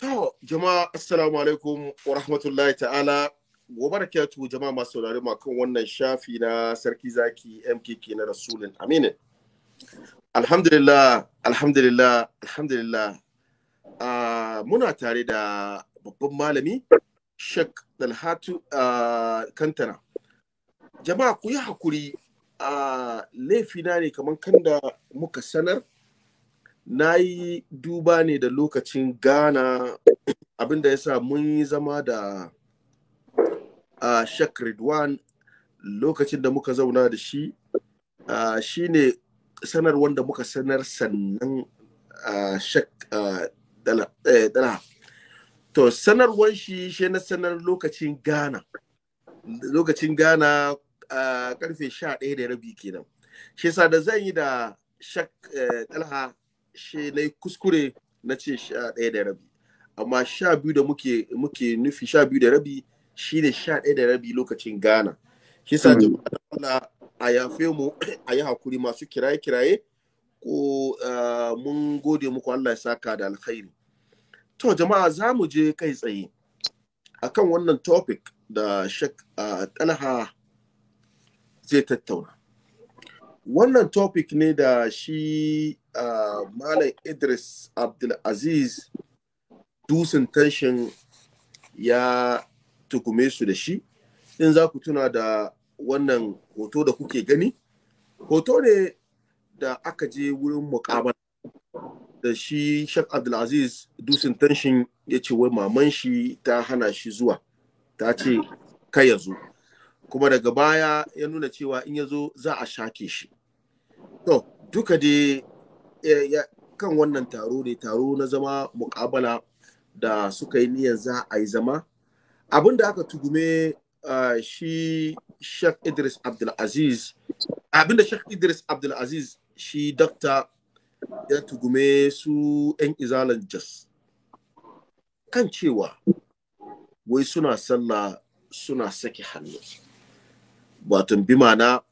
To, jama'a assalamu alaikum wa rahmatullahi ta'ala. Wa barakatuhu jama'a masu saurari ma kan wannan shafi na sarki zaki MKK na Rasulun Aminin. Alhamdulillah, alhamdulillah, alhamdulillah. Ah, muna tare da babban malami Sheikh Dalhatu uh, ah, Kantana. Jama'a ku yi hakuri a ah, laifina ne kamar kanda muka sanar na yi duba ne da lokacin ghana abinda ya sa mun yi zama da uh, 1 ridwan lokacin da muka zauna da shi uh, shi ne sanar wanda muka sanar sannan uh, dala, to sanarwar shi shi na sanar lokacin ghana lokacin ghana uh, karfe sha ɗaya da rabi kenan shi sa da zan yi da shak uh, eh, shi na kuskure na ce sha ɗaya da rabi amma sha biyu da muke nufi sha biyu da rabi shine sha ɗaya da rabi lokacin ghana shi sa mm-hmm. jama'a a yafe mu a yi hakuri masu kiraye-kiraye ko ah, mun gode muku Allah ya saka da alkhairi to jama'a za mu je kai tsaye akan wannan topic da shek ah, talha zai tattauna wannan topic ne da shi Uh, Malam Idris Abdulaziz dusin tashin ya tukume su da shi. In za ku tuna da wannan hoto da kuke gani, hoto ne da aka je wurin mukamala da shi Sheikh Abdulaziz dusin tashin ya ce wai maman shi ta hana shi zuwa, ta ce ka ya zo. Kuma daga baya ya nuna cewa in ya zo za a shake shi. To, duka dai kan wannan taro ne taro na zama mukabala da suka yi niyyar za a yi zama abin da aka tugume shi Sheikh Idris Abdulaziz abin da Sheikh Idris Abdulaziz shi dakta ya tugume su 'yan izalan jas kan cewa wai suna sallah suna saki hannu wato bi ma'ana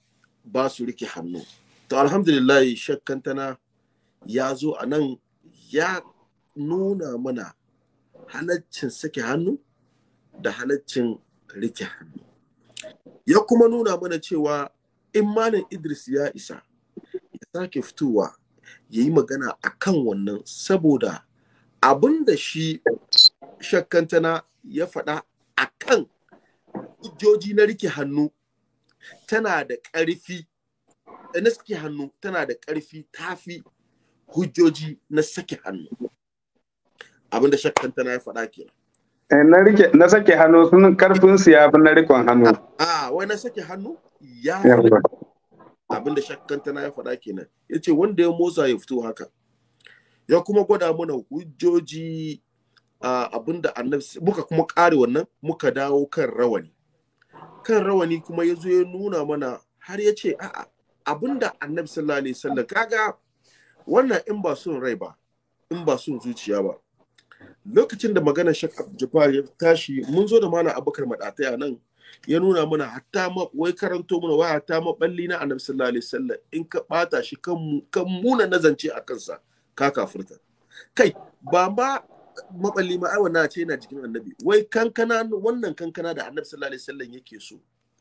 ba su rike hannu to alhamdulillah shakkantana ya zo a nan ya nuna mana halaccin sake hannu da halaccin rike hannu ya kuma nuna mana cewa Imanin idris ya isa ya sake fitowa ya yi magana a kan wannan saboda abin da shi shakkantana ya faɗa a kan hujjoji na rike hannu tana da ƙarfi na suke hannu tana da ƙarfi tafi hujjoji na sake hannu Abinda shakkan tana ya faɗa kenan eh, na rike na sake hannu sun karfin su ya fi na rikon hannu ah, ah wai na sake hannu ya abinda shakkan tana ya faɗa kenan yace wanda ya motsa ya fito haka ya kuma gwada mana hujjoji ah, abinda annabi muka kuma ƙare wannan muka dawo kan rawani kan rawani kuma ya zo ya nuna mana har ya ce a'a abinda annabi sallallahu alaihi wasallam kaga wannan in ba son rai ba in ba sun zuciya ba lokacin da maganar shak jafar ya tashi mun zo da mana abokan madatai a nan ya nuna mana hatta ma wai karanto mana wai hatta ma balli na annabi sallallahu alaihi wasallam in ka bata shi kan kan muna nazance a kansa ka kafurta kai ba ma maballi ma ai wannan ce yana jikin annabi wai kankana wannan kankana da annabi sallallahu alaihi wasallam yake so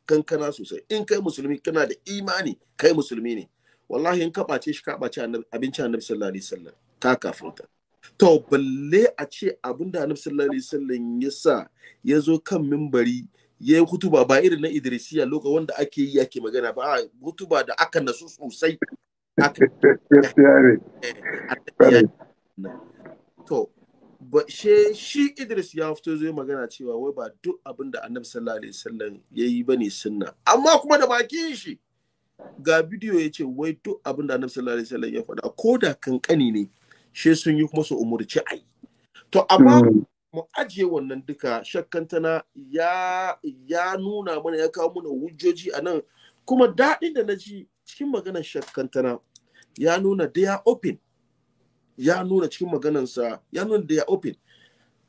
kankana sosai in kai musulmi kana da imani kai musulmi ne wallahi in ka ɓace shi ka ɓace abincin annabi sallallahu alaihi wasallam ka kafinta to balle a ce abin da annabi sallallahu alaihi wasallam ya sa ya zo kan mimbari ya yi hutuba ba irin na idrisiya lokacin wanda ake yi ake magana ba hutuba da aka nasu sosai eh, to ba she shi idris ya fito zai magana cewa wai ba duk abin da annabi sallallahu alaihi wasallam ya yi bane sunna amma kuma da bakin shi ga bidiyo ya ce wai duk abin da annabi sallallahu alaihi wasallam ya faɗa ko da kankani ne she sun yi kuma su umurci ai to amma hmm. mu ajiye wannan duka shakkantana ya ya nuna mana ya kawo mana hujjoji a nan kuma daɗin da na ji cikin maganar shakkantana ya nuna da ya open ya nuna cikin sa, ya nuna da ya open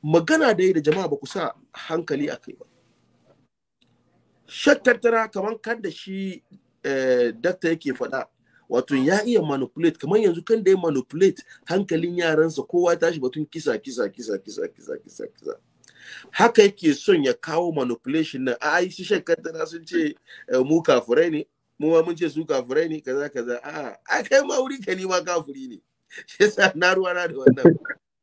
magana da yi da jama'a ba ku sa hankali a kai ba shakkantana kamar kan da shi Eh, dakta yake faɗa wato ya iya manipulate kamar yanzu kan da ya manipulate hankalin yaransa kowa ya tashi batun kisa kisa kisa kisa kisa kisa kisa haka yake son ya kawo manipulation na a shi shakkan sun ce eh, mu kafurai ne mu ma mun ce su kafurai ne kaza kaza a a kai ma wuri ka ma kafuri ne shi yasa na ruwa na da wannan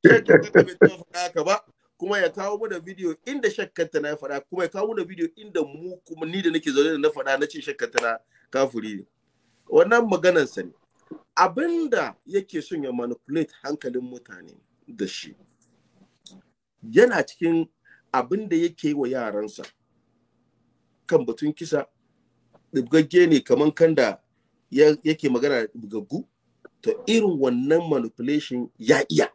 shakkan tana bai ta faɗa haka ba kuma ya kawo mana bidiyo inda shakkar tana ya faɗa kuma ya kawo mana bidiyo inda mu kuma ni da nake zaune da na faɗa na ce shakkan tana kafuri ne wannan maganarsa ne abinda yake son ya manipulate hankalin mutane da shi yana cikin abinda yake yi wa yaransa kan batun kisa ɗibgagge ne kamar kan da yake magana da ɗibgaggu to irin wannan manipulation ya iya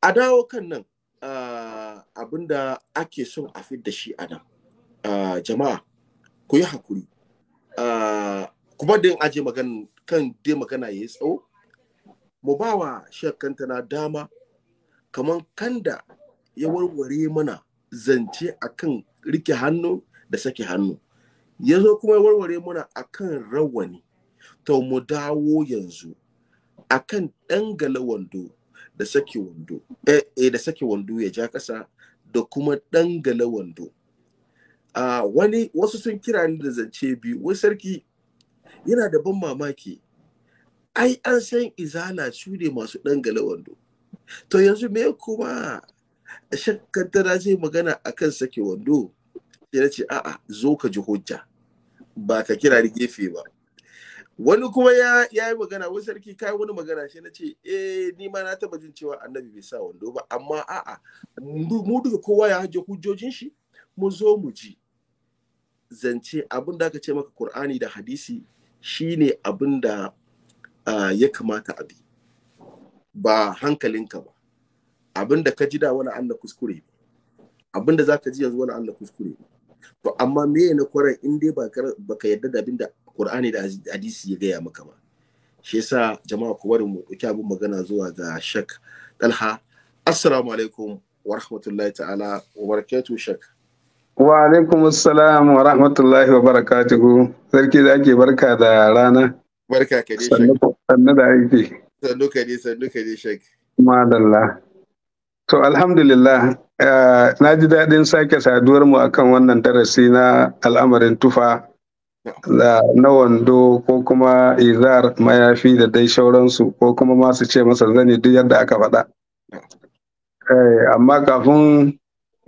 a dawo kan nan ah, abinda ake son a fi da shi a nan ah, jama'a ku yi hakuri Ah, kuma da yin aje magana kan dai magana ya yi tsawo mu ba wa shakanta na dama kamar kanda ya warware mana zance akan rike hannu da sake hannu ya zo kuma ya warware mana akan rawani to mu dawo yanzu akan gala wando da sake wando eh, eh, da sake wando ya ja ƙasa, da kuma gala wando Aa, wani wasu sun kira ni da zance biyu wai sarki yana da ban mamaki ai an san izala su ne masu ɗangale wando to yanzu me kuma shakkantara zai magana a akan sake wando sai ce a'a zo ka ji hujja ba ka kira ni gefe ba wani kuma ya yi magana wani sarki kai wani magana shi na ce eh ni ma na taba jin cewa annabi bai sa wando ba amma a'a mu duka kowa ya haje hujjojin shi mu zo mu ji zance abin da aka ce maka Kur'ani da hadisi shine abin da ya kamata a bi ba hankalinka ba abin da ka ji da wani Allah kuskure abin da za ji yanzu wani Allah kuskure to amma me na kwarar in dai ba ka yarda da abin da Kur'ani da hadisi ya gaya maka ba shi yasa jama'a ku bari mu ɗauki abin magana zuwa ga shak talha assalamu alaikum wa rahmatullahi ta'ala wa barakatuhu shak Wa alaikum assalam wa rahmatullahi wa barakatuhu. Sarki ake barka da rana. Barka ka dai shek. Sannu da aiki. Sannu ka dai sannu ka dai shek. Madalla. To alhamdulillah eh, na ji daɗin sake saduwar mu akan wannan darasi na al'amarin tufa na wando ko kuma izar mayafi da dai sauransu ko kuma masu ce masa zane duk yadda aka faɗa. Eh, amma kafin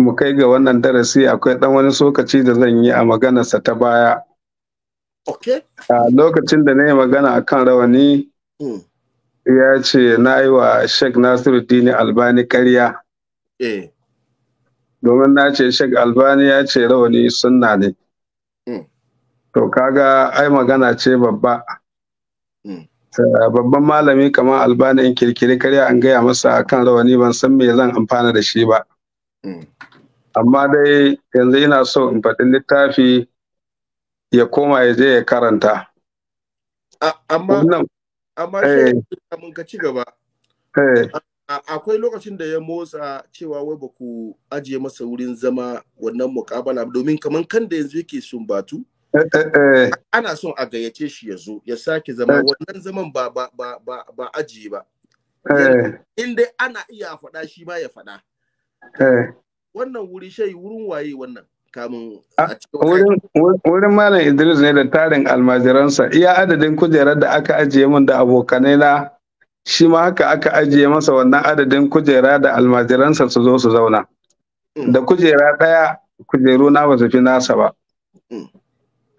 mu kai ga wannan darasi akwai ɗan wani sokaci da zan yi a maganarsa ta baya. A lokacin da na yi magana a kan rawani hmm. ya ce na yi wa Sheikh Nasiruddin Albani karya. E. Domin na ce Sheikh Albani ya ce rawani sunna ne. Hmm. To kaga ai magana ce babba. Hmm. Babban malami kamar Albani in kirkiri karya an gaya masa kan rawani ban san me zan amfana da shi ba. amma dai yanzu ina so in faɗi littafi ya koma ya je ya karanta amma amma shi eh. ka ci gaba eh. akwai lokacin da ya motsa cewa wai ba ku ajiye masa wurin zama wannan mukabala domin kamar kan da yanzu yake sumbatu eh, ana son a gayyace shi ya zo ya sake zama wannan zaman ba ba ajiye ba in dai ana iya faɗa shi ma ya faɗa Eh. wannan wuri shai wurin waye wannan kamun ah, wurin malam idris ne da tarin almajiransa iya adadin kujerar da aka ajiye min da abokanai na shi ma haka aka ajiye masa wannan adadin kujera da almajiransa su zo su zauna mm. da kujera ɗaya kujeru na ba su fi nasa ba mm.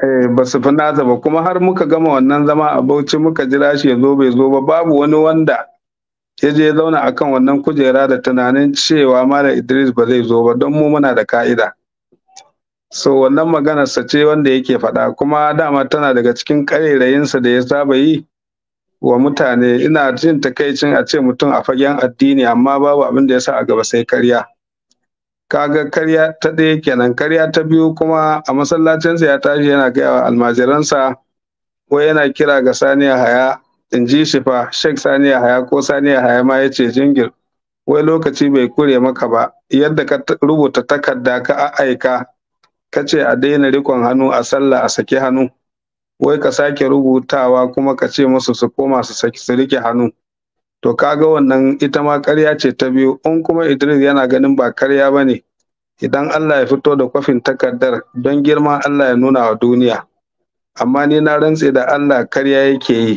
eh, ba su fi nasa ba kuma har muka gama wannan zama a bauchi muka jira shi ya zo bai zo ba babu wani wanda ya je zauna a kan wannan kujera da tunanin cewa malam Idris ba zai zo ba don mu muna da ka'ida so wannan maganarsa ce wanda yake faɗa kuma dama tana daga cikin ƙarerayinsa da ya saba yi wa mutane ina jin takaicin a ce mutum a fagen addini amma babu abin da ya sa a gaba sai karya kaga karya ta ɗaya kenan karya ta biyu kuma a masallacinsa ya tashi yana gaya wa almajiransa ko yana kira ga saniya haya in ji shi fa Sheikh Sani haya ko Sani haya ma ya ce jingir wai lokaci bai kure maka ba yadda ka rubuta takarda ka aika ka ce a daina rikon hannu a sallah a sake hannu wai ka sake rubutawa kuma ka ce musu su koma su saki su rike hannu to ga wannan ita ma karya ce ta biyu in kuma Idris yana ganin ba karya ba ne idan Allah ya fito da kwafin takardar don girma Allah ya nuna wa duniya amma ni na rantse da Allah karya yake yi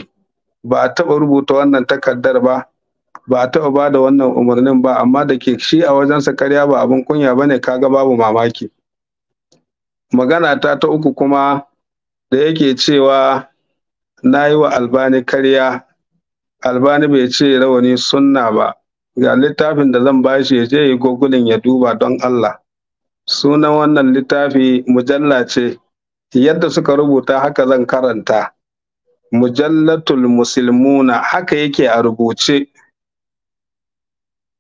ba a taɓa rubuta wannan takardar ba ba a taɓa ba da wannan umarnin ba amma da ke shi a wajensa karya ba abin kunya ba ne kaga babu mamaki magana ta ta uku kuma da yake cewa na yi wa albani karya albani bai ce rawani sunna ba ga littafin da zan bashi ya je yi gogulin ya duba don allah sunan wannan littafi mujalla ce yadda suka rubuta haka zan karanta mujallatul Musulmuna haka yake a rubuce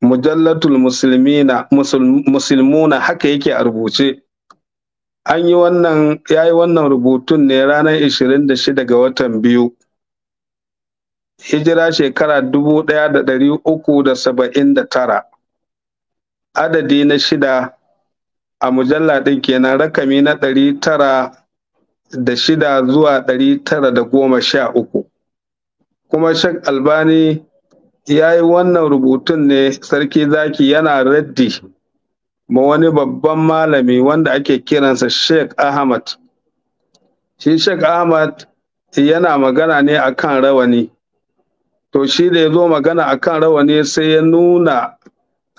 mujallatul musulmina musulmuna haka yake a rubuce an yi wannan ya yi wannan rubutun ne ranar 26 ga watan biyu hijira shekara 1379 adadi na shida a mujalla ɗin kenan rakami na ɗari tara da shida zuwa ɗari tara da goma sha uku kuma shek albani ya yi wannan rubutun ne sarki zaki yana raddi ma wani babban malami wanda ake kiransa Shek ahmad shi Shek ahmad yana magana ne kan rawani to shi da ya zo magana a kan rawani sai ya nuna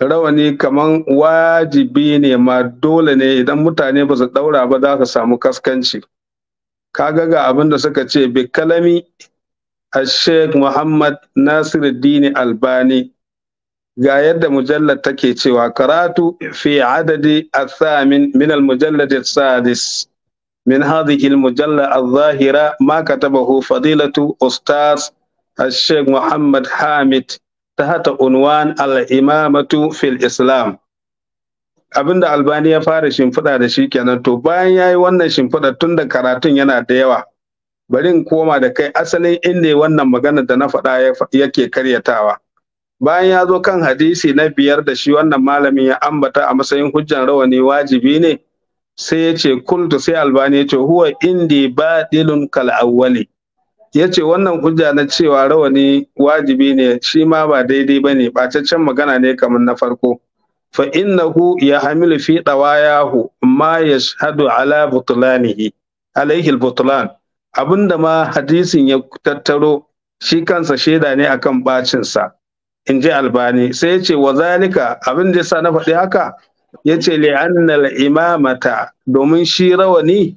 rawani kamar wajibi ne ma dole ne idan mutane ba su daura ba za su samu kaskanci kaga ga abin da suka ce bi kalami Sheikh Muhammad Nasiruddin Albani ga yadda mujallar take cewa karatu fi adadi athamin min al sadis min hadhihi al-mujalla a zahira ma katabahu fadilatu ustaz Sheikh Muhammad Hamid unwan al imamatu fil islam Abin da albani ya fara shimfiɗa da shi kenan to bayan ya yi wannan shimfiɗa tun da karatun yana da yawa bari in koma da kai asalin inda wannan magana da na faɗa yake karyatawa bayan ya zo kan hadisi na biyar da shi wannan malamin ya ambata a matsayin hujjan rawani wajibi ne sai ya ce kultu sai albani ya ce huwa indi badilun kal awwali ya ce wannan hujja na cewa rawani wajibi ne shi ma ba daidai ba ne ɓataccen magana ne kamar na farko fa innahu hamilu fi dawayahu ma yashhadu ala butulanihi alaihi butulan abinda ma hadisin ya tattaro shi kansa shaida ne akan bacin sa in ji albani sai ya ce wa zalika abin da yasa na faɗi haka ya ce li'annal imamata domin shi rawani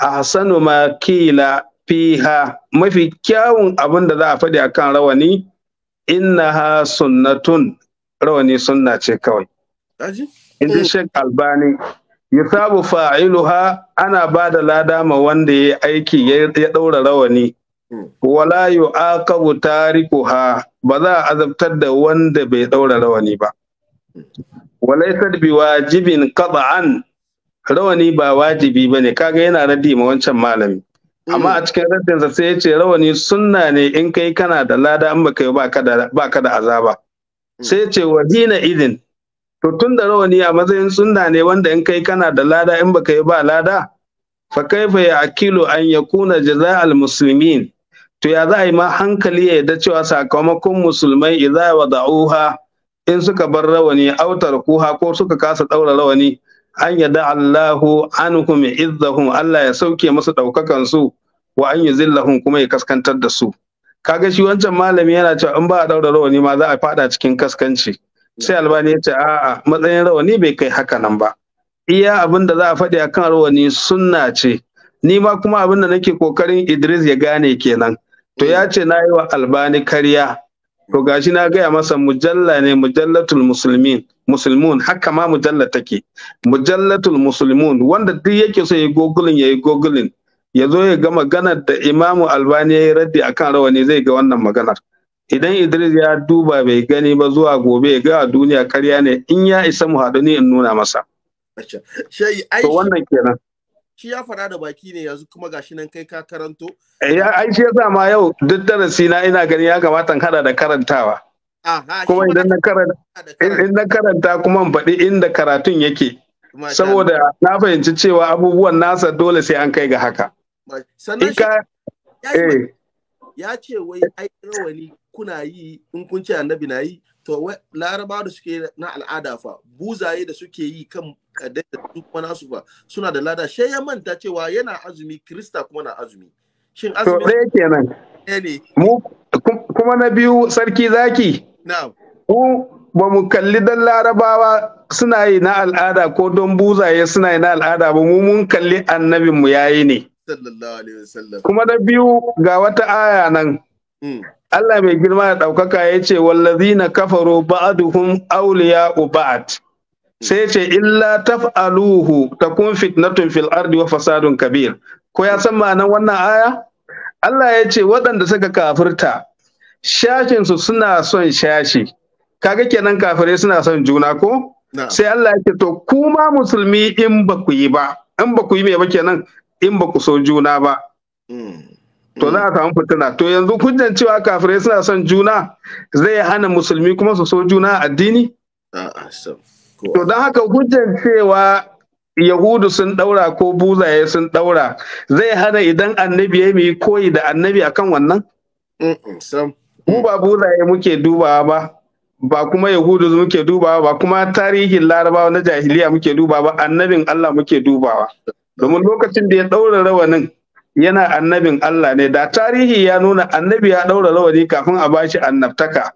A hasanu ma kila fiha mafi kyawun abin da za a faɗi akan rawani innaha sunnatun rawani sunna ce kawai in eh. shek albani ya sabu fa'iluha ana ba da lada ma wanda ya aiki ya ɗaura rawani hmm. wala yu'aqabu tarikuha ba za a azabtar da wanda bai ɗaura rawani ba walaisar bi wajibin qad'an rawani ba wajibi ba ne, kaga yana raddi ma wancan malami amma a hmm. cikin raddinsa sai ya ce rawani sunna ne in kai kana da lada in baka yi ka da azaba hmm. sai ce wajina idin to tun da rawani a matsayin sunna ne wanda in kai kana da lada in baka yi ba lada fa kaifa ya akilu an yakuna al muslimin to ya za a yi ma hankali ya yadda cewa sakamakon musulmai idza wada'uha in suka bar rawani autar kuha ko suka kasa daura rawani an yada Allahu anhum izzahum Allah ya sauke musu daukakan su wa an yuzillahum kuma ya kaskantar da su kaga shi wancan malami yana cewa in ba a daura rawani ma za a fada cikin kaskanci sai albani ya ce a'a matsayin rawani bai kai haka nan ba iya abin da za a faɗi akan rawani sunna ce ni ma kuma abin da nake kokarin Idris ya gane kenan to ya ce na yi wa albani karya to gashi na gaya masa mujalla ne mujallatul musulmin musulmun haka ma mujalla take mujallatul musulmun wanda duk yake so ya yi gogulin ya yi gogulin ya zo ya ga maganar da imamu albani ya yi raddi akan rawani zai ga wannan maganar Idan Idris ya duba bai gani ba zuwa gobe ga duniya karya ne in ya isa mu haɗu ni in nuna masa. To wannan kenan. Shi ya fara da baki ne yanzu kuma gashi nan kai ka karanto. Eh, ya ai shi yasa ma yau duk darasi na ina gani ya kamata in hada da karantawa. Kuma idan na karanta na karanta kuma faɗi inda karatun yake. Saboda na fahimci cewa abubuwan nasa dole sai an kai ga haka. Sannan eh. ya ce wai ai rawani kuna yi in kun ce annabi na yi to laraba da suke na al'ada fa buzaye da suke yi kan kadai da duk wani su fa suna da lada shi ya manta cewa yana azumi krista kuma na azumi shin azumi to kenan ne kuma na biyu sarki zaki na'am ba mu kalli dan larabawa suna yi na al'ada ko don buzaye suna yi na al'ada ba mu mun kalli annabin mu yayi ne kuma na biyu ga wata aya nan hmm. Allah mai girma da ɗaukaka ya ce wallazina kafaro ba'aduhum auliya ba'd sai ce illa taf'aluhu kun fitnatun fil ardi wa fasadun kabir ko ya san ma'anan wannan aya Allah ya ce waɗanda suka kafirta shashinsu suna son shashi kaga kenan kafirai suna son juna ko sai Allah ya ce to kuma musulmi in ba ku yi ba in ba ku yi me ba kenan in ba ku so juna ba hmm. to za a mm. samu fitina to yanzu hujjan cewa kafirai suna son juna zai hana musulmi kuma su so juna addini to don haka hujjan cewa yahudu sun daura ko buzaye sun daura zai hana idan annabi ya yi koyi da annabi akan wannan mu ba buzaye muke dubawa ba ba kuma yahudu muke dubawa ba kuma tarihin larabawa na jahiliya muke dubawa ba annabin allah muke dubawa domin lokacin da ya daura rawanin yana annabin Allah ne da tarihi ya nuna annabi ya ɗaura rawani kafin a bashi annabtaka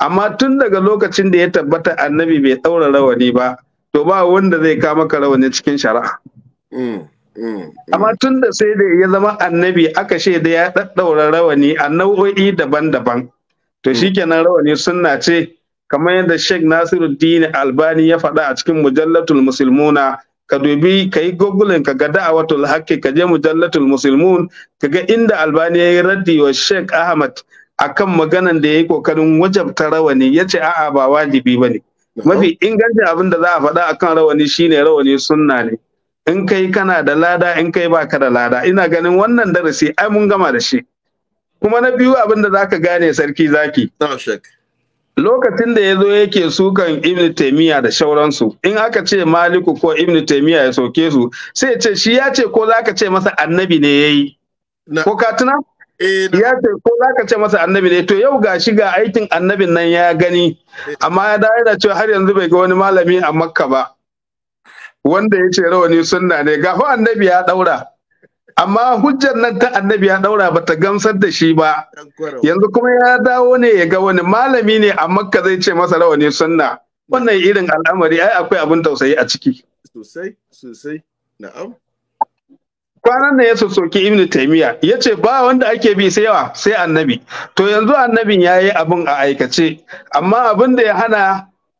amma tun daga lokacin da ya tabbata annabi bai ɗaura rawani ba to ba wanda zai kama ka rawani cikin shara. Mm, mm, mm. amma tun da sai da ya zama annabi aka shaida ya ɗaɗɗaura rawani a nau'o'i daban-daban to shi shikenan rawani sunna ce kamar yadda Sheikh Nasiruddin Albani ya faɗa a cikin mujallatul musulmuna ka dubi ka yi gogulin ka ga da'awatul haqqi ka je mujallatul muslimun ka ga inda albani ya yi raddi wa sheikh ahmad akan maganan da ya yi kokarin wajabta rawani ya ce a'a ba wajibi ba ne mafi ingancin abin da za a faɗa akan rawani shine rawani sunna ne in kai kana da lada in kai baka da lada ina ganin wannan darasi ai mun gama da shi kuma na biyu abin da zaka gane sarki zaki lokacin da ya zo yake sukan ibn taimiyya da shauransu in aka ce maliku ko ibn taimiyya ya soke su sai ce shi ya ce ko za ka ce masa annabi ne ya yi ko ka eh, ya ce ko za ka ce masa annabi ne to yau ga shi ga aikin annabin nan ya gani amma ya dawo da cewa har yanzu bai ga wani malami a makka ba wanda ya ce rawani sunna ne gafa annabi ya daura amma hujjar nan ta annabi ya daura ba ta gamsar da shi ba yanzu kuma ya dawo ne ya ga wani malami ne a makka zai ce masa rawani sunna wannan irin al'amari ai akwai abin tausayi a ciki sosai sosai na'am kwanan nan ya sosoki ibnu taymiya ya ce ba wanda ake bi sai yawa sai annabi to yanzu annabin ya yi abin a aikace amma abin da ya hana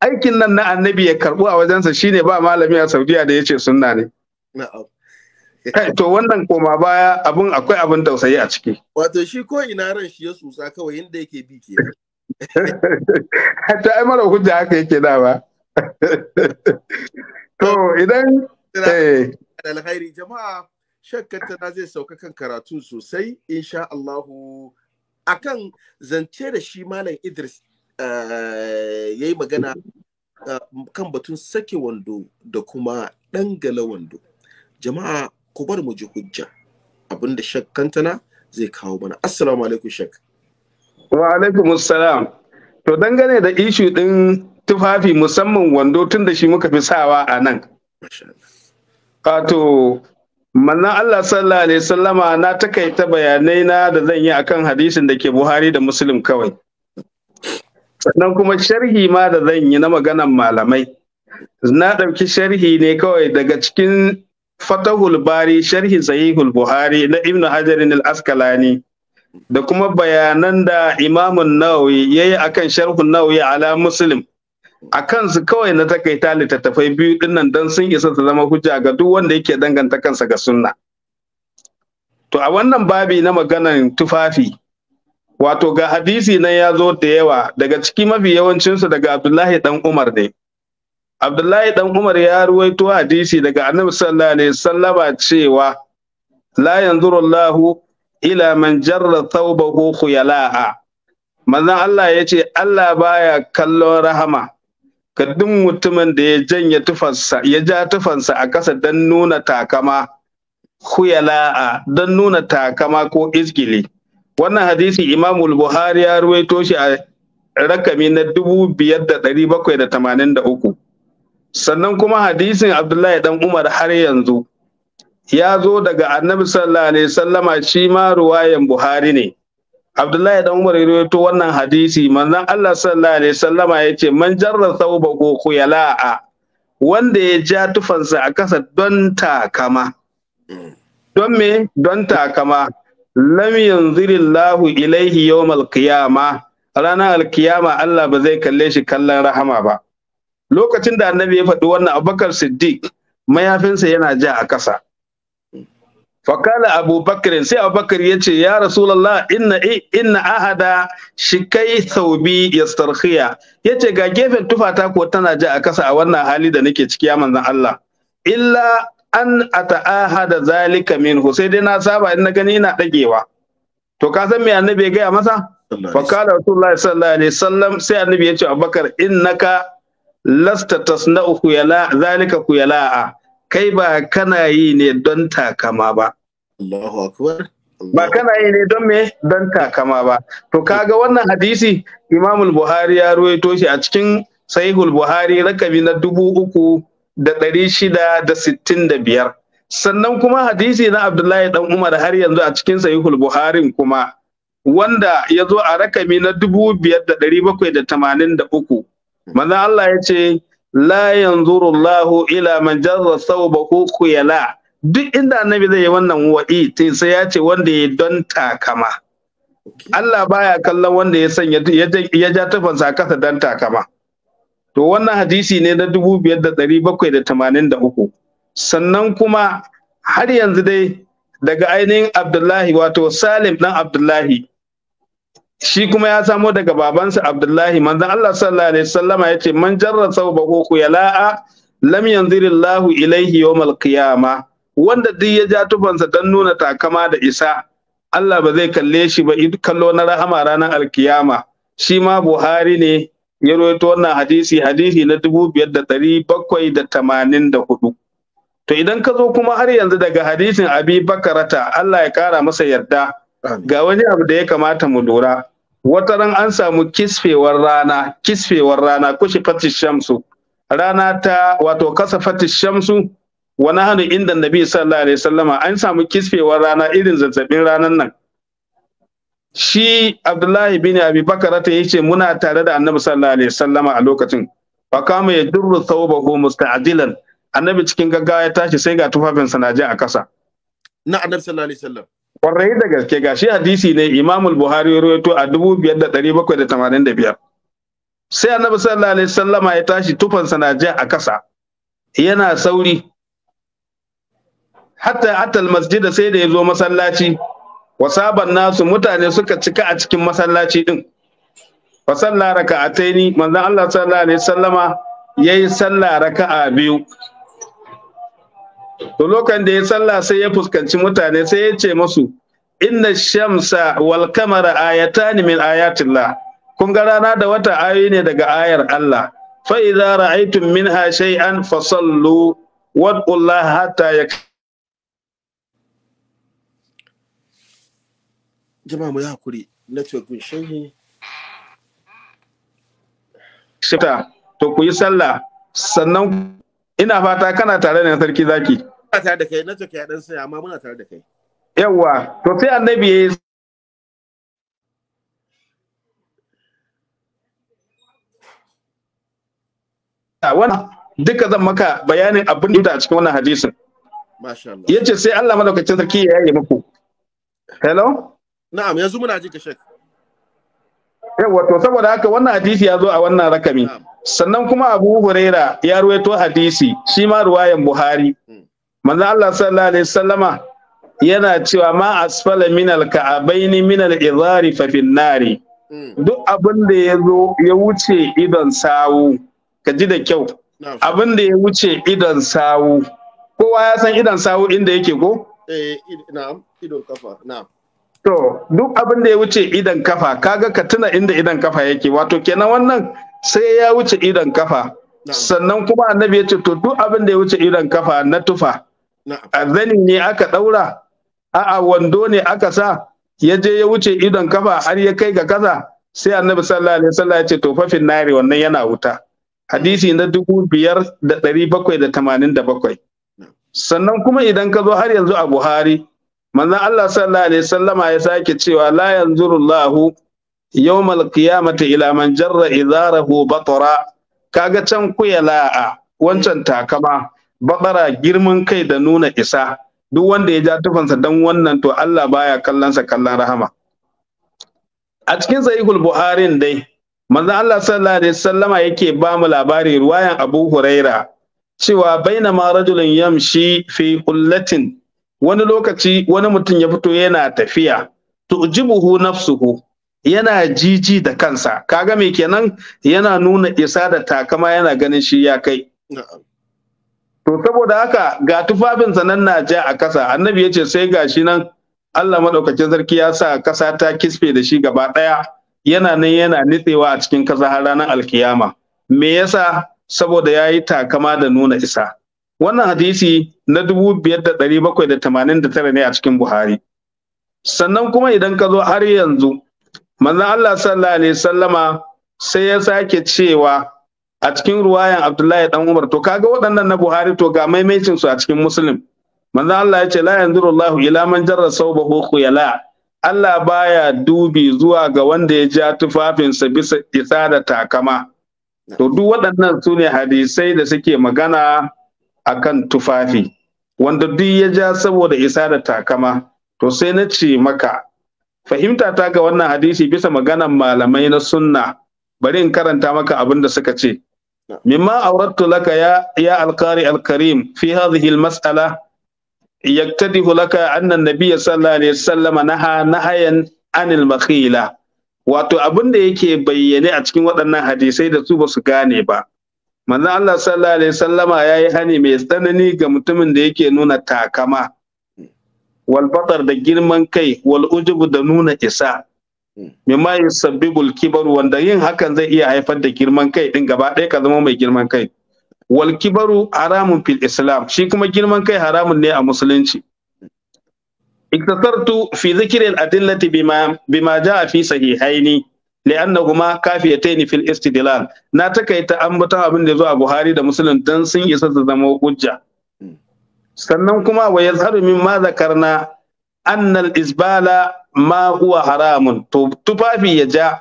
aikin nan na annabi ya karbu a wajensa shine ba malami a saudiya da ya ce sunna ne na'am to wannan koma baya abin akwai abin tausayi a ciki wato shi ko ina ran shi ya susa kawai yadda yake bi ke ta ai mara hujja haka yake da ba to idan eh alkhairi jama'a shakkar ta zai sauka kan karatu sosai insha Allahu akan zance da shi malam Idris eh, ya yi magana eh, kan batun sake wando da kuma dangala wando jama'a ku bar mu ji hujja abinda shak kantana zai kawo mana assalamu alaikum shak wa alaikum assalam to dangane da ishu din tufafi musamman wando tun da shi muka fi sawa a nan wato manna Allah sallallahu alaihi sallama na takaita bayanai na da zan yi akan hadisin da ke Buhari da Muslim kawai sannan kuma sharhi ma da zan yi na maganan malamai na ɗauki sharhi ne kawai daga cikin fatahul bari sharhi sahihul buhari na ibnu hajarin al-askalani da kuma bayanan da imamun nawawi ya yi akan sharhun nawawi ala muslim a kansu kawai na takaita littattafai biyu dinnan don sun isa su zama hujja ga duk wanda yake danganta kansa ga sunna to a wannan babi na maganan tufafi wato ga hadisi nan ya zo da yawa daga ciki mafi yawancinsu daga abdullahi dan umar ne Abdullahi dan Umar ya ruwaito hadisi daga Annabi sallallahu alaihi wasallama cewa la yanzuru allah ila man jarra thawbahu khuyala'a manzon Allah ya ce Allah baya kallon rahama ga duk mutumin da ya janye tufansa ya ja tufansa a kasa don nuna takama khuyala'a don nuna takama ko izgili wannan hadisi Imam al Buhari ya ruwaito shi a rakami na 5783 sannan kuma hadisin abdullahi dan umar har yanzu ya zo daga annabi sallallahu alaihi sallama shi ma ruwayan buhari ne abdullahi dan umar ya rawaito wannan hadisi manzon allah sallallahu alaihi sallama ya ce man jarra thawba ko khuyala'a wanda ya ja tufansa a kasa don takama don me don takama lam yanzirillahu ilaihi yawmal qiyama ranar alkiyama allah ba zai kalle shi kallon rahama ba lokacin da annabi ya faɗi wannan abubakar siddiq mayafinsa yana ja a ƙasa fakala abubakar sai abubakar ya ce ya rasulallah inna inna ahada shikai saubi yastarkhiya ya ce ga gefen tufata ko tana ja a ƙasa a wannan hali da nake ciki ya manzan Allah illa an ata'ahada zalika minhu sai dai na saba in na gani ina dagewa to ka san me annabi ya gaya masa fakala rasulullahi sallallahu alaihi wasallam sai annabi ya ce abubakar innaka lasta tasna'u khuyala zalika khuyala'a kai ba kana yi ne don takama ba ba kana yi ne don me don takama ba to kaga wannan hadisi Imamul Buhari ya ruwaito shi a cikin Sahihul Buhari rakami na dubu uku da ɗari shida da sittin da biyar sannan kuma hadisi na Abdullahi dan Umar har yanzu a cikin Sahihul Buhari kuma wanda ya zo a rakami na dubu biyar da ɗari bakwai da tamanin da uku Hmm. manzo Allah ya ce la yanzuru Allahu ila man jarra thawbahu khuyala duk inda annabi zai yi wannan wa'i sai ya ce wanda ya don takama Allah baya kallon wanda ya sanya ya ja tufansa kasa don takama to wannan hadisi ne na 5783 sannan kuma har yanzu dai daga ainihin Abdullahi wato Salim ɗan Abdullahi shi kuma ya samo daga babansa Abdullahi manzan Allah sallallahu alaihi wasallama yace man jarra sawbahu qiyala'a lam yanzirillahu ilaihi yawmal qiyama wanda duk ya ja tufansa dan nuna takama da isa Allah ba zai kalle shi ba kallo na rahama ranar alkiyama shi ma Buhari ne ya rawaito wannan hadisi hadisi na da da da hudu. to idan ka zo kuma har yanzu daga hadisin Abi Bakarata Allah ya kara masa yarda ga wani abu da ya kamata mu lura wata ran an samu kisfewar rana kisfewar rana kushi fatish shamsu rana ta wato kasa fatish shamsu wani hannu inda nabi sallallahu alaihi sallama an samu kisfewar rana irin zazzabin ranan nan shi abdullahi bin abi bakara ta yace muna tare da annabi sallallahu alaihi sallama a lokacin fa kama ya durru thawbahu musta'dilan annabi cikin gaggawa ya tashi sai ga tufafinsa na je a kasa na annabi sallallahu alaihi sallam kwarai da gaske gashi hadisi ne imamul buhari ya rawaito a 5785 sai annabi sallallahu alaihi wasallama ya tashi tufansa na ji a kasa yana sauri hatta atal masjida sai da ya zo masallaci wasaban nasu mutane suka cika a cikin masallaci din fa salla raka'ataini manzon Allah sallallahu alaihi wasallama yayi salla raka'a biyu to lokacin da ya sallah sai ya fuskanci mutane sai ya ce musu inna shamsa wal kamara ayatani min ayatillah kun ga rana da wata ayoyi ne daga ayar Allah fa idza ra'aytum minha shay'an fasallu qullaha hatta yak jama'a mu ya hakuri network din shehi shita to ku yi sallah sannan ina fata kana tare da sarki zaki tare da kai na ce kai dan sai amma muna tare da kai yawa to sai annabi ya ah, wannan duka zan maka bayanin abin da a cikin wannan hadisin masha Allah yace sai Allah madaukakin sarki ya yi muku hello na'am yanzu muna ji ka shek yawa to saboda haka wannan hadisi ya zo a wannan rakami sannan kuma Abu Huraira ya ruwaito hadisi shi ma ruwayan Buhari manzo Allah sallallahu alaihi wasallama yana cewa ma asfala min alka'abaini min al-idhari fa fin nari hmm. duk abin da ya zo ya wuce idon sawu ka ji da kyau abin da ya wuce idon sawu kowa ya san idon sawu inda yake ko eh na'am idon kafa na'am to duk abin da ya wuce idon kafa kaga ka tuna inda idon kafa yake wato kenan wannan sai ya wuce idon kafa sannan kuma annabi ya ce to duk abin da ya wuce idon kafa na tufa zanin ne aka ɗaura a'a wando ne aka sa ya je ya wuce idon kafa har ya kai ga kaza sai annabi sallallahu alaihi wasallam ya ce to nari wannan yana wuta hadisi na dubu biyar da ɗari bakwai da tamanin da bakwai sannan kuma idan ka zo har yanzu a buhari manzon allah sallallahu alaihi wasallama ya sake cewa la yanzurullahu yawmal qiyamati ila man jarra izarahu batara kaga can kuyala'a wancan takama Baƙara girman kai da nuna isa duk wanda ya ja tufansa don wannan to Allah baya kallonsa kallon rahama a cikin sahihul Buhari dai manzon Allah sallallahu alaihi wasallama yake ba mu labari ruwayan Abu Huraira cewa bainama rajulun yamshi fi qullatin wani lokaci wani mutum ya fito yana tafiya to buhu nafsuhu yana jiji da kansa kaga me kenan yana nuna isa da takama yana ganin shi ya kai to saboda haka ga tufafinsa nan na ja a kasa annabi ya ce sai gashi nan Allah maɗaukakin sarki ya sa kasa ta kisfe da shi gaba ɗaya yana nan yana nitsewa a cikin kasa har ranar alkiyama me yasa saboda ya yi takama da nuna isa wannan hadisi na 5789 ne a cikin buhari sannan kuma idan ka zo har yanzu manzon Allah sallallahu alaihi sallama sai ya sake cewa a cikin ruwayan Abdullahi dan Umar to kaga waɗannan na Buhari to ga maimaicin su a cikin Muslim manzo Allah ya ce la yanzurullahu ila man jarra sawbahu khuyala Allah baya dubi zuwa ga wanda ya ja tufafinsa bisa isa da takama to duk waɗannan su ne hadisai da suke magana akan tufafi wanda duk ya ja saboda isa da takama to sai na ce maka fahimta ta ga wannan hadisi bisa maganan malamai na sunna bari in karanta maka abin da suka ce مما أوردت لك يا يا القارئ الكريم في هذه المسألة يكتده لك أن النبي صلى الله عليه وسلم نهى نهيا عن المخيلة wato abin da yake bayyane a cikin waɗannan hadisai da su ba su gane ba manzo Allah sallallahu alaihi sallama yayi hani mai tsanani ga mutumin da yake nuna takama wal da girman kai wal ujubu da nuna isa mimma yusabbibul kibar wanda yin hakan zai iya haifar da girman kai din gaba ɗaya ka zama mai girman kai wal kibaru haramun fil islam shi kuma girman kai haramun ne a musulunci iktasartu fi zikri al adillati bima bima jaa fi sahihaini li'annahuma kafiyatayn fil istidlal na takaita batar abin da zo a Buhari da Muslim dan sun isa su zama hujja hmm. sannan kuma wa yazharu mimma zakarna anna isbala ma huwa haramun to tufafi ya ja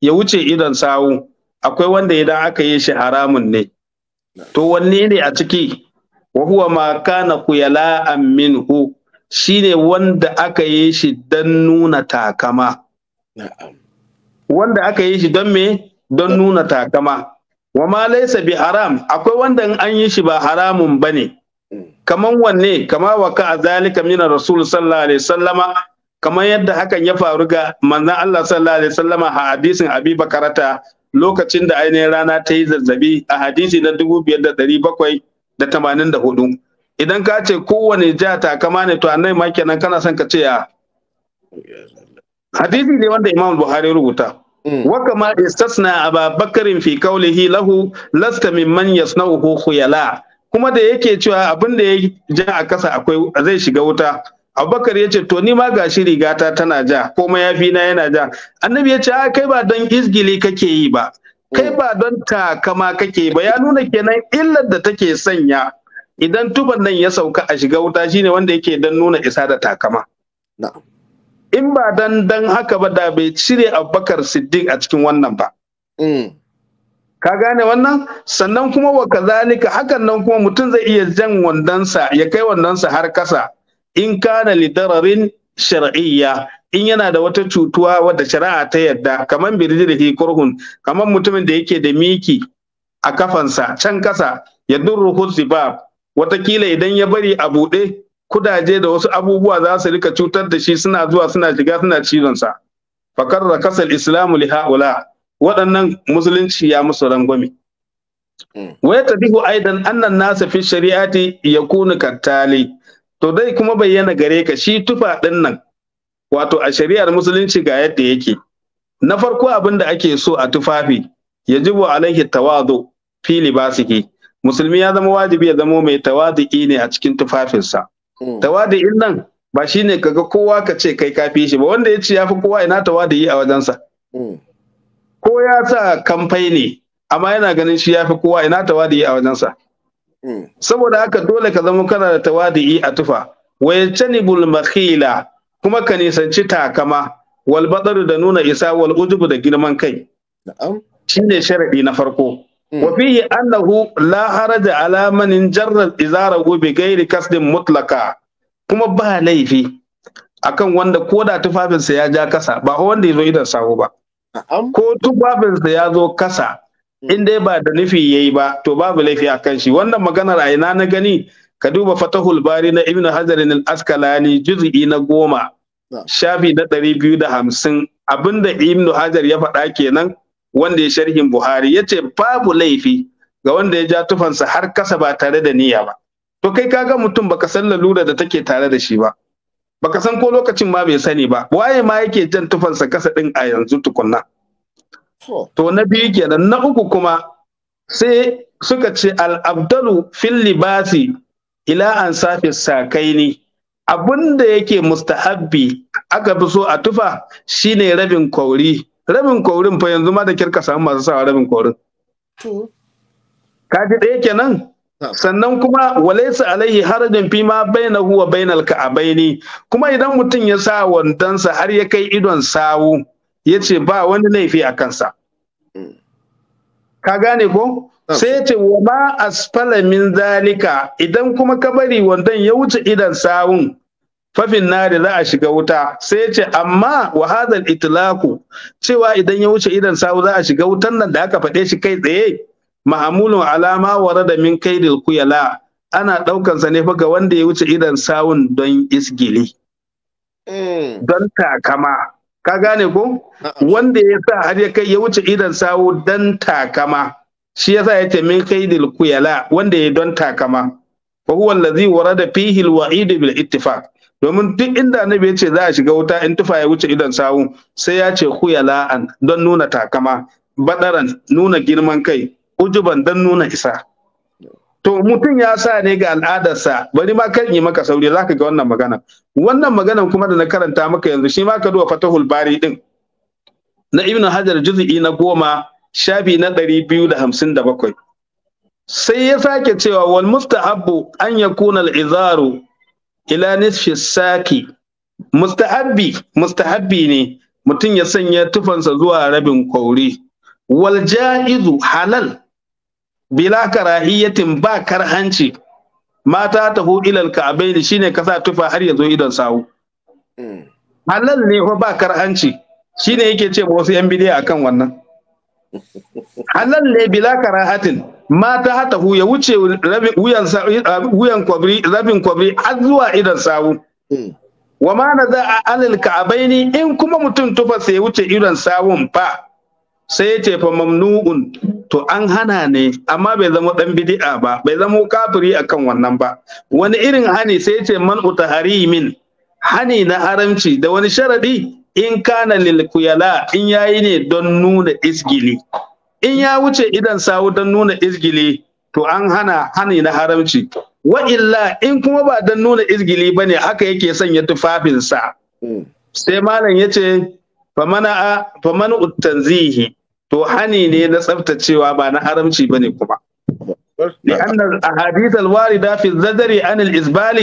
ya wuce idon sawu akwai wanda idan aka yi shi haramun ne to wanne ne a ciki wa huwa ma kana kuyala'an minhu shine wanda aka yi shi don nuna takama wanda aka yi shi don me don nuna takama wa ma laisa bi haram akwai wanda an yi shi ba haramun bane mm. kaman wanne kama wa ka zalika min rasul sallallahu alaihi sallama kamar yadda hakan ya faru ga manzan Allah sallallahu alaihi wasallama a hadisin Abi Bakarata lokacin da ainihin rana ta yi zazzabi a hadisi na dubu biyar da ɗari bakwai da tamanin da hudu idan ka ce kowane ja takama ne to annai ma kenan kana son ka ce ya hadisi ne wanda Imam Buhari rubuta وكما استثنى أبا fi kaulihi قوله له لست ممن يصنعه khuyala. kuma da yake cewa abin da ya ja a kasa akwai zai shiga wuta abubakar ya ce to ni ma gashi rigata tana ja ko mayafi na yana ja annabi ya ce a kai ba don izgili kake yi ba kai ba don takama kake ba ya nuna kenan illar da take sanya idan tuban nan ya sauka a shiga wuta shine wanda yake don nuna isa da takama in ba dan dan haka ba da bai cire abubakar siddiq a cikin wannan ba mm. ka gane wannan sannan kuma wa kazalika hakan nan kuma mutum zai iya jan wandonsa ya kai wandonsa har kasa in kana lidararin shar'iyya in yana da wata cutuwa wadda shari'a ta yadda kamar birjirhi kurhun kamar mutumin da yake da miki a kafansa can kasa ya durruhu wata watakila idan ya bari a buɗe kudaje da wasu abubuwa za su rika cutar da shi suna zuwa suna shiga suna cizonsa da kasar islamu li haula waɗannan musulunci ya musu rangwame hmm. wa yatadihu aidan annan nasa fi shari'ati ya kuni kattali to dai kuma bayyana gare ka shi tufa ɗin nan wato a shari'ar musulunci ga yadda yake na farko abin da ake so a tufafi ya wa alaihi tawadu fi libasihi musulmi ya zama wajibi ya zama mai tawadi'i ne a cikin tufafinsa hmm. tawadi'in nan ba shine kaga kowa ka ce kai kafi shi ba wanda ya ce ya fi kowa ina tawadi'i a wajensa hmm. ko ya sa kamfai ne amma yana ganin shi ya fi kowa ina tawadi'i a wajensa saboda haka dole ka zama kana da tawadi'i a tufa wa yajanibul kuma ka nisanci takama wal da nuna isa wal ujubu da girman kai Shi shine sharadi na farko mm. wa fihi annahu la haraja ala man jarra izara bi ghairi kasdin mutlaka kuma ba laifi akan wanda ko da tufafinsa ya ja kasa ba wanda ya zo idan sahu ba ko tufafinsa ya zo kasa in dai ba da nufi ya yi ba to babu laifi a kan shi wannan maganar a ina na gani ka duba fatahul bari na ibnu hazarin al-askalani juz'i na goma shafi na ɗari biyu da hamsin abinda ibnu hajar ya faɗa kenan wanda ya sharhin buhari ya ce babu laifi ga wanda ya ja tufansa har kasa ba tare da niyya ba to kai kaga mutum baka san lalura da take tare da shi ba baka san ko lokacin ma bai sani ba waye ma yake jan tufansa kasa ɗin a yanzu tukunna To na biyu kenan na uku kuma sai suka ce al'abdalu fil libasi ila an safi sakaini abin da yake mustahabbi aka fi so a tufa shine rabin kwauri rabin kwaurin fa yanzu ma da kirka samu masu sawa rabin kwaurin kaji ɗaya kenan sannan kuma walaisa alaihi harajin fi ma baina huwa bainal ka'abaini kuma idan mutum ya sa wandonsa har ya kai idon sawu ya ce ba wani laifi a kansa ka gane ko sai ya ce wa ma asfala min zalika idan kuma ka bari wandon ya wuce idan sawun fafin nari za a shiga wuta sai ya ce amma wa hadal itlaku cewa idan ya wuce idan sawu za a shiga wutan nan da aka faɗe shi kai tsaye mahamulun alama wara da min ku kuyala ana ɗaukansa ne ga wanda ya wuce idan sawun don isgili mm. don takama ka gane ko wanda ya sa har ya kai ya wuce idan sawo don takama shi ya sa ya ce min kaidil kuyala wanda ya don takama fa huwa allazi warada fihi alwa'id bil ittifaq domin duk inda annabi ya ce za a shiga wuta in tufa ya wuce idan sawu sai ya ce an don nuna takama badaran nuna girman kai ujuban don nuna isa to mutum ya sa ne ga al'adarsa bari ma kan yi maka sauri za ka ga wannan magana wannan maganan kuma da na karanta maka yanzu shi ma ka duba fatahul bari din na ibnu hajar juz'i na goma shabi na ɗari biyu da hamsin da bakwai sai ya sake cewa wal mustahabbu an yakuna al-izaru ila nisfi saki mustahabbi mustahabbi ne mutum ya sanya tufansa zuwa rabin kwauri wal ja'izu halal bila karahiyatin ba karhanci mata tahu ilal ka'abai shine kasa tufa har ya zo idon sawu hmm. halal ne fa ba karhanci shine yake ce wasu yan bidiya akan wannan halal ne bila karahatin mata hu ya wuce wuyan wuyan kwabri rabin kwabri har zuwa idon sawu hmm. wa ma na za a alal ka'abai in kuma mutum tufa sai ya wuce idon sawun fa sai ya ce fa mamnu'un to an hana ne amma bai zama dan bid'a ba bai zama kafiri akan wannan ba wani irin hani sai ya ce man utaharimin hani na haramci da wani sharadi in kana lil kuyala in yayi ne don nuna isgili in ya wuce idan sawu don nuna isgili to an hana hani na haramci wa illa in kuma ba don nuna isgili bane haka yake sanya tufafinsa mm. sai malam yace famana famana tanzihi to hani ne na tsaftacewa ba na haramci ba ne kuma li anna ahadith alwarida fi zadari an ya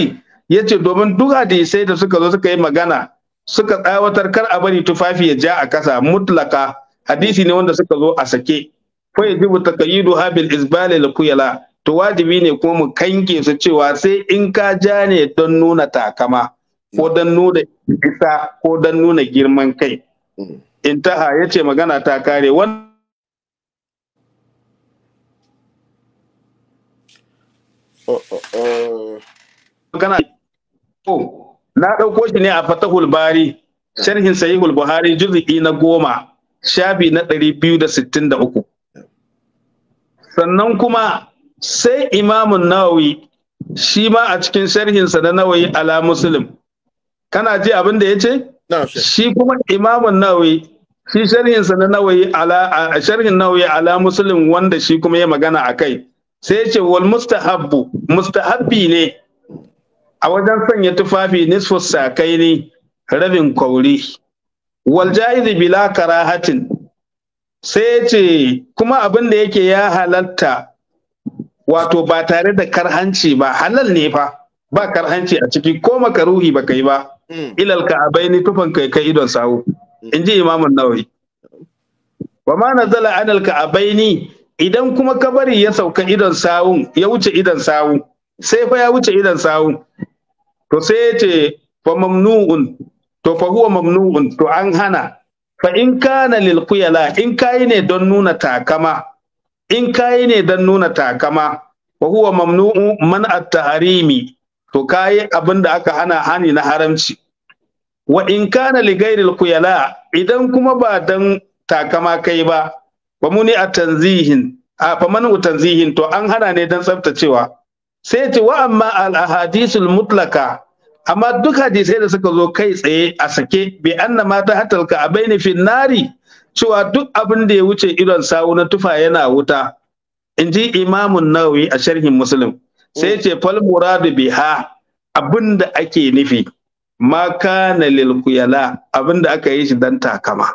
yace domin duk hadisai da suka zo suka yi magana suka tsawatar kar a bari tufafi ya ja a kasa mutlaka hadisi ne wanda suka zo a sake fa yajibu taqayidu bil Izbali da kuyala to wajibi ne kuma mu kanke su cewa sai in ka ja ne don nuna takama ko don nuna isa ko don nuna girman kai intaha ya ce magana ta kare wani oh, oh, oh. magana na ɗauko shi ne a fatahul bari sharhin sahihul buhari juz'i na goma shafi na ɗari biyu da sittin da uku sannan kuma sai imamun nawawi shi ma a cikin sharhinsa na nawawi ala muslim kana ji abin da ya ce shi kuma imamun nawawi shi sharhin sa na ala sharhin ala muslim wanda shi kuma ya magana akai sai ce wal mustahabbu mustahabbi ne a wajen sanya tufafi nisfu sakai ne rabin kauri wal jaizi bila karahatin sai ce kuma abin da yake ya halatta wato ba tare da karhanci ba halal ne fa ba karhanci a ciki ko makaruhi ba kai ba Mm. ilal ka'abaini tufan kai kai idon sawu mm. in ji imamun nawawi wa ma nazala anal ka'abaini idan kuma kabari ya sauka idon sawun ya wuce idon sawu sai fa ya wuce idon sawu to sai ce fa mamnu'un to fa huwa mamnu'un to an hana fa in kana lil khuyala in kai ne don nuna takama in kai ne don nuna takama wa huwa mamnu'u man at-tahrimi to kai abin da aka hana hani na haramci wa in kana li gairil kuyala idan kuma ba dan takama kai ba ba muni a tanzihin a faman tanzihin to an hana ne dan tsaftacewa sai ce wa amma al ahadithul mutlaka amma duk hadisai da suka zo kai tsaye a sake bi anna ma ta hatalka a baini fin nari cewa duk abin da ya wuce idon sawu na tufa yana wuta in ji imamun nawawi a sharhin muslim sai ce fal muradu biha abin da ake nufi ma kana lil abinda aka yi shi dan takama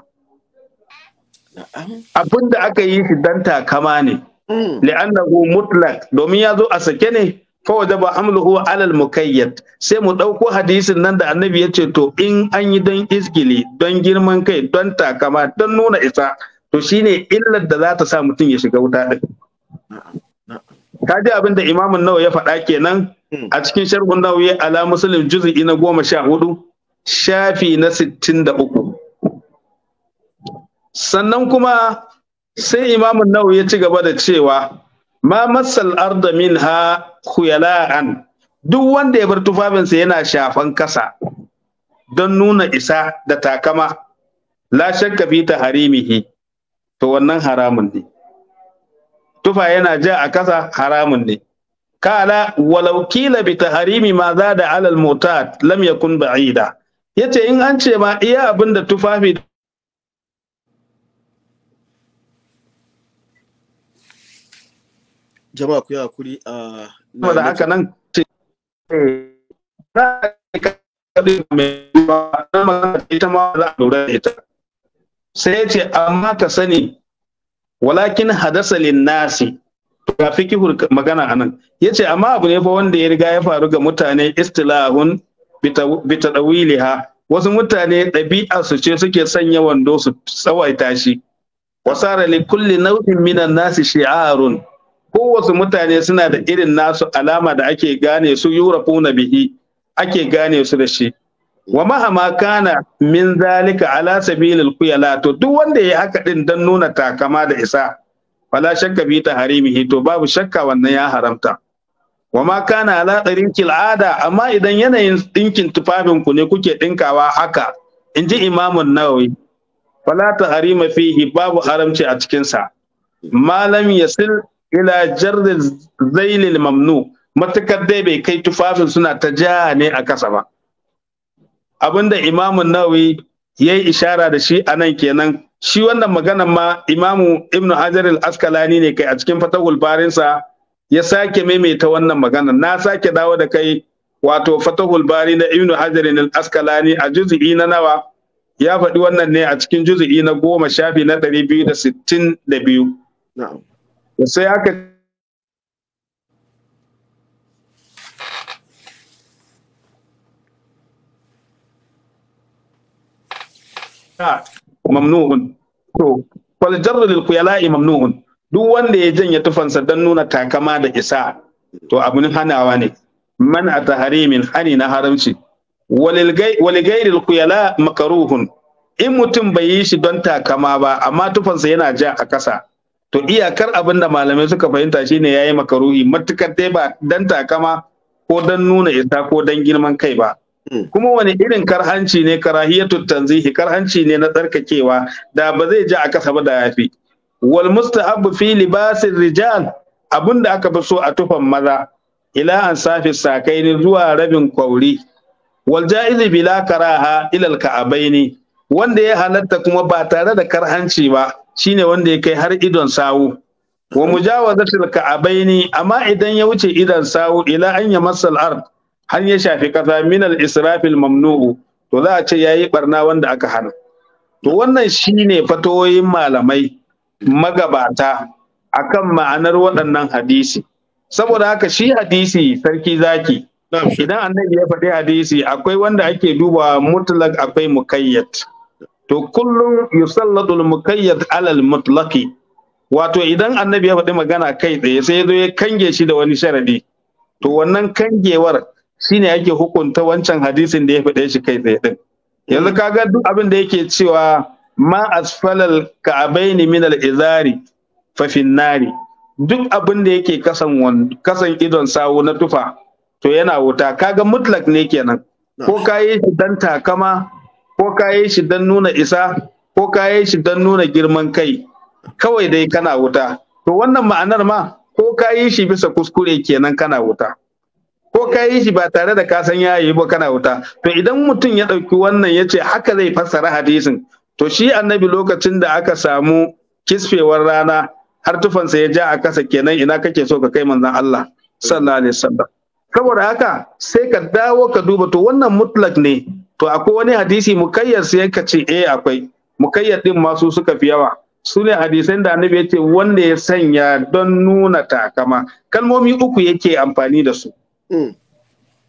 abinda aka yi shi dan takama ne hmm. li'annahu Mutlak domin ya zo a sake ne fa wajaba amluhu alal mukayyad sai mu ɗauko hadisin nan da annabi ya ce to in an yi don izgili don girman kai don takama don nuna isa to shine illar da za ta sa mutum ya shiga wuta din kaji abin da imamun nawa ya faɗa kenan Hmm. a cikin sharhun nawawi ala muslim juz'i na goma sha hudu shafi na sittin da uku sannan kuma sai imamun nawawi ya ci gaba da cewa ma masal arda min ha khuyala'an duk wanda ya bar tufafinsa yana shafan kasa don nuna isa da takama la shakka fi taharimihi to wannan haramun ne tufa yana ja a kasa haramun ne kala walau kila bi taharimi ma za da alal mutad lam yakun ba'ida yace in an ce ma iya abin da tufafi jama'a ku yi hakuri ah, a da haka nan ce ita ma za a lura da ita sai ya ce amma ka sani walakin hadasa lin nasi fi kifur magana anan ce amma abu ne fa wanda ya riga ya faru ga mutane istilahun ha? wasu mutane ɗabi'a su ce suke sanya wando su tsawaita shi wasara ne kulli nau'in minan nasi shi'arun wasu mutane suna da irin nasu alama da ake gane su yurafuna bihi ake gane su da shi wa mahama kana min zalika ala sabilil kuyala to duk wanda ya haka din dan nuna takama da isa fala shakka bi harimihi to babu shakka wannan ya haramta wa ma kana ala tariqil ada amma idan yanayin dinkin tufafin ku ne kuke dinkawa haka inji imamun nawawi fala ta harima fihi babu haramci a cikin sa malam yasil ila jarri zailil mamnu matakar dai bai kai tufafin suna ta ja ne a kasa ba abinda imamun nawawi yayi yi ishara da shi anan kenan shi wannan maganan ma imamu ibnu hajar al-askalani ne kai a cikin fatahul barinsa ya sake maimaita wannan magana na sake dawo da kai wato fatahul bari na ibnu hajar al-askalani a juz'i na nawa ya faɗi wannan ne a cikin juz'i na goma shafi na ɗari biyu sai aka Ah. mamnu'un to fal jarru lil mamnu'un duk wanda ya janye tufansa dan nuna takama da isa to abun hanawa ne man a taharimin hani na haramci waligairil qiyala makaruhun in mutum bai yi shi don takama ba amma tufansa yana ja a kasa to iyakar abinda malamai suka fahimta shine yayi makaruhi matukar dai ba dan takama ko dan nuna isa ko dan girman kai ba Hmm. kuma wani irin karhanci ne karahiyatu tanzihi karhanci ne na tsarkakewa da ba zai ji a kasa ba da yafi wal mustahabbu fi libasin rijal abinda aka fi so a tufan maza ila an safi sakai ne zuwa rabin kwauri wal ja'iz bila karaha ilal ka'abaini wanda ya halatta kuma ba tare da karhanci ba shine wanda ya kai har idon sawu wa mujawazatul ka'abaini amma idan ya wuce idon sawu ila an ya har ya shafi ƙasa minal israfil mamnu'u to za a ce ya yi barna wanda aka hana to wannan shine fatoyin malamai magabata akan ma'anar waɗannan hadisi saboda haka shi hadisi sarki zaki idan annabi ya faɗi hadisi akwai wanda ake duba mutlak akwai mukayyad to kullum yusallatu mukayyad alal mutlaki wato idan annabi ya faɗi magana kai tsaye sai ya zo ya kange shi da wani sharadi to wannan kangewar Shi shine yake hukunta wancan hadisin da ya faɗe shi kai tsaye din yanzu hmm. kaga duk abin da yake cewa ma asfalal ka'abaini min al-izari fa finnari duk abin da yake kasan idon sawu na tufa to yana wuta kaga mutlak ne kenan ko ka yi shi dan takama ko ka yi shi dan nuna isa ko ka yi shi dan nuna girman kai kawai dai kana wuta to wannan ma'anar ma ko ka yi shi bisa kuskure kenan kana wuta ko ka yi shi ba tare da ka san yayi ba kana wuta to idan mutum ya ɗauki wannan ya ce haka zai fassara hadisin to shi annabi lokacin da aka samu kisfewar rana har tufansa ya ja a kasa kenan ina kake so ka kai manzon Allah sallallahu alaihi wasallam saboda haka sai ka dawo ka duba to wannan mutlak ne to akwai wani hadisi mukayyar sai ka ce eh akwai mukayyar din masu suka fi yawa su ne hadisan da annabi yace wanda ya sanya don nuna takama kalmomi uku yake amfani da su Mm.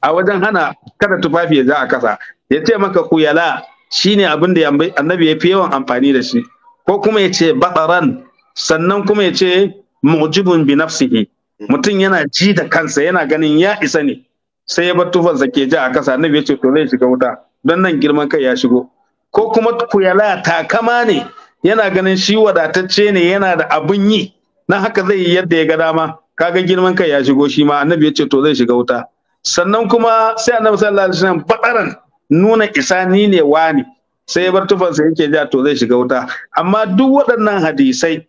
a wajen hana kada tufafi ya za a kasa ya ce maka kuyala shine abin da annabi ya fi yawan amfani da shi ko kuma ya ce batsaran sannan kuma ya ce mu'jibun bi nafsihi mm. mutum yana ji da kansa yana ganin ya isa ne sai ya bar tufansa ke ja a kasa annabi ya ce to zai shiga wuta don nan girman kai ya shigo ko kuma kuyala takama ne yana ganin shi wadatacce ne yana da abun yi na haka zai yi yadda ya ga dama kaga girman kai ya shigo shi ma annabi ya ce to zai shiga wuta sannan kuma sai annabi sallallahu alaihi wasallam badaran nuna isa ni ne wani sai ya bar tufansa yake ja to zai shiga wuta amma duk waɗannan hadisai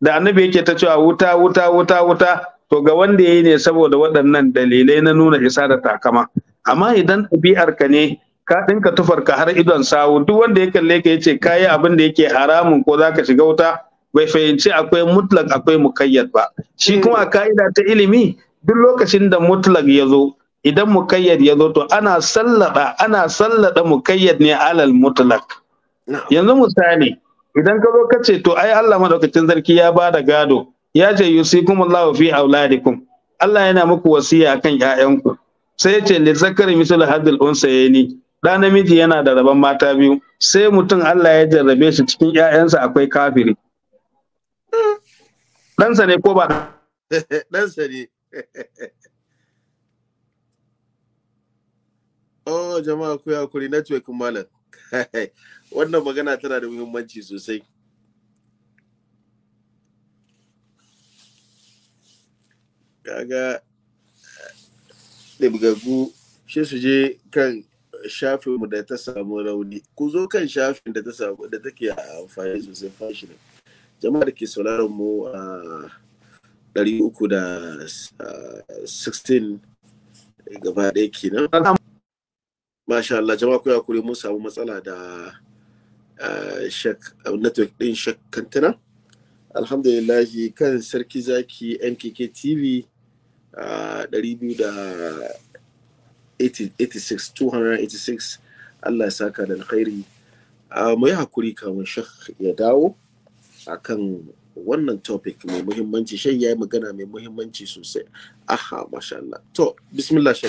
da annabi yake ta cewa wuta wuta wuta wuta to ga wanda yayi ne saboda waɗannan dalilai na nuna isa da takama amma idan ɗabi'arka ne ka ɗinka tufarka har idon sawu duk wanda ya kalle ka yace kayi abin da yake haramun ko zaka shiga wuta bai fahimci akwai mutlak akwai mukayyad ba shi eh. kuma ka'ida ta ilimi duk lokacin da mutlak ya zo idan mukayyad ya zo to ana sallada ana sallada mukayyad ne alal mutlak yanzu misali idan ka zo ka ce to ai Allah madaukakin sarki ya ba da gado ya ce yusikum Allahu fi auladikum Allah yana muku wasiya akan ƴaƴanku sai ya ce li zakari misal hadil unsayni da namiji yana da rabon mata biyu sai mutum Allah ya jarrabe shi cikin ƴaƴansa akwai kafiri ɗansa ne ko ba ɗansa ne oh jama'a ku hakuri network malam wannan magana tana da muhimmanci sosai kaga ɗibgagu shi su je kan shafinmu da ta samu rauni ku zo kan shafin da ta samu da take amfani sosai fashion jama'a da ke sauraron mu a 316 gaba ɗaya kenan masha Allah jama'a ku kure mun samu matsala da network ɗin shak kantana alhamdulillah kan sarki zaki mkk tv 286 286 Allah ya saka da alkhairi mu yi hakuri kamun shak ya dawo akan wannan topic mai muhimmanci shai ya yi magana mai muhimmanci sosai aha masha Allah to bismillah shai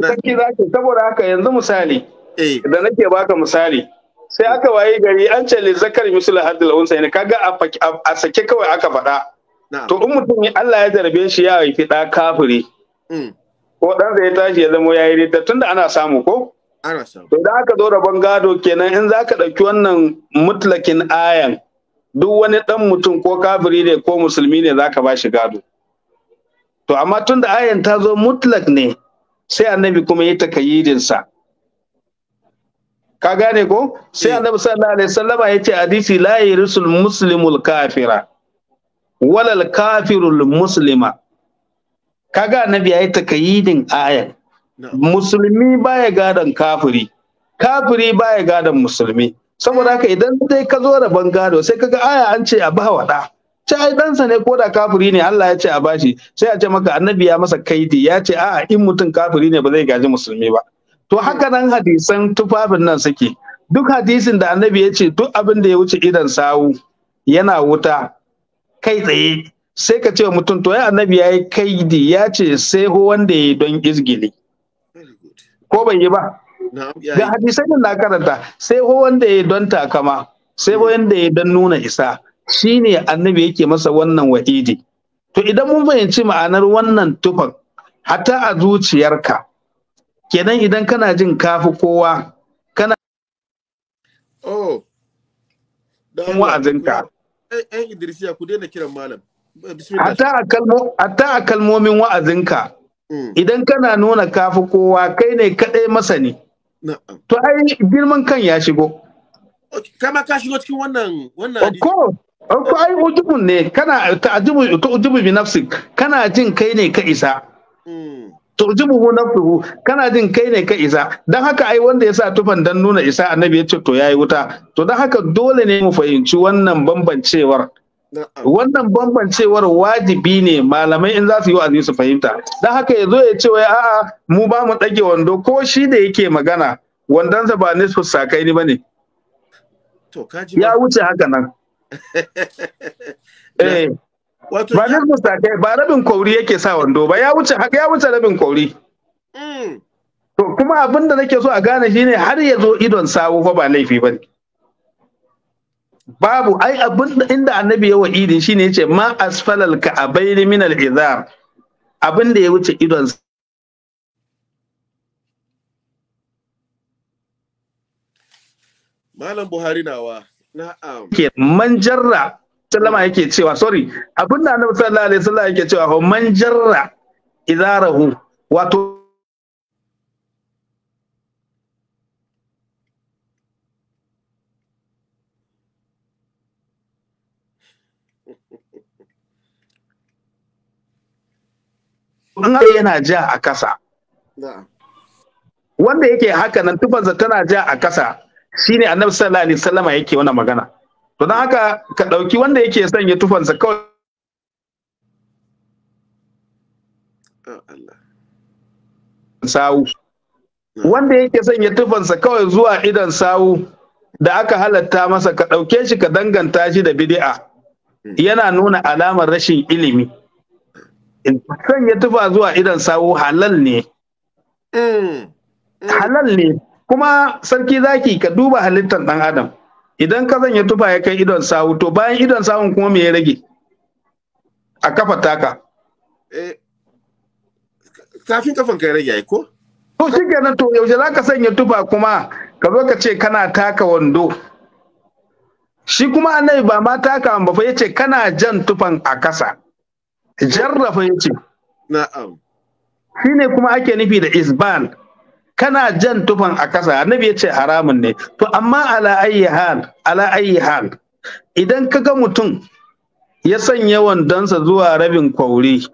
sarki zaki saboda haka yanzu misali eh. da nake baka misali sai aka waye gari an ce zakar misul hadil unsa ne kaga a sake kawai aka faɗa to in mutum Allah ya zarbe shi ya haifi ɗa kafiri mm. ko ɗan zai tashi ya zama yayi rita tunda ana samu ko to da aka zo da bangado kenan in zaka ɗauki wannan mutlakin ayan duk wani ɗan mutum ko kafiri ne ko musulmi ne za ka ba shi gado to amma tun da ayan ta zo mutlak ne sai annabi kuma yi takayidinsa ka gane ko sai eh. annabi sallallahu alaihi wasallama ya ce hadisi la rusul, muslimul kafira walal kafirul muslima ga annabi ya yi takayidin ayan musulmi ba ya gadon kafiri kafiri ba ya gadon musulmi saboda haka idan dai ka zo da bangado sai kaga aya an ce a ba wa ɗa ce ai ɗansa ne ko da kafiri ne Allah ya ce a bashi sai a ce maka annabi ya masa kaidi ya ce a'a in mutum kafiri ne ba zai gaji musulmi ba to haka nan hadisan tufafin nan suke duk hadisin da annabi ya ce duk abin da ya wuce idan sawu yana wuta kai tsaye sai ka ce wa mutum to ai annabi ya yi kaidi ya ce sai ho wanda ya yi don izgili ko bai yi ba ga hadisai da na karanta sai ho wanda ya don takama sai ho wanda ya don nuna isa shine annabi yake masa wannan wa'idi to idan mun fahimci ma'anar wannan tufan hatta a zuciyarka kenan idan kana jin kafi kowa kana oh don wa'azinka ɗan idrisiya ku daina kiran malam hatta a kalmomin wa'azinka mm. idan kana nuna kafi kowa kai ne kaɗai masani To ai girman kan ya shigo. Kama ka shigo cikin wannan wannan Of course. Ko ai ujubu ne kana ta'ajubu ujubu bi nafsi kana jin kai ne ka isa. To hmm. turjubuhu nafsuhu kana jin kai ne ka isa dan haka ai wanda ya sa tufan dan nuna isa annabi ya ce to yayi wuta to dan haka dole ne mu fahimci wannan bambancewar wannan bambancewar wajibi ne malamai in za su yi wa'azi su fahimta don haka ya zo ya ce wai a'a mu ba mu ɗage wando ko shi da yake magana wandonsa ba ne su sakai ni ba ne ya wuce haka nan eh, ba ne su sakai ba rabin kwauri yake sa wando ba ya wuce haka ya wuce rabin kwauri mm. to kuma abin da nake so a gane shine har ya zo idon sawu fa ba laifi ba ne babu ai abin inda annabi ya wa'idin shine yace ma asfalal ka'abain min al-izar abin da ya wuce idon Malam Buhari nawa na'am ke manjarra sallama yake cewa sorry abin da annabi sallallahu alaihi wasallam yake cewa man jarra idarahu wato bangare yana ja a kasa wanda yake haka nan tufansa tana ja a kasa ne annabi sallallahu alaihi wasallama yake wannan magana to dan haka ka dauki wanda yake sanya tufansa kawai sawu wanda yake sanya tufansa kawai zuwa idan sawu da aka halatta masa ka ɗauke shi ka danganta shi da bid'a hmm. yana nuna alamar rashin ilimi sanya tufa zuwa idan sawu halal ne eh, eh. halal ne kuma sarki zaki ka duba halittar dan adam idan ka zanya tufa ya kai idon sawu to bayan idon sawun kuma me ya rage a kafa taka eh, kafin kafan ka rage ai ko to shi kenan to yaushe za ka sanya tufa kuma ka zo ka ce kana taka wando shi kuma annabi ba ma taka ba fa yace kana jan tufan a kasa jarrafa yace na'am shine kuma ake nufi da isbal kana jan tufan a kasa annabi yace haramun ne to amma ala ayyi hal ala ayyi hal idan kaga mutum ya sanya wandonsa zuwa rabin kwauri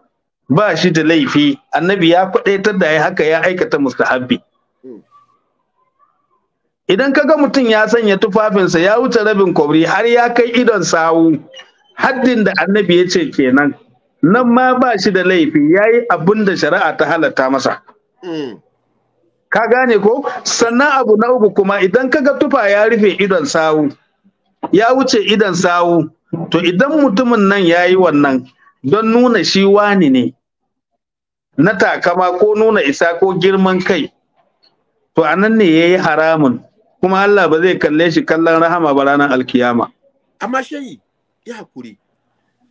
ba shi da laifi annabi ya kwadaitar da ya haka ya aikata mustahabbi hmm. idan kaga mutum ya sanya tufafinsa ya wuce rabin kwauri har ya kai idon sawu haddin da annabi ya ce kenan nan ma ba shi da laifi ya yi abin da shari'a ta halatta masa mm. ka gane ko sannan abu na uku kuma idan ka ga tufa ya rufe idon sawu ya wuce idon sawu to idan mutumin nan ya yi wannan don nuna shi wani ne na takama ko nuna isa ko girman kai to anan ne ya yi haramun kuma Allah ba zai kalle shi kallon rahama ba ranar alkiyama amma shayi ya hakuri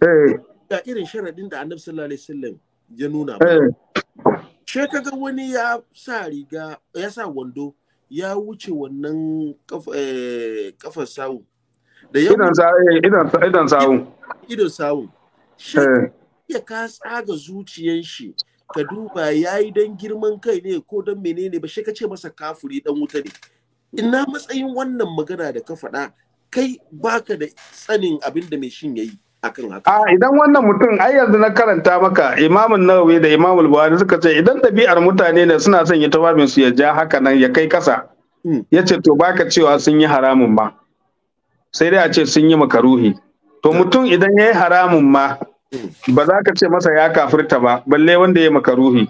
eh ga irin sharaɗin da annabi sallallahu alaihi wasallam ya nuna ba eh. she kaga wani ya sa riga ya sa wando ya wuce wannan eh, kafar sawu da ya idan sawu eh, idan sawu she ya ka tsaga zuciyan shi ka duba yayi dan girman kai ne ko dan menene ba she ka ce masa kafuri dan wuta ne ina matsayin wannan magana da ka faɗa kai baka da tsanin abinda mai shin yayi akan a idan wannan mutum ai yanzu na karanta maka imamun nawawi da imamul buhari suka ce idan ɗabi'ar mutane ne suna son ya tufafin su ya ja haka nan ya kai kasa hmm. ya ce to baka cewa sun yi haramun ba sai dai a ce sun yi makaruhi to hmm. mutum idan ya yi haramun ma hmm. ba za ka ce masa ya kafirta ba balle wanda ya makaruhi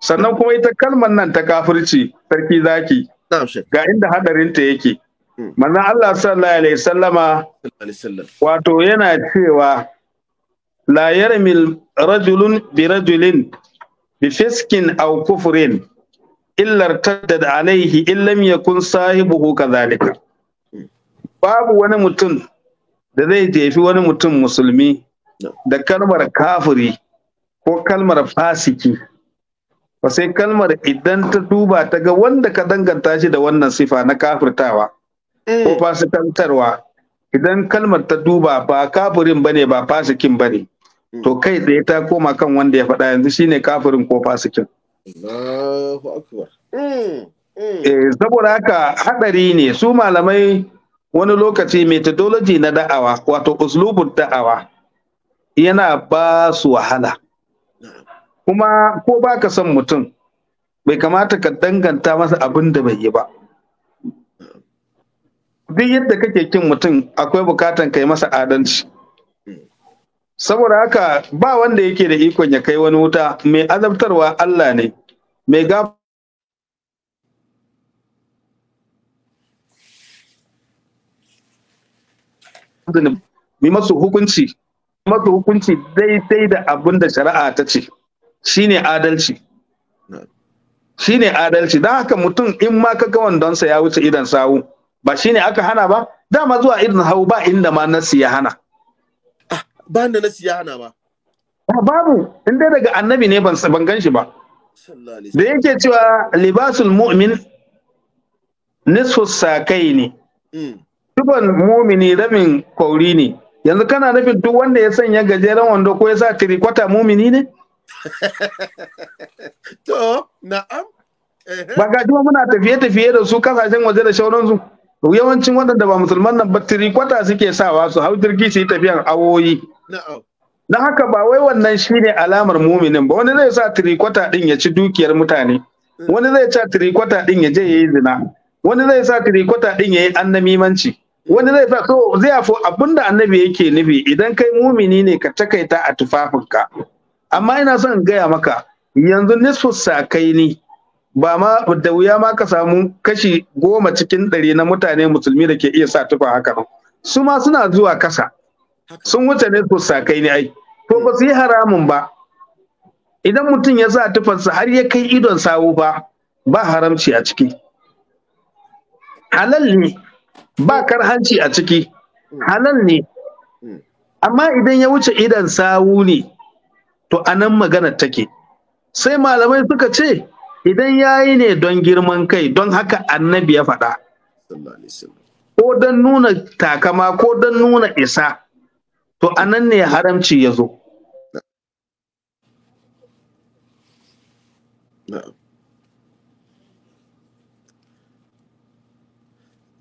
sannan kuma ita kalmar nan ta kafirci sarki zaki ga inda hadarinta yake manzon Allah sallallahu alaihi sallama wato yana cewa la yarmil rajulun bi rajulin bi fiskin aw kufrin illa tadad alaihi illam yakun sahibuhu kadhalika babu wani mutum da zai jefi wani mutum musulmi da kalmar kafiri ko kalmar fasiki ba sai kalmar idan ta duba ta ga wanda ka danganta shi da wannan sifa na kafirtawa Eh. ko fasikantarwa idan kalmar ta duba ba kafirin ne ba fasikin ba ne, to hmm. kai tsaye ta koma kan wanda ya faɗa yanzu shine kafirin ko fasikin hmm, hmm. Eh, saboda haka haɗari ne su malamai wani lokaci methodology na da'awa wato uslubun da'awa yana ba su wahala kuma ko ba ka son mutum bai kamata ka danganta masa abin da bai yi ba duk yadda kake kin mutum akwai bukatan kai masa adalci saboda haka ba wanda yake da ikon ya kai wani wuta mai azabtarwa Allah ne mai ga mai masu hukunci masu hukunci daidai da abin da shari'a ta ce shine adalci shine adalci don haka mutum in ma kaga wandonsa ya wuce idan sawu ba shine aka hana ba dama zuwa irin hau ba inda ma nasi ya hana ah, ba inda nasi ya hana ba ah, babu in daga annabi ne ban ban gan ba da yake cewa libasul mu'min nisfu sakai ne mm. duban mumini rabin kwauri ne yanzu kana nufin duk wanda ya sanya gajeren wando ko ya sa tirikwata mumini ne to na'am ba ga muna tafiye-tafiye da su kasashen waje da shauransu yawancin waɗanda ba musulman nan ba tirikwata suke sawa su hau jirgi su yi tafiyan awoyi na haka ba wai wannan shine alamar muminin ba wani zai sa tirikwata din ya ci dukiyar mutane wani zai sa tirikwata din ya je ya yi zina wani zai sa tirikwata din yi annamimanci wani zai sa so zai fo abinda annabi yake nufi idan kai mumini ne ka takaita a tufafinka amma ina son gaya maka yanzu nisfus sakai ne ba ma da wuya ma ka samu kashi goma cikin ɗari na mutane musulmi da ke iya sa tufa haka ba? su ma suna zuwa kasa sun wuce ne su sakai ne ai to ba su yi haramun ba idan mutum ya sa tufarsa har ya kai idon sawu ba ba haramci a ciki halal ne ba karhanci a ciki halal ne amma idan ya wuce idon sawu ne to anan magana take sai malamai suka ce idan ya yi ne don girman kai don haka annabi ya faɗa ko don nuna takama ko don nuna isa to anan ne haramci ya zo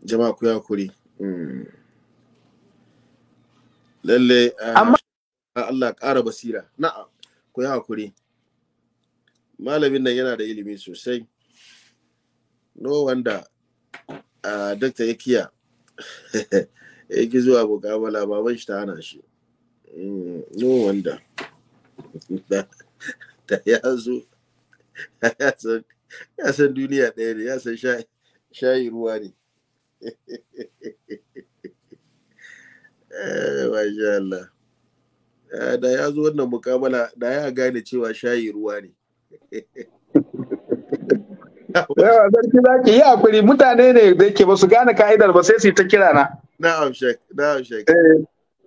jama'a ku ya kuri hmm. lalle ah, amma Allah ƙara basira na'am ku ya kuri malamin nan yana da ilimi sosai no wanda a dakta ya kiya ya ki zuwa mukamala baban shi ta hana shi mm, no wanda da ya zo ya san duniya ɗaya ne ya san shayi ruwa ne eh, Masha Allah. Ah, da ya zo wannan mukamala da ya gane cewa shayi ruwa ne. Sarki za ki yi hakuri mutane ne da ke ba su gane ka'idar ba sai su yi ta kira na. Na'am shek, na'am shek. Eh,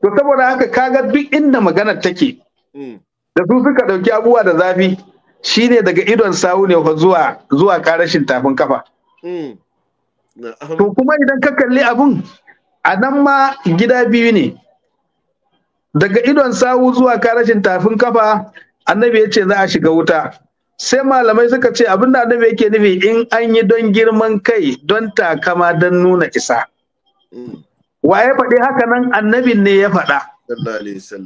to saboda haka kaga duk inda maganar take. Hmm. Da su suka ɗauki abubuwa da zafi shi ne daga idon sawu ne zuwa zuwa karashin tafin kafa. Hmm. To kuma idan ka kalli abun a nan ma gida biyu ne. Daga idon sawu zuwa karashin tafin kafa annabi ya ce za a shiga wuta. sai malamai suka ce abin da annabi yake nufi in an yi don girman kai don takama don nuna isa wa ya faɗi haka nan annabin ne ya faɗa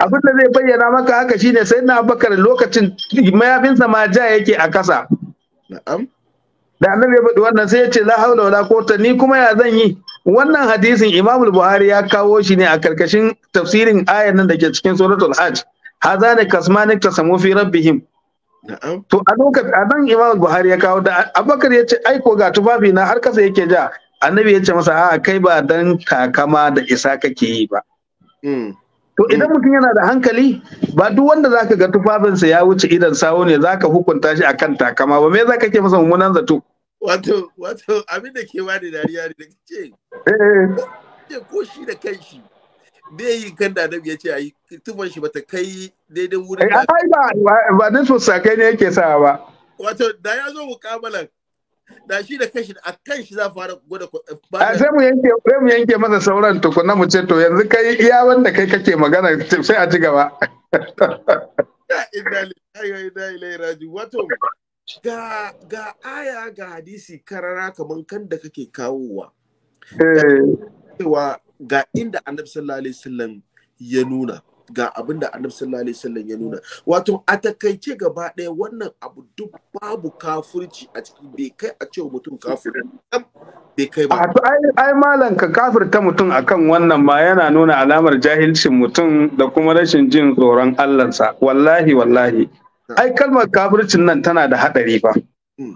abin da zai bayyana maka haka shi ne sai na bakar lokacin mayafinsa ma ja yake a kasa da annabi ya faɗi wannan sai ya ce la haula wala quwwata ni kuma ya zan yi wannan hadisin Imam Buhari ya kawo shi ne a karkashin tafsirin ayar nan da ke cikin suratul hajj hazani kasmani tasamu fi rabbihim To a lokacin a nan Imam Buhari ya kawo da Abubakar ya ce aiko ga tufafi na har kasa yake ja annabi ya ce masa a kai ba dan takama da isa kake yi ba. Mm. To idan mutum yana da hankali ba duk wanda zaka ga tufafinsa ya wuce idan sawo ne zaka hukunta shi akan takama ba me zaka ke masa mummunan zato. Wato wato abin da ke bani dariya ne da ce. Eh. eh. Ko shi da kanshi. bai yin kan da annabi ya ce ayi tufan shi bata kai daidai wurin da ai ba ba da so sakai ne yake sa ba wato da ya zo mukamalan da shi da kashi a kan shi za fara gwada a sai mu yanke sai mu yanke masa sauran tukuna mu ce to yanzu kai iya wanda kai kake magana sai a ci gaba inna lillahi wa inna ilaihi raji'un wato ga ga aya ga hadisi karara kaman kan da kake kawowa eh. cewa ga inda annabi sallallahu alaihi wasallam ya nuna ga abin da annabi sallallahu alaihi wasallam ya nuna wato a takaice gaba ɗaya wannan abu duk babu kafirci a ciki bai kai a cewa mutum kafirin bai kai ba ai malam ka kafirta mutum akan wannan ma yana nuna alamar jahilcin mutum da kuma rashin jin tsoron sa wallahi wallahi ai kalmar kafircin nan tana da hadari fa hmm.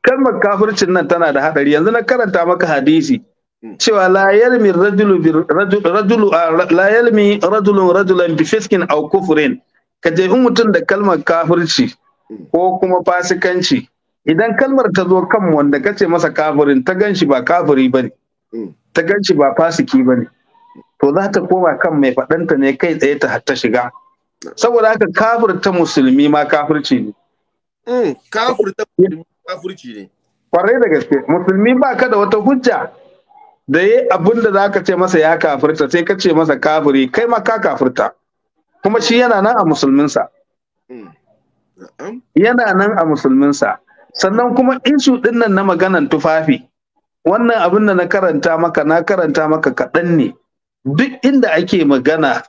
kalmar kafircin nan tana da hadari yanzu na karanta maka hadisi cewa la yalmi rajulu rajulu ah, la yalmi rajulun rajulan bi fiskin aw kufrin ka je in mutum da kalmar kafirci ko kuma fasikanci idan kalmar ta zo kan wanda ka ce masa kafirin ta ganshi ba kafiri bane ta ganshi ba fasiki bane to za ta koma kan mai faɗanta ne kai tsaye ta hatta shiga saboda haka ta musulmi ma kafirci ne mm, ta musulmi kafirci ne kwarai da gaske musulmi ba ka da wata hujja da ya abin da za ka ce masa ya kafirta sai ka ce masa kafiri kai ma ka kafirta kuma shi yana nan a musulminsa mm. yana nan a musulminsa sannan kuma isu su nan na maganan tufafi wannan abin da na karanta maka na karanta maka kaɗan ne duk inda ake magana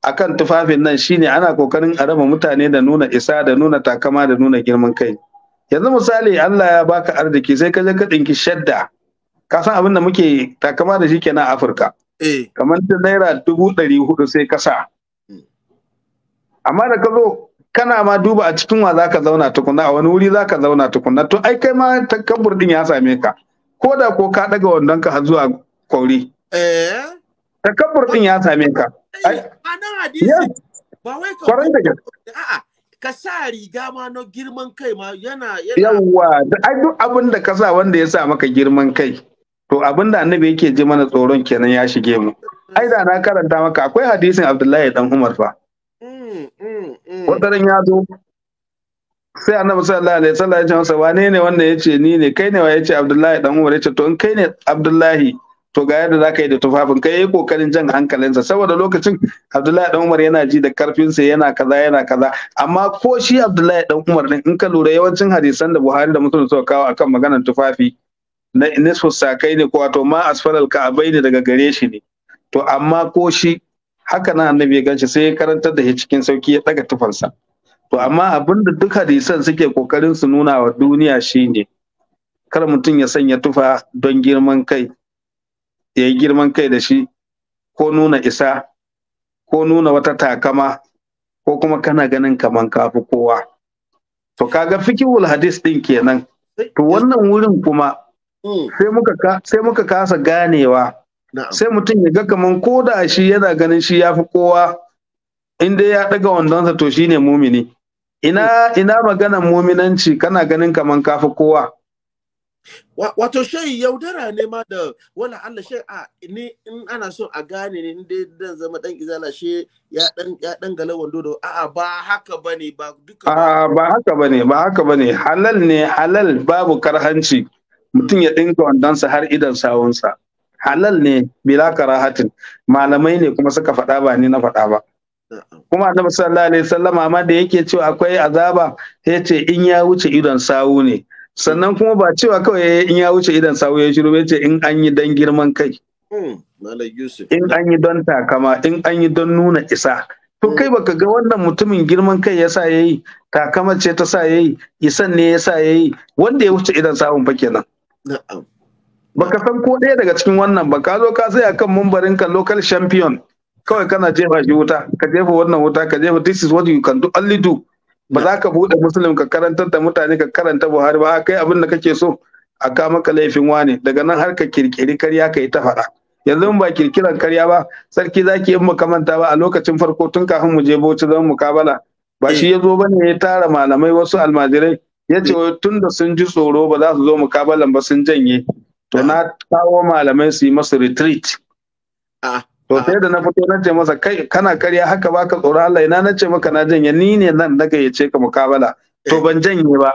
akan tufafin nan shine ana kokarin a raba mutane da nuna isa da nuna takama da nuna girman kai yanzu misali Allah ya baka arziki sai ka je ka ɗinki shadda ka san abin da muke takama da shi kenan afirka eh. kamar ta naira dubu ɗari hudu sai kasa. Hmm. amma da ka zo kana ma duba a cikin wa za ka zauna tukuna a wani wuri za ka zauna tukuna to ai kai ma takabbur din ya same ka ko da ko ka daga wandon ka zuwa kwauri Ta eh. takabbur din ya same ka eh, ba wai da ka sa riga ma na girman kai ma yana yana yawa da ai duk abin da ka sa wanda ya sa maka girman kai to abin da annabi yake ji mana tsoron kenan ya shige mu ai da na karanta maka akwai hadisin abdullahi dan umar fa mm, mm, mm. wataran ya zo sai annabi sallallahu alaihi wasallam ya ce masa wane ne wanda yace ni ne kai ne wa yace abdullahi dan umar yace to in kai ne abdullahi to ga yadda zaka yi da tufafin kai yayi kokarin jan hankalinsa saboda lokacin abdullahi dan umar yana ji da karfinsa yana kaza yana kaza amma ko shi abdullahi dan umar din in ka lura yawancin hadisan da buhari da muslim suka kawo akan maganar tufafi na nisfu sakai ne ko wato ma asfalal ka'abai ne daga gare shi ne to amma ko shi haka na annabi ya ganshi sai ya karantar da shi cikin sauki ya daga tufarsa. to amma abin da duk hadisan suke kokarin su nuna wa duniya shi ne, kar mutum ya sanya tufa don girman kai ya yi girman kai da shi ko nuna isa ko nuna wata takama ko kuma kana ganin kaman kafi kowa to kaga fikihul hadis din kenan to wannan wurin kuma Hmm. sai muka sai muka kasa ganewa sai mutum ya ga kaman ko da shi yana ganin shi ya fi kowa in dai ya ɗaga wandonsa to shine mumini ina hmm. ina maganan muminanci kana ganin kaman ka fi kowa wato shai yaudara ne ma da wala Allah shai a ni in ana so a gane ne in dai dan zama dan izala she ya dan ya dan gala wando da a'a ba haka bane ba duka ba haka bane ba haka bane halal ne halal babu karhanci mutum ya ɗinka wandonsa har idan sawunsa halal ne bila karahatin malamai ne kuma suka faɗa ba ni na faɗa ba kuma annabi sallallahu alaihi wasallam amma da yake cewa akwai azaba sai ce in ya wuce idon sawu ne sannan kuma ba cewa kawai in ya wuce idon sawu ya shiru ce in an yi dan girman kai hmm, in an yi don takama in an yi don nuna isa to kai baka ga wannan mutumin girman kai yasa yayi takama ce ta sa yayi isan ne yasa yayi wanda ya wuce idon sawun fa kenan baka san ko ɗaya daga cikin wannan ba ka zo ka tsaya kan mumbarin ka local champion kawai kana jefa shi wuta ka jefa wannan wuta ka jefa this is what you can do only do ba za ka buɗe musulun ka karantar da mutane ka karanta buhari ba kai abin da kake so a ka maka laifin wane daga nan har ka kirkiri karya ka yi ta faɗa yanzu ba kirkiran karya ba sarki zaki mu kamanta ba a lokacin farko tun kafin mu je bauchi zan mukabala ba shi ya zo ba ne ya tara malamai wasu almajirai ya ce tun da sun ji tsoro ba za su zo mukabalan ba sun janye to na kawo malamai su yi masu retreat ah, ah. to sai da na fito na ce masa kai kana karya haka ba ka tsoro Allah ina na ce maka na janye ni ne nan na yace ka mukabala to eh. ban janye ba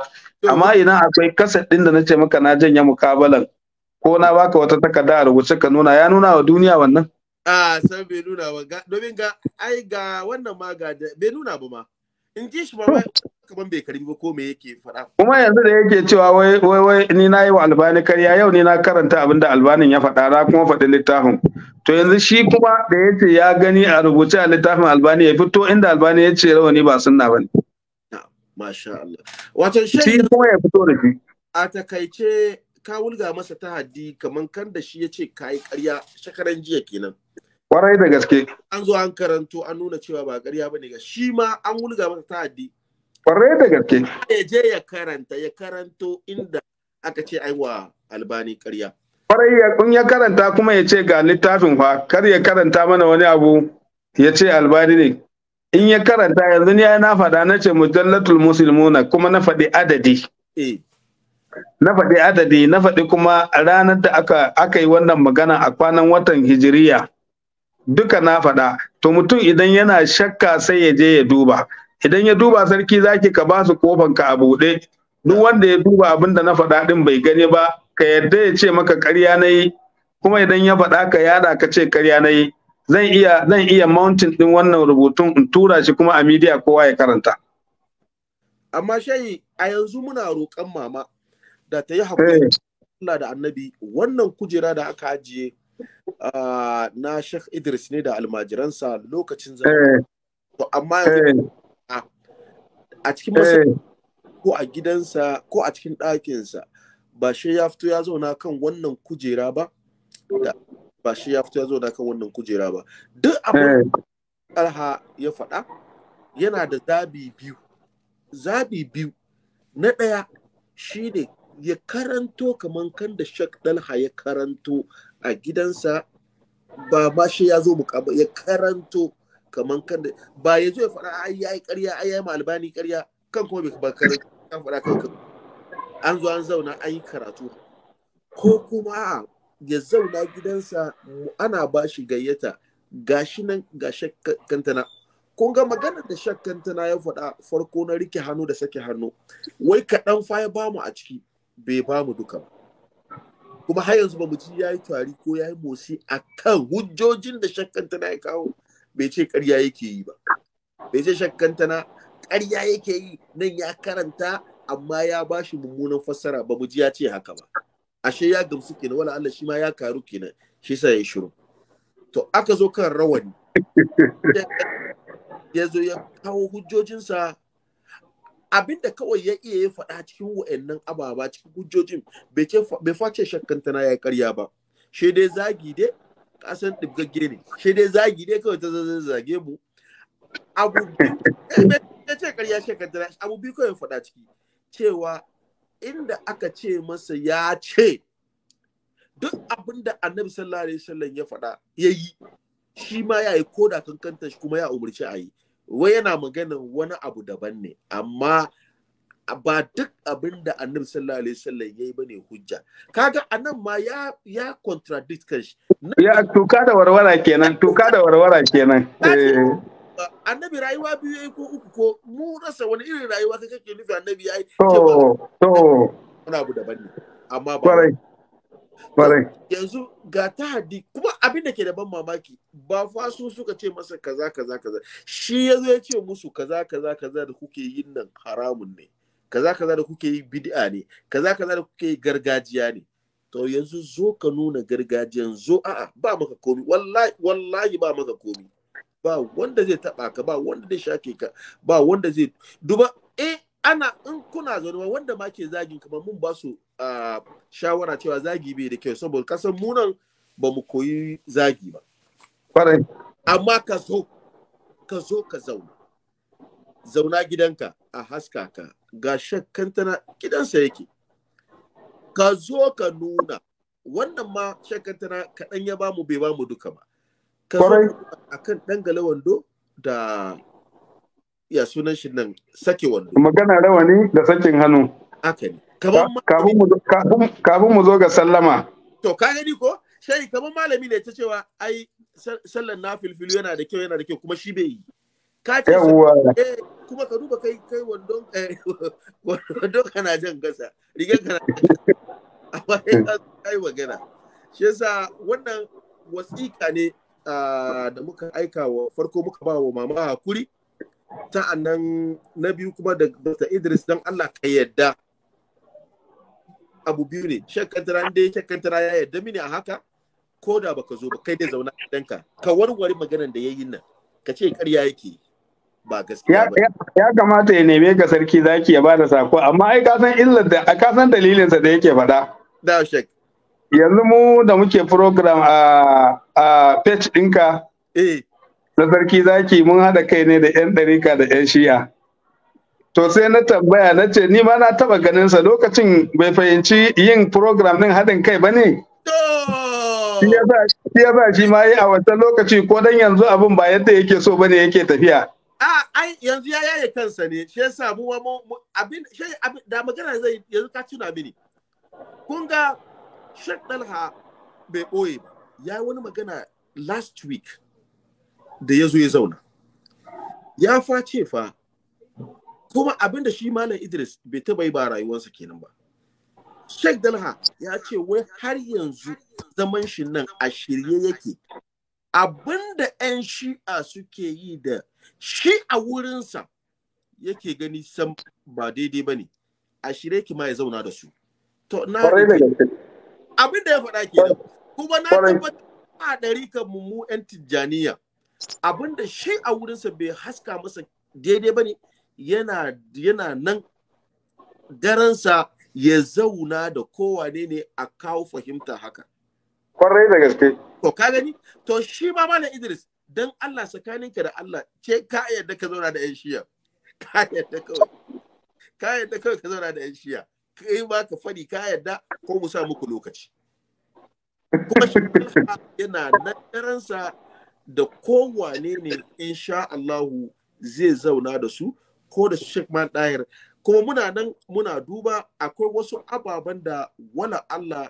amma ina akwai kasar din da na ce maka na janye mukabalan ko na baka wata takarda a rubuce ka nuna ya nuna wa duniya wannan a ah, san bai nuna ba domin ga ai ga wannan ma ga bai nuna ba ma in ji shi ba kaman bai karbi ba ko me yake kuma yanzu da yake cewa wai wai wai ni na yi wa albani karya yau ni na karanta abin da albanin ya faɗa na kuma faɗi littafin to yanzu shi kuma da yace ya gani a rubuce a littafin albani ya fito inda albani ya ce rawani ba sunna ba ne masha Allah wato shi kuma ya fito da shi a takaice ka wulga masa ta haddi kaman kan da shi ya ce yi karya shakaran jiya kenan Kwarai da gaske. An zo an karanto an nuna cewa ba ƙarya ba ne ga shi ma an wulga masa ta'addi. Kwarai da gaske. Ya je ya karanta ya karanto inda aka ce ai wa albani ƙarya. Kwarai kun ya karanta kuma ya ce ga littafin fa kar ya karanta mana wani abu ya ce albani ne. In ya karanta yanzu ni na faɗa na ce mujallatul muslimuna kuma na faɗi adadi. Eh. na faɗi adadi na faɗi kuma ranar da aka, aka yi wannan magana a kwanan watan hijiriya duka na faɗa to mutum idan yana shakka sai ya je ya duba idan ya duba sarki zaki ka ba su kofan ka a buɗe duk wanda ya duba abin da na faɗa din bai gani ba ka yarda ya ce maka ƙarya na yi kuma idan ya faɗa ka yada ka ce ƙarya na yi zan iya zan iya mountain din wannan rubutun in tura shi kuma a media kowa ya karanta amma shayi a yanzu muna roƙon mama da ta yi haƙuri eh. Allah da annabi wannan kujera da aka ajiye na Sheikh Idris ne da almajiransa lokacin zama. Eh. To amma eh. a cikin masa eh. ko a gidansa ko a cikin ɗakinsa ba shi ya fito ya zauna kan wannan kujera ba ba shi ya fito ya zauna kan wannan kujera ba duk abin alha ya faɗa yana da zabi biyu zabi biyu na ɗaya shi ne ya karanto kamar kan da shak dalha ya karanto a gidansa ba ma shi ya zo mukabala ya karanto kaman kan da ba ya zo ya faɗa ai yayi ƙarya ai yayi malbani ƙarya kan kuma bai ba karanto kan faɗa kan an zo an zauna an yi karatu ko kuma ya zauna gidansa ana ba shi gayyata gashi nan ga kantana kun ga maganar da shakkantana ya faɗa farko na rike hannu da sake hannu wai kaɗan fa ya bamu a ciki bai bamu duka ba kuma har yanzu ba mu ji yayi tari ko yi motsi akan hujjojin da na ya kawo bai ce ƙarya yake yi ba bai ce na ƙarya yake yi nan ya karanta amma ya ba shi mummunan fassara ba mu ji ya ce haka ba ashe ya gamsu kenan wala Allah shi ma ya karu kenan shi sa ya shiru to aka zo kan rawani ya zo ya kawo hujjojinsa Abin da kawai ya iya ya faɗa cikin wa'annan ababa cikin hujjojin bai face shakkanta na ya karya ba shi dai zagi dai kasan ɗibgagge ne shi dai zagi dai kawai ta zage mu abu ya eh, ce karya shakkanta na abu biyu kawai faɗa ciki cewa inda aka ce masa ya ce duk abin da annabi sallallahu alaihi wasallam ya faɗa ya yi shi ma ya yi koda kankantar shi kuma ya umarci a yi wai yana maganin wani abu daban ne amma ba duk abin da annabi sallallahu alaihi wasallam yayi bane hujja kaga anan ma ya ya contradict kashi ya tuka da warwara kenan tuka da warwara kenan eh. annabi rayuwa biyu yayi ko uku ko mu rasa wani irin rayuwa kake nufi annabi yayi to to wani abu daban ne amma ba yanzu ga haddi, kuma abin da ke da ban mamaki ba fa su suka ce masa kaza kaza kaza shi ya zo ya ce musu kaza kaza kaza da kuke yin nan haramun ne kaza kaza da kuke yi bid'a ne kaza kaza da kuke yi gargajiya ne to yanzu zo ka nuna gargajiyan zo a'a ba maka komi wallahi wallahi ba maka komi ba wanda zai taba ka ba wanda zai shake ka ba wanda zai duba eh ana in kuna zaune wanda ma ke zagi kamar mun ba su shawara cewa zagi bai da kyau saboda kasan munan ba mu koyi zagi ba amma ka zo ka zo ka zauna zauna gidanka a haska ka ga shakkantana gidansa yake ka zo ka nuna wannan ma shakkantana kaɗan ya bamu bai bamu duka ba ka zo a kan ɗan galawando da ya sunan shi nan sake wando magana rawani da sakin hannu kafin mu zo ga sallama to ka gani ko shari kamar malami ne ta cewa ai sallan na filfilu yana da kyau yana da kyau kuma shi bai yi ka ce eh, kuma ka duba kai kai wandon eh, wandon kana jan gasa rigar kana amma kai magana shi yasa wannan wasiƙa ne ah, da muka aika wa farko muka ba wa mama hakuri nan, na biyu kuma da Dr. Idris don Allah ka yadda abu biyu ne shekantara inda ya shakkantara ya yadda mini a haka ko da baka zo ba kai dai zauna a danka ka warware maganar da ya yi nan ka ce ƙarya yake ba gaskiya ba ya kamata ya neme ga sarki zaki ya bada sako amma ai ka san illar da ka san dalilinsa da yake faɗa da shek yanzu mu da muke program a a page ɗinka eh na sarki zaki mun haɗa kai ne da 'yan ɗarika da 'yan shiya. to sai na tambaya na ce ni ma na taɓa ganinsa lokacin bai fahimci yin program ɗin haɗin kai ba ne shi ya sa shi ma yi a wata lokaci ko dan yanzu abin ba yadda yake so ne yake tafiya a ai yanzu ya yaye kansa ne shi ya mu mu abin shi da magana zai yanzu ka tuna mini kun ga Sheikh Dalha bai ɓoye ba Ya yi wani magana last week da ya zo ya zauna ya face fa kuma abin da shi malam idris bai taba yi ba rayuwarsa kenan ba sheikh dalha ya ce wai har yanzu zaman shi nan a shirye yake abin da 'yan shi'a suke yi da shi a wurinsa yake gani sam ba daidai ba ne a shirye ki ma ya zauna da su to na abin da ya faɗa kenan kuma na tabbata a ɗari kan mu 'yan tijjaniya abinda shi a wurinsa bai haska masa daidai ba ne yana, nan daransa ya zauna da kowane ne a kawo fahimta haka. Kwarai da gaske. To ka gani? To shi ma Malam Idris don Allah tsakaninka da Allah ce ka yadda ka zauna da 'yan shiya. Ka yadda kawai. Ka yadda kawai ka zauna da 'yan shiya. Kai ma ka fadi ka yadda ko mu sa muku lokaci. Kuma shi yana nan daransa da kowane ne insha Allahu zai zauna da su ko da Sheikh Man Dahir kuma muna nan muna duba akwai wasu ababen da wala Allah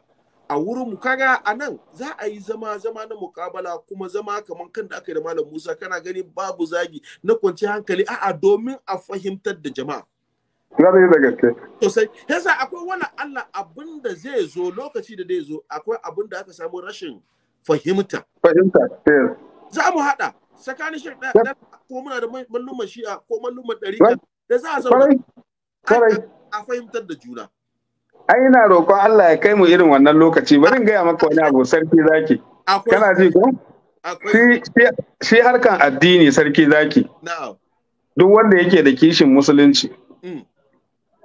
a wurin mu a nan za a yi zama zama na mukabala kuma zama kamar kan da aka yi da Malam Musa kana gani babu zagi na kwanci hankali a'a domin a fahimtar da jama'a Zan da gaske. Sosai. Yasa akwai wani Allah abin da zai zo lokaci da zai zo akwai abin da aka samu rashin fahimta. Fahimta, yes. za mu haɗa tsakanin shi ɗaya ko muna da malluman shi'a ko malluman ɗari da za a zauna a fahimtar da juna. Ai ina roƙon Allah ya kai mu irin wannan lokaci bari in gaya maka wani abu sarki zaki. Kana ji ko? Shi harkan addini sarki zaki. Duk wanda yake da kishin musulunci. Mm.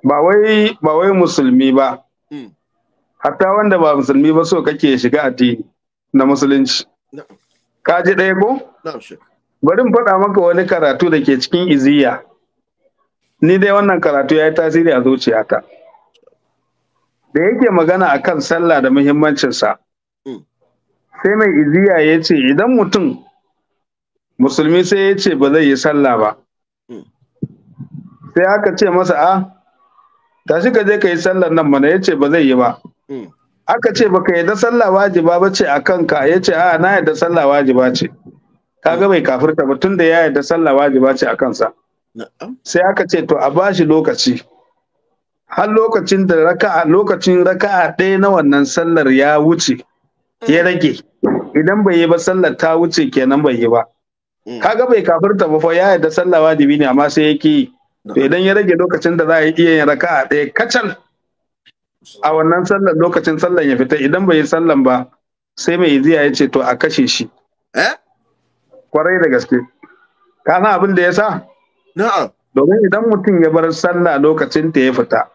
Ba wai ba wai musulmi ba. Mm. Hatta wanda ba musulmi ba so kake shiga addini na musulunci. Ka ji ɗaya ko? Bari mu faɗa maka wani karatu da ke cikin iziya. Ni dai wannan karatu ya yi tasiri a zuciyata. Da yake magana a kan sallah da muhimmancinsa. Mm. Sai mai iziya ya ce idan mutum musulmi sai ya ce ba zai yi sallah ba. Mm. Sai aka ce masa a ah, tashi ka je ka yi sallar nan mana ya ce ba zai yi ba. Mm. aka ce baka yadda sallah wajiba ba ce a kanka ya ce a na yadda sallah wajiba ce Ka ga bai kafirta ba tunda ya yadda sallah wajiba ce a kansa sai aka ce to a bashi lokaci har lokacin da raka'a lokacin raka'a ɗaya na wannan sallar ya wuce ya mm. rage idan bai yi ba sallar ta wuce kenan bai yi ba mm. kaga bai kafirta ba fa ya yadda sallah wajibi ne amma sai yake yi to idan ya rage lokacin da za a iya yin raka'a ɗaya kacal a wannan sallan lokacin sallan ya fita idan bai yi sallan ba sai mai yi ya ce to a kashe shi eh? kwarai da gaske ka san abin da ya sa na'am domin idan mutum ya bar sallah lokacin ta ya fita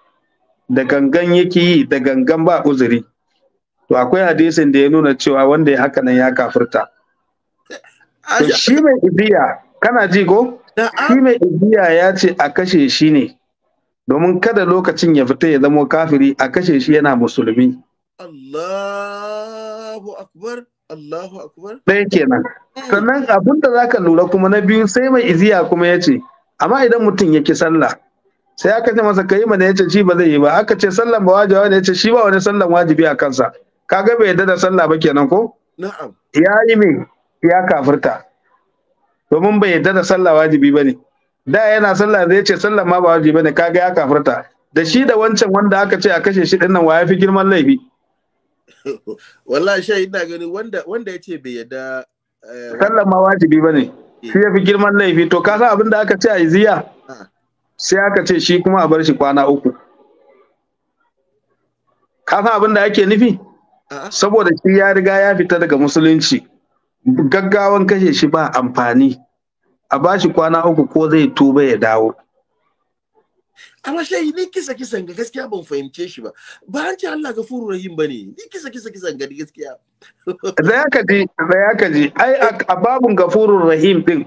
da gangan yake yi da gangan ba uzuri to akwai hadisin da ya nuna cewa wanda ya haka nan ya kafirta eh, to shi mai idiya kana ji ko shi mai idiya ya ce a kashe shi ne domin kada lokacin ya fita ya zamo kafiri a kashe shi yana musulmi Allahu akbar Allahu akbar ɗaya kenan sannan abin da za ka lura kuma na biyu sai mai iziya kuma ya ce amma idan mutum ya ki sallah sai aka ce masa kayi mana ya ce shi ba zai yi ba aka ce sallan ba wajibi ne ya ce shi ba wani sallan wajibi a kansa ga bai yarda da sallah ba kenan ko na'am ya yi me ya kafirta domin bai yarda da sallah wajibi ba ne da yana sallah zai ce sallah ma ba wajibi bane kaga ya kafirta da shi da wancan wanda aka ce a kashe shi dinnan wa yafi girman laifi wallahi shi ina gani wanda wanda yace bai yadda eh, sallah ma wajibi bane eh. shi yafi girman laifi to ka san abin da aka ce a ziya ah. sai aka ce shi kuma a bar shi kwana uku ka san abin da ake nufi ah. saboda shi ya riga ya fita daga musulunci gaggawan kashe shi ba amfani a bashi kwana uku ko zai tuba ya dawo amma shayi ni kisa kisan ga gaskiya ban fahimce shi ba ba an ce Allah ga furu rahim bane ni kisa kisa kisan ga gaskiya Zaya ka ji, zaya ya ji, ai a babun gafurur rahim din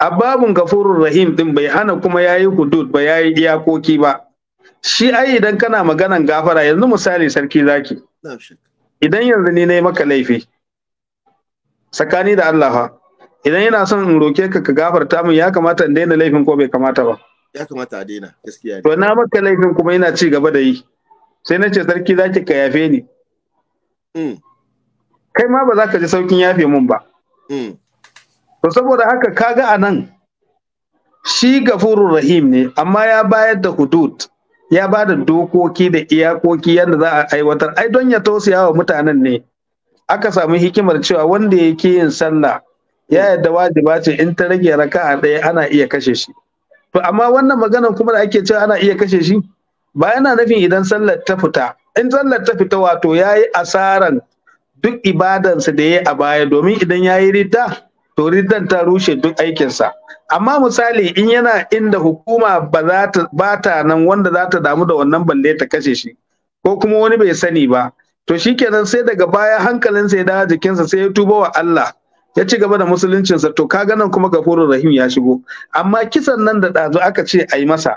a babun gafurur rahim din bai hana kuma yayi hudud ba yayi iyakoki ba shi ai idan kana maganan gafara yanzu misali sarki zaki idan yanzu ni nayi maka laifi tsakani da Allah ha idan yana son in roke ka ka gafarta min ya kamata in daina laifin ko bai kamata ba ya kamata a daina gaskiya to na maka laifin kuma ina ci gaba da yi sai na ce sarki zaki ka yafe ni mm. kai ma ba za ka ji saukin yafe mun ba mm. to saboda haka kaga a nan shi gafurur rahim ne amma ya bayar da hudud ya ba da dokoki da iyakoki yadda za a aiwatar ai don ya tausaya wa mutanen ne aka samu hikimar cewa wanda yake yin sallah ya yadda wajiba ce in ta rage raka'a ɗaya ana iya kashe shi to amma wannan maganan kuma da ake cewa ana iya kashe shi ba yana nufin idan sallar ta fita in sallar ta fita wato ya yi asaran duk ibadansa da ya yi a baya domin idan ya yi ridda to riddan ta rushe duk aikinsa amma misali in yana inda hukuma ba ta bata nan wanda za ta damu da wannan balle ta kashe shi ko kuma wani bai sani ba to shi kenan sai daga baya hankalinsa ya dawo jikinsa sai ya tuba wa Allah ya ci gaba da musuluncinsa to kaga nan kuma gafurur rahim ya shigo amma kisan nan da ɗazu aka ce a yi masa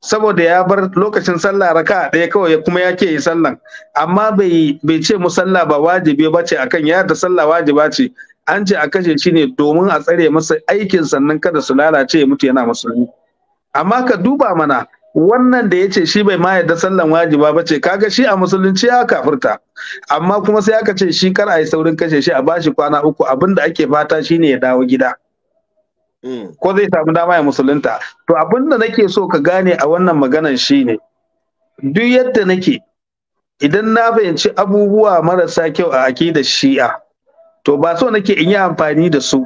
saboda ya bar lokacin sallah raka ɗaya kawai kuma ya ke yi sallan amma bai bai ce musalla ba wajibi ba ce akan ya da sallah wajiba ce an ce a kashe shi ne domin a tsare masa aikin sannan kada su lalace ya mutu yana musulmi amma ka duba mana wannan da ya ce shi bai ma yadda sallan wajiba ba ce kaga shi a musulunci ya kafirta amma kuma sai aka ce shi kar a yi saurin kashe shi a bashi kwana uku abin da ake fata shi ne ya dawo gida mm. ko zai samu dama ya musulunta to abin da nake so ka gane a wannan maganan ne. duk yadda nake idan na fahimci abubuwa marasa kyau a akidar shi'a to ba so nake in yi amfani da su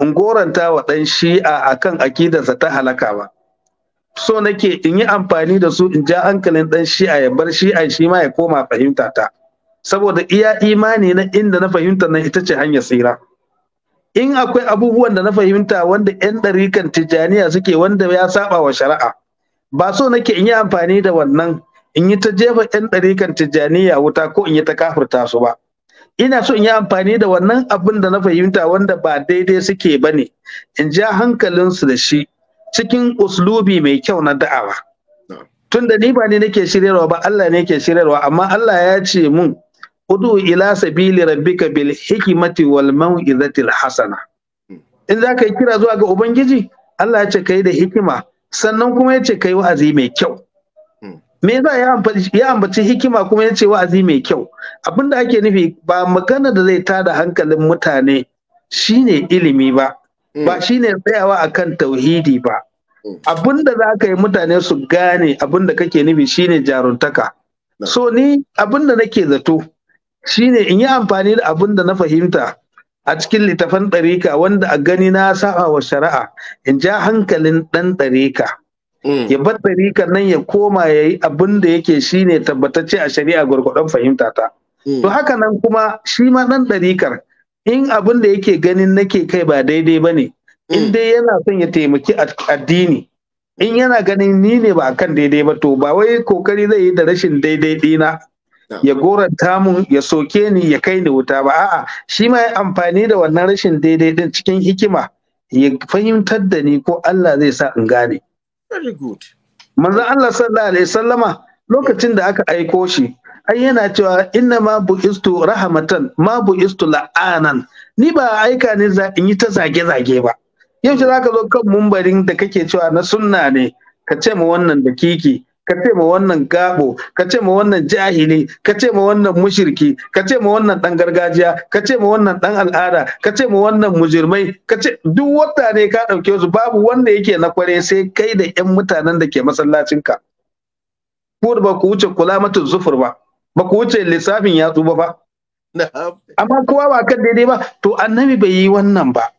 in goranta wa ɗan shi'a akan akidarsa ta halaka ba so nake in yi amfani da su in ja hankalin dan shi'a ya bar shi'a shi ma ya koma fahimta ta saboda iya imani na inda na fahimta nan ita ce hanyar tsira in akwai abubuwan da na fahimta wanda yan ɗarikan tijjaniya suke wanda ya saba wa shari'a ba so nake in yi amfani da wannan in yi ta jefa yan ɗarikan tijjaniya wuta ko in yi ta kafirta su ba ina so in yi amfani da wannan abin da na fahimta wanda ba daidai suke ba ne in ja hankalinsu da shi cikin uslubi mai kyau na da'awa da ni ba ni nake shiryarwa ba Allah ne yake shiryarwa amma Allah ya ce mun udu ila sabili rabbika bil hikmati wal mau'izatil hasana hmm. in za ka yi kira zuwa ga ubangiji Allah ya ce kai da hikima sannan kuma ya ce kai wa'azi mai kyau hmm. me za ya ambaci hikima kuma ya ce wa'azi mai kyau abin da ake nufi ba magana da zai tada hankalin mutane shine ilimi ba hmm. ba shine tsayawa akan tauhidi ba abin da za ka yi mutane su gane abin da kake nufi shine jaruntaka so ni abin da nake zato shine in yi amfani da abin da na fahimta a cikin littafan ɗarika wanda a gani na sa'a wa shari'a in ja hankalin ɗan ɗarika mm. ya bar ɗarika nan ya koma ya yi abin da yake shine tabbatacce a shari'a gwargwadon fahimta ta mm. to haka nan kuma shi ma ɗan ɗarikar in abin da yake ganin nake kai ba daidai ba ne in mm. dai yana son ya taimaki addini in yana ganin ni ne ba kan daidai ba to ba wai kokari zai yi da rashin daidai dina ya goranta mun ya soke ni ya kai ni wuta ba a'a shi ma ya amfani da wannan rashin daidai din cikin hikima ya fahimtar da ni ko Allah zai sa in gane very good manzo Allah sallallahu alaihi sallama lokacin da aka aiko shi ai yana cewa inna ma bu'istu rahmatan ma bu'istu la'anan ni ba aika ne in yi ta zage zage ba Yaushe za ka zo kan mumbarin da kake cewa na sunna ne ka ce ma wannan da kiki ka ce ma wannan gabo ka ce ma wannan jahili ka ce ma wannan mushirki ka ce ma wannan dan gargajiya ka ce ma wannan dan al'ada ka ce ma wannan mujirmai ka ce duk wata ne ka dauke su babu wanda yake na kware sai kai da yan mutanen da ke masallacin ka ko ba ku wuce kula mata zufur ba ba ku wuce lissafin yatsu ba ba amma kowa ba kan daidai ba to annabi bai yi wannan ba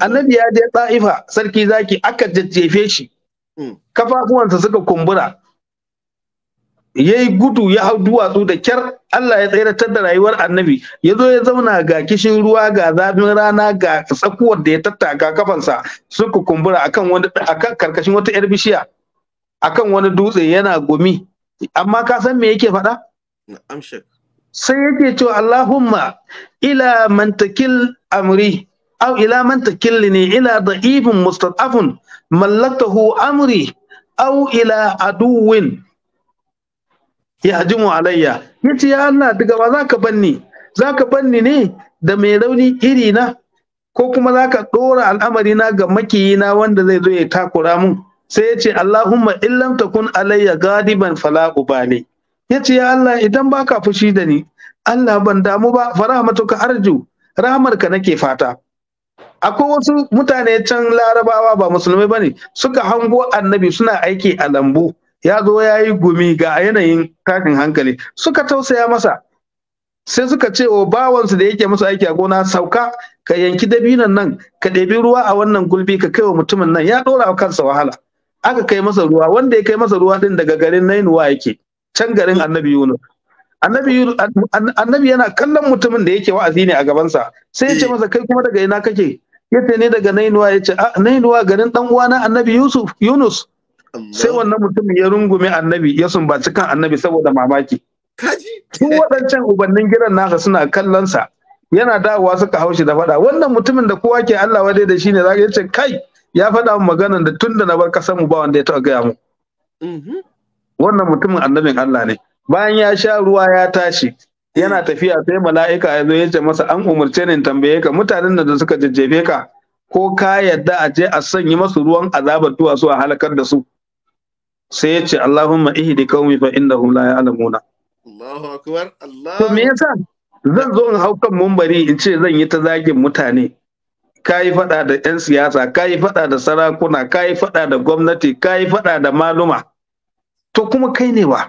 annabi ya je ta'ifa sarki zaki aka jajjefe shi hmm. kafafuwansa suka kumbura ya yi gudu ya hau duwatsu da kyar Allah ya tsayar da rayuwar annabi ya zo ya zauna ga kishin ruwa ga zafin rana ga tsakuwar da ya tattaka kafansa suka kumbura akan wani akan karkashin wata yar bishiya akan wani dutse yana gumi amma ka san me yake faɗa sai yake cewa Allahumma ila mantakil amri aw ila man takilni ila da'ifin mustad'afun mallaktahu amri aw ila aduwin yahjimu alayya yace ya Allah daga zaka banni ne da mai rauni iri na ko zaka dora al'amari ga makiyina wanda zai zo ya takura mun sai ya ce Allahumma illam takun alayya gadiban fala ubali yace ya idan baka fushi da ni Allah ban damu ba farahmatuka arju rahmarka nake fata akwai wasu mutane can larabawa ba musulmai bane suka hango annabi suna aiki a lambu ya zo ya yi gumi ga yanayin tashin hankali suka tausaya masa sai suka ce wa bawansu da yake masa aiki a gona sauka ka yanki dabinon nan ka ɗebi ruwa a wannan gulbi ka kai wa mutumin nan ya ɗora wa kansa wahala aka kai masa ruwa wanda ya kai masa ruwa ɗin daga garin nainuwa yake can garin annabi yunus annabi yana kallon mutumin da yake wa'azi ne a gabansa sai ya ce eh. masa kai kuma daga ina kake ya ne daga nainuwa ya ce ah, nainuwa garin dan uwana annabi yusuf yunus sai wannan mutumin ya rungume annabi ya sumbaci kan annabi saboda mamaki tun waɗancan ubannin gidan nasa suna kallon sa yana dawowa suka haushi da faɗa wannan mutumin da kowa ke Allah wadai da shi ne zaka yace kai ya faɗa mu maganan da tun da na bar kasar mu ba wanda ya taɓa gaya mu mhm. wannan mutumin annabin Allah ne bayan ya sha ruwa ya tashi yana tafiya sai mala'ika ya zo ya ce masa an umarce ni tambaye ka mutanen da suka jajjefe ka ko ka yadda a je a sanya masu ruwan azabar duwatsu a halakar da su sai ya ce Allahumma ihdi qaumi fa innahum la ya'lamuna Allahu akbar Allah to me yasa zan zo in haukan mumbari in ce zan yi ta zagin mutane kayi fada da yan siyasa kai fada da sarakuna kai fada da gwamnati kayi fada da maluma to kuma kai ne wa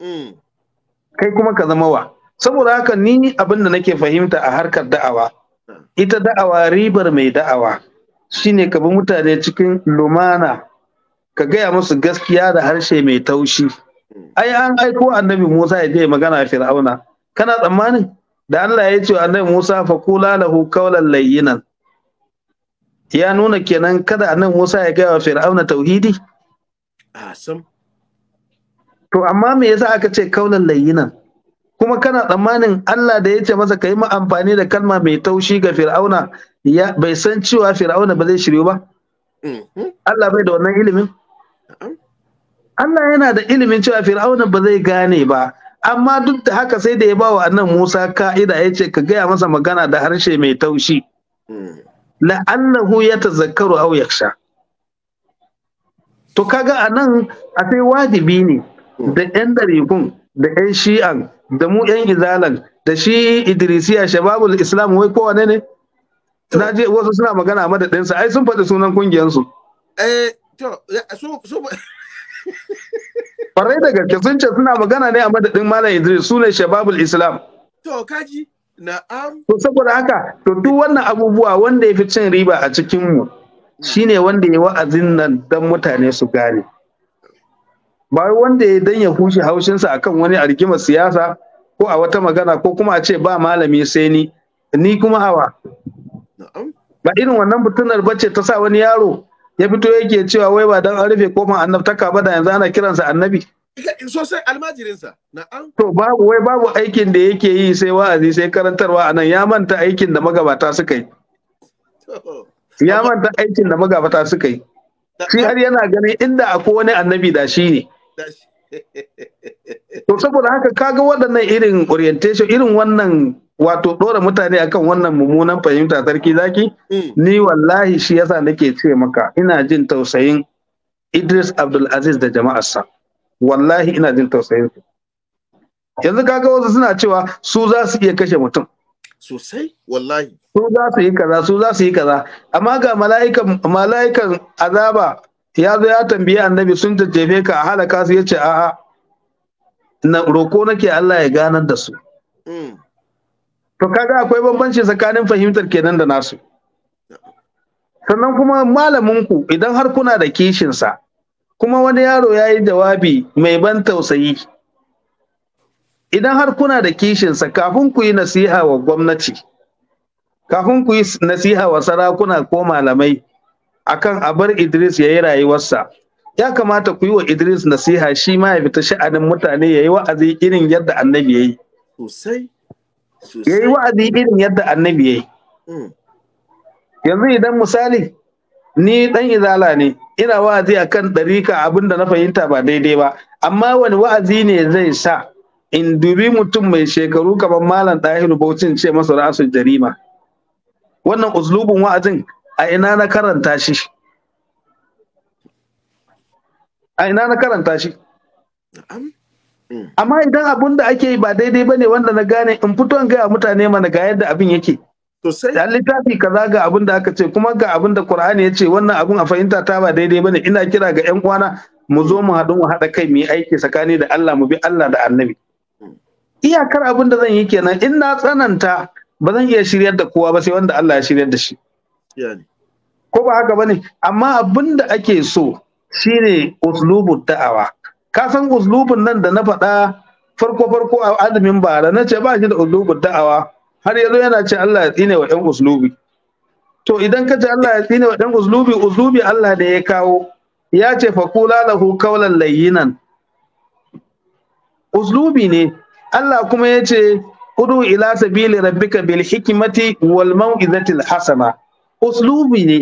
hmm. kai kuma ka zama wa saboda haka ni abin da nake fahimta a harkar da'awa ita da'awa ribar mai da'awa shine ka bi mutane cikin lumana ka gaya musu gaskiya da harshe mai taushi ai an aiko annabi Musa ya je magana a Fir'auna kana tsammanin da Allah ya ce annabi Musa fa kula lahu kaulan layyinan ya nuna kenan kada annabi Musa ya gaya wa Fir'auna tauhidi ah, to amma me yasa aka ce kaunan layyinan kuma kana tsammanin Allah da ya ce masa kai ma amfani da kalma mai taushi ga fir'auna ya bai san cewa fir'auna ba zai shiryu ba mhm. Allah bai da wannan ilimin Allah yana da ilimin cewa fir'auna ba zai gane ba amma duk da haka sai da ya bawa annan Musa ka'ida ya ce ka gaya masa magana da harshe mai taushi mm. la'annahu yatazakkaru aw yakhsha to kaga anan a sai wajibi ne da 'yan ɗarikun da 'yan shi'an da mu 'yan izalan da shi idrisiya shababul islam wai kowane ne na je wasu suna magana madadinsa ai sun faɗi sunan kungiyarsu eh to su su da gaske sun ce suna magana ne a madadin Malam Idris su ne Shababul Islam. To kaji na'am. To saboda haka to duk wannan abubuwa wanda ya fi cin riba a cikin mu shine wanda ya wa'azin nan dan mutane su gane. ba wanda ya dan ya hushe haushinsa akan wani argimar siyasa ko a wata magana ko kuma a ce ba malami sai ni ni kuma awa ba irin wannan mutunar bace ta sa wani yaro ya fito yake cewa wai ba dan an rufe kofar annabtaka ba da yanzu ana kiransa annabi sosai to babu wai babu aikin da yake yi sai wa'azi sai karantarwa anan ya manta aikin da magabata suka yi ya manta aikin da magabata suka yi shi har yana ganin inda akwai wani annabi da shi ne To saboda haka kaga waɗannan irin orientation irin wannan wato ɗora mutane akan wannan mummunan fahimta sarki zaki hmm. ni wallahi shi yasa nake ce maka ina jin tausayin Idris Abdul Aziz da jama'arsa wallahi ina jin tausayin su yanzu kaga wasu suna cewa su za su iya kashe mutum sosai wallahi su za su yi kaza su za su yi kaza amma ga mala'ikan mala'ikan azaba ya zo ya tambayi annabi sun jajjefe ka a halaka su ya ce a'a na roko nake Allah ya ganar da su mm. to kaga akwai bambanci tsakanin fahimtar kenan da nasu sannan kuma malaminku idan har kuna da kishinsa kuma wani yaro ya yi jawabi mai ban tausayi idan har kuna da kishinsa kafin ku yi nasiha wa gwamnati kafin ku yi nasiha wa sarakuna ko malamai akan a bar Idris ya yi rayuwarsa ya kamata ku yi wa Idris nasiha shi ma ya fita sha'anin mutane ya yi wa'azi irin yadda annabi ya yi ya yi wa'azi irin yadda annabi ya yi mm. yanzu idan misali ni dan izala ne ina wa'azi akan ɗarika abin da na fahimta ba daidai ba amma wani wa'azi ne zai sa in dubi mutum mai shekaru kamar malam ɗahiru Bauchin ce masa ra'asun jarima wannan uslubin wa'azin a ina na karanta shi a ina na karanta shi amma idan abun da ake yi ba daidai bane wanda na gane in fito in gaya mutane mana ga yadda abin yake sosai da littafi kaza ga abin da aka ce kuma ga abin da Qur'ani ya ce wannan abun a fahimta ta ba daidai bane ina kira ga 'yan uwana mu zo mu haɗu mu haɗa kai mu yi aiki tsakani da Allah mu bi Allah da Annabi iyakar abin da zan yi kenan in na tsananta ba zan iya shiryar da kowa ba sai wanda Allah ya shiryar da shi ko ba haka bane amma abin da ake so shine uslubu da'awa ka san uslubun nan da na faɗa farko farko a adamin bara na ce ba shi da uslubun da'awa har yanzu yana ce Allah ya tsine wa ɗan uslubi to idan ka ce Allah ya tsine wa ɗan uslubi uslubi Allah da ya kawo ya ce fa kula lahu qawlan layyinan uslubi ne Allah kuma ya ce udu ila sabili rabbika bil hikmati wal mau'izati al hasana uslubi ne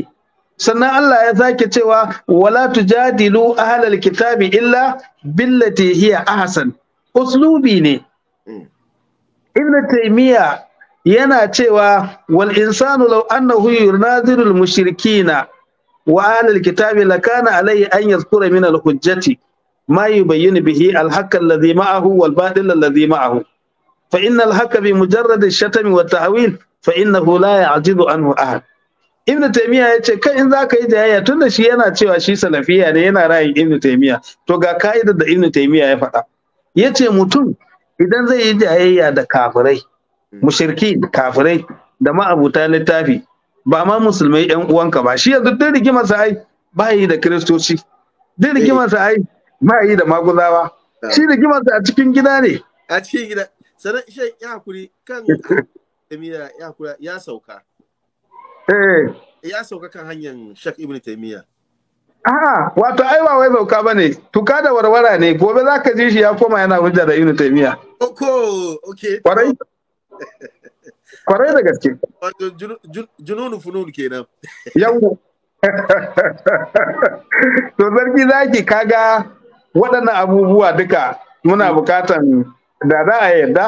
sannan Allah ya zaki cewa wala tujadilu ahlal kitabi illa billati hiya ahsan uslubi ne ibn yana cewa wal insanu law annahu yunadiru al mushrikina wa ahlal kitabi lakana alayhi an yadhkura min al hujjati ma yubayyinu bihi alhakan haqq alladhi ma'ahu wal batil alladhi ma'ahu fa inna al haqq bi mujarrad al shatm wa ta'wil fa innahu la ya'jizu anhu ahad ibn taymiya ya ce kai in za ka yi jayayya tunda shi yana cewa shi salafiya ne yana ra'ayin ibn taymiya to ga ka'idar da ibn taymiya ya faɗa ya ce mutum idan zai yi jayayya da kafirai hmm. mushirki kafirai da ma'abuta littafi ba ma musulmai yan uwanka ba shi yanzu duk rigimar sa ai ba yi da kiristoci duk eh. rigimar sa ai ba yi da maguzawa ah. shi rigimar sa a cikin gida ne a cikin gida sanan shi ya hakuri kan ya sauka Eh. ya sauka kan hanyar shak Ibn Taimiyya. A'a, wato ai ba wai sauka bane, tuka da warwara ne, gobe za ka ji shi ya koma yana hujja da Ibn Taimiyya. Oko, okay. Kwarai. Kwarai da gaske. Wato jununu fununu kenan. Yau. To sarki zaki kaga waɗannan abubuwa duka muna mm. bukatan da za a yarda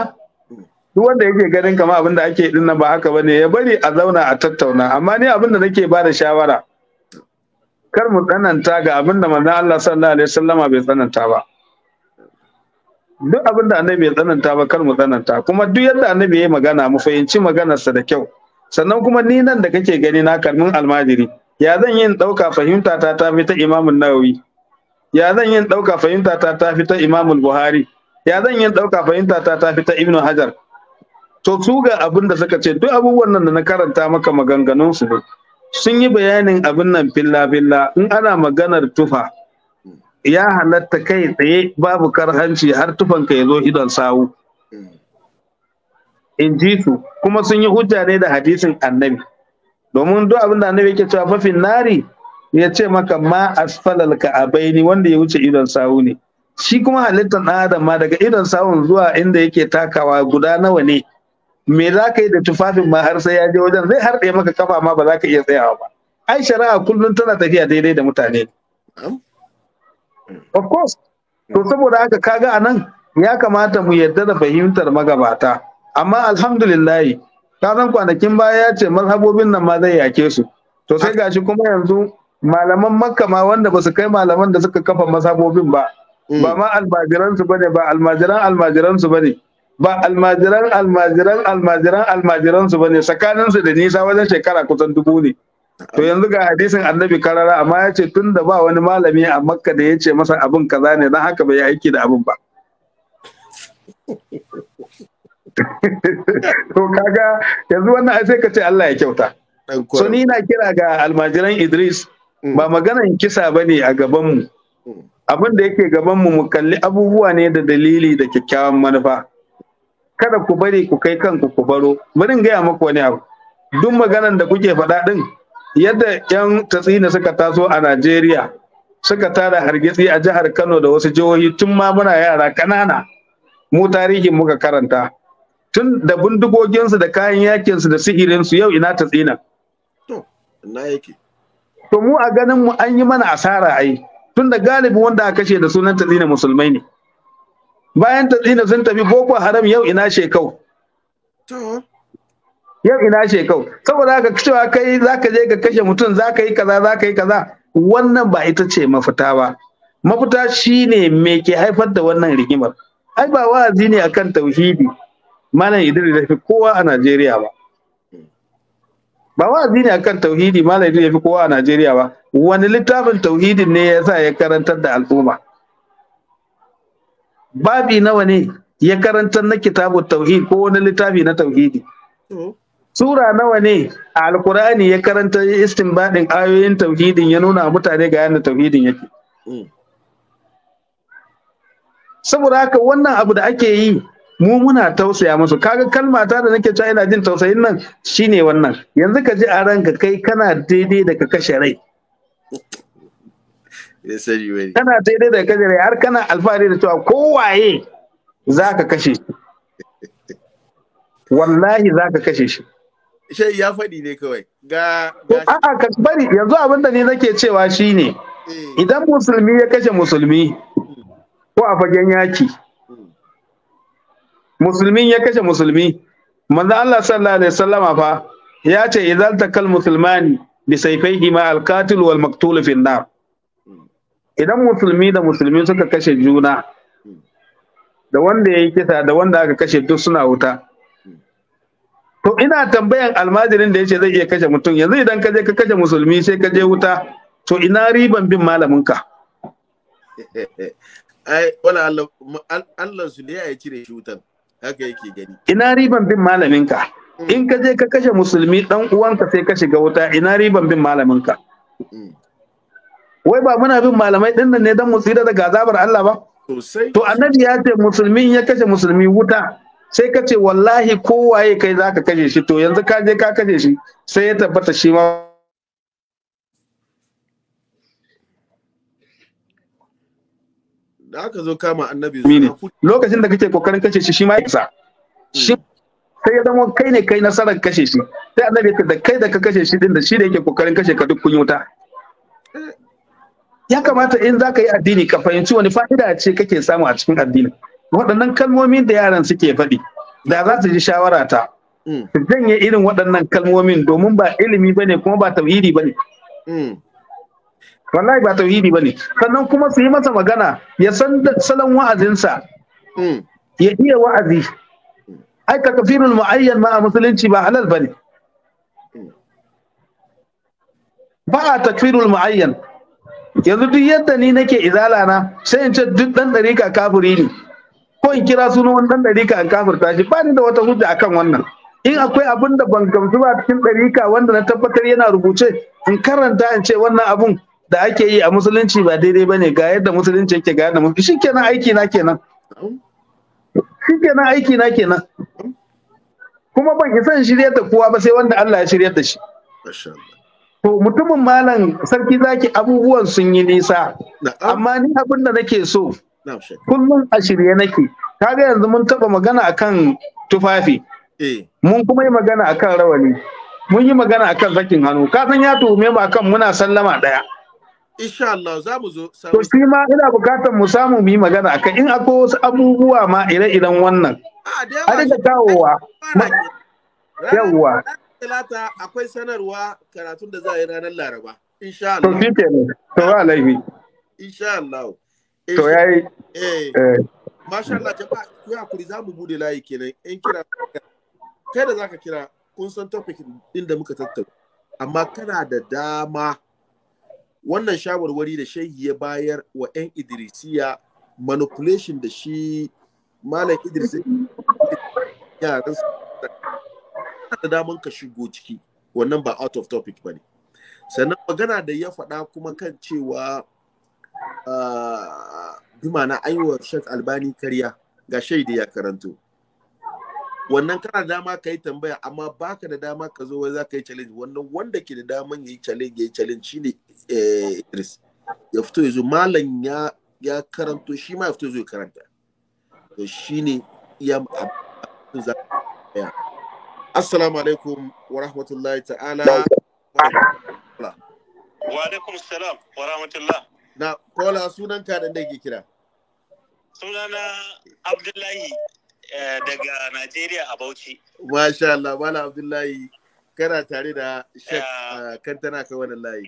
duk wanda yake ganin kama abin da ake dinnan ba haka bane ya bari a zauna a tattauna amma ni abin da nake ba da shawara kar mu tsananta ga abin da manzon Allah sallallahu alaihi wasallama bai tsananta ba duk abin da annabi ya tsananta ba kar mu tsananta kuma duk yadda annabi ya yi magana mu fahimci maganarsa da kyau sannan kuma ni nan da kake gani na karmin almajiri ya zan yin ɗauka fahimta ta ta fi ta imamun nawawi ya zan yin ɗauka fahimta ta ta fi ta imamul buhari ya zan yin ɗauka fahimta ta ta fi ta ibnu hajar to su ga abin da suka ce duk abubuwan nan da na karanta maka maganganun su sun yi bayanin abin nan filla filla in ana maganar tufa ya halatta kai tsaye babu karhanci har tufan ka ya zo idon sawu in ji su kuma sun yi hujja ne da hadisin annabi domin duk abin da annabi yake cewa fafin nari ya ce maka ma asfalal ka abaini wanda ya wuce idon sawu ne shi kuma halittar ɗan adam ma daga idon sawun zuwa inda yake takawa guda nawa ne me za ka yi da tufafin ma har sai ya je wajen zai harɗe maka kafa ma ba za ka iya tsayawa ba ai shari'a kullum tana tafiya daidai da mutane of course to saboda haka kaga nan ya kamata mu yarda da fahimtar magabata amma alhamdulillah ka san kwanakin baya ya ce marhabobin nan ma zai yake su to sai gashi kuma yanzu malaman makka ma wanda ba su kai malaman da suka kafa masabobin ba mm. ba ma almajiransu bane ba almajiran almajiransu bane ba almajiran almajiran almajiran almajiran su bane tsakanin su da nisa wajen shekara kusan dubu ne to yanzu ga hadisin annabi karara amma ya ce tun da ba wani malami a makka da ya ce masa abin kaza ne don haka bai yi aiki da abin ba to kaga yanzu wannan ai sai ka ce Allah ya kyauta so ni na kira ga almajiran Idris mm. ba maganan kisa bane a gaban mm. abin da yake gaban mu mu kalli abubuwa ne da dalili da kyakkyawan manufa kada ku bari ku kai kanku ku baro bari gaya muku wani abu duk maganan da kuke faɗa ɗin yadda 'yan tatsina suka taso a Najeriya suka tara hargitsi a jihar Kano da wasu jihohi tun ma muna yara ƙanana mu tarihi muka karanta tun da bindigoginsu da kayan yakinsu da sihirinsu yau ina tatsina to ina yake to mu a ganin mu an yi mana asara ai tun da galibi wanda aka kashe da sunan tatsina musulmai ne bayan ta tsina sun tafi boko haram yau ina shekau yau ina shekau saboda haka cewa kai zaka je ka kashe mutum zaka yi kaza zaka yi kaza wannan ba ita ce mafita ba mafita shine me ke haifar da wannan rigimar ai ba wa'azi ne akan tauhidi malam idris ya fi kowa a najeriya ba ba ne akan tauhidi malam idris ya fi kowa a najeriya ba wani littafin tauhidin ne ya sa ya karantar da al'umma babi nawa ne ya karanta na kitabu tauhid ko wani littafi na tauhidi sura nawa ne a alkur'ani ya karanta istinbadin ayoyin tauhidin ya nuna mutane ga yadda tauhidin yake mm. saboda haka wannan abu da ake yi mu muna tausaya musu kaga kalmata da nake cewa ina jin tausayin nan shine wannan yanzu ka ji a ranka kai kana daidai da ka kashe rai ya sani wani kana daidai da kajare har kana alfahari da cewa kowaye za ka kashe shi wallahi za ka kashe shi shai ya faɗi ne kawai ga a'a ka bari yanzu abin da ni nake cewa shi ne. Eh. idan musulmi ya kashe musulmi ko a fagen yaki musulmin ya kashe musulmi manzo Allah sallallahu alaihi wasallama fa ya ce idan ta takal musulmani bi sayfaihi ma al-qatil wal maqtul fi nar idan musulmi da musulmi suka kashe juna da wanda ya yi kisa da wanda aka kashe duk suna wuta to ina tambayan almajirin da ya ce zai iya kashe mutum yanzu idan ka je ka kashe musulmi sai ka je wuta to ina riban bin malamin ka ai wala Allah Allah su ne ya cire shi wutan haka yake gani ina riban bin malamin ka mm. in ka je ka kashe musulmi dan uwanka sai ka shiga wuta ina riban bin malamin ka mm. wai ba muna bin malamai ɗin nan ne don mu tsira daga azabar Allah ba to annabi ya ce musulmi ya kashe musulmi wuta sai ka ce wallahi kowaye kai za ka kashe shi to yanzu ka je ka kashe shi sai ya tabbata shi ma da aka zo kama annabi lokacin da kake kokarin kashe shi shi ma ya hmm. shi sai ya zama kai ne kai nasarar kashe shi sai annabi da kai da ka kashe shi din da shi da yake kokarin kashe ka duk kun yi wuta ya kamata in za ka yi addini ka fahimci wani fa'ida ce kake samu a cikin addini waɗannan kalmomin da yaran suke faɗi da za su ji shawara ta mm. janye irin waɗannan kalmomin domin ba ilimi ba ne kuma ba tauhidi ba ne mm. wallahi ba tauhidi ba ne sannan kuma su yi masa magana ya san salon wa'azinsa mm. ya iya wa'azi Ai tafi kafirul mu'ayyan ma a musulunci ba halal ba ne ba a takfirul mu'ayyan yanzu duk yadda ni nake izala na sai in ce duk dan ɗarika kafiri ne ko in kira sunan wani dan ɗarika in kafirta shi ba ni da wata hujja akan wannan in akwai abin da ban gamsu ba cikin ɗarika wanda na tabbatar yana rubuce in karanta in ce wannan abun da ake yi a musulunci ba daidai bane ga yadda musulunci yake ga yadda musulunci shikenan aiki na kenan shikenan aiki na kenan kuma ban isa in shirya ta kowa ba sai wanda Allah ya shirya ta shi To mutumin malam sarki zaki abubuwan sun yi nisa, amma ni abin da nake so, kullum a shirye nake. Kaga yanzu mun taɓa magana akan tufafi, eh. mun kuma yi magana akan rawani, mun yi magana akan zakin hannu. Ka san ya tuhume mu akan muna sallama ɗaya. Insha Allah za mu zo. To shi ma ina bukatar mu samu mu yi magana akan in akwai wasu abubuwa ma ire-iren wannan. A dinga kawowa. Yawwa. talata akwai sanarwa karatun da za a yi ranar laraba insha Allah to shike ne to ba laifi insha Allah eh, to eh. Eh. masha Allah jama'a ku hakuri za mu bude layi kenan in kira kai da zaka kira kun san topic din da muka tattauna amma kana da dama wannan shawarwari da shehi ya bayar wa 'yan idrisiya manipulation da shi malam idris yaran da daman ka shigo ciki wannan ba out of topic ba ne sannan magana da ya faɗa kuma kan cewa bi mana aiwa shek albani karya ga shaida ya karanto wannan kana dama ka yi tambaya amma baka da dama ka zo wai za ka yi challenge wannan wanda ke da daman ya yi challenge ya yi challenge shine Idris ya fito ya zo malam ya karanto shi ma ya fito ya zo ya karanta to shine iya abin za ya Assalamu alaikum wa rahmatullahi ta'ala. Wa alaikum salam wa rahmatullahi. Na kola sunan ka da ke kira. Sunana Abdullahi eh, daga Najeriya a Bauchi. Masha Allah, Mala Abdullahi kana tare da Shek ah, Kantana kai da layi.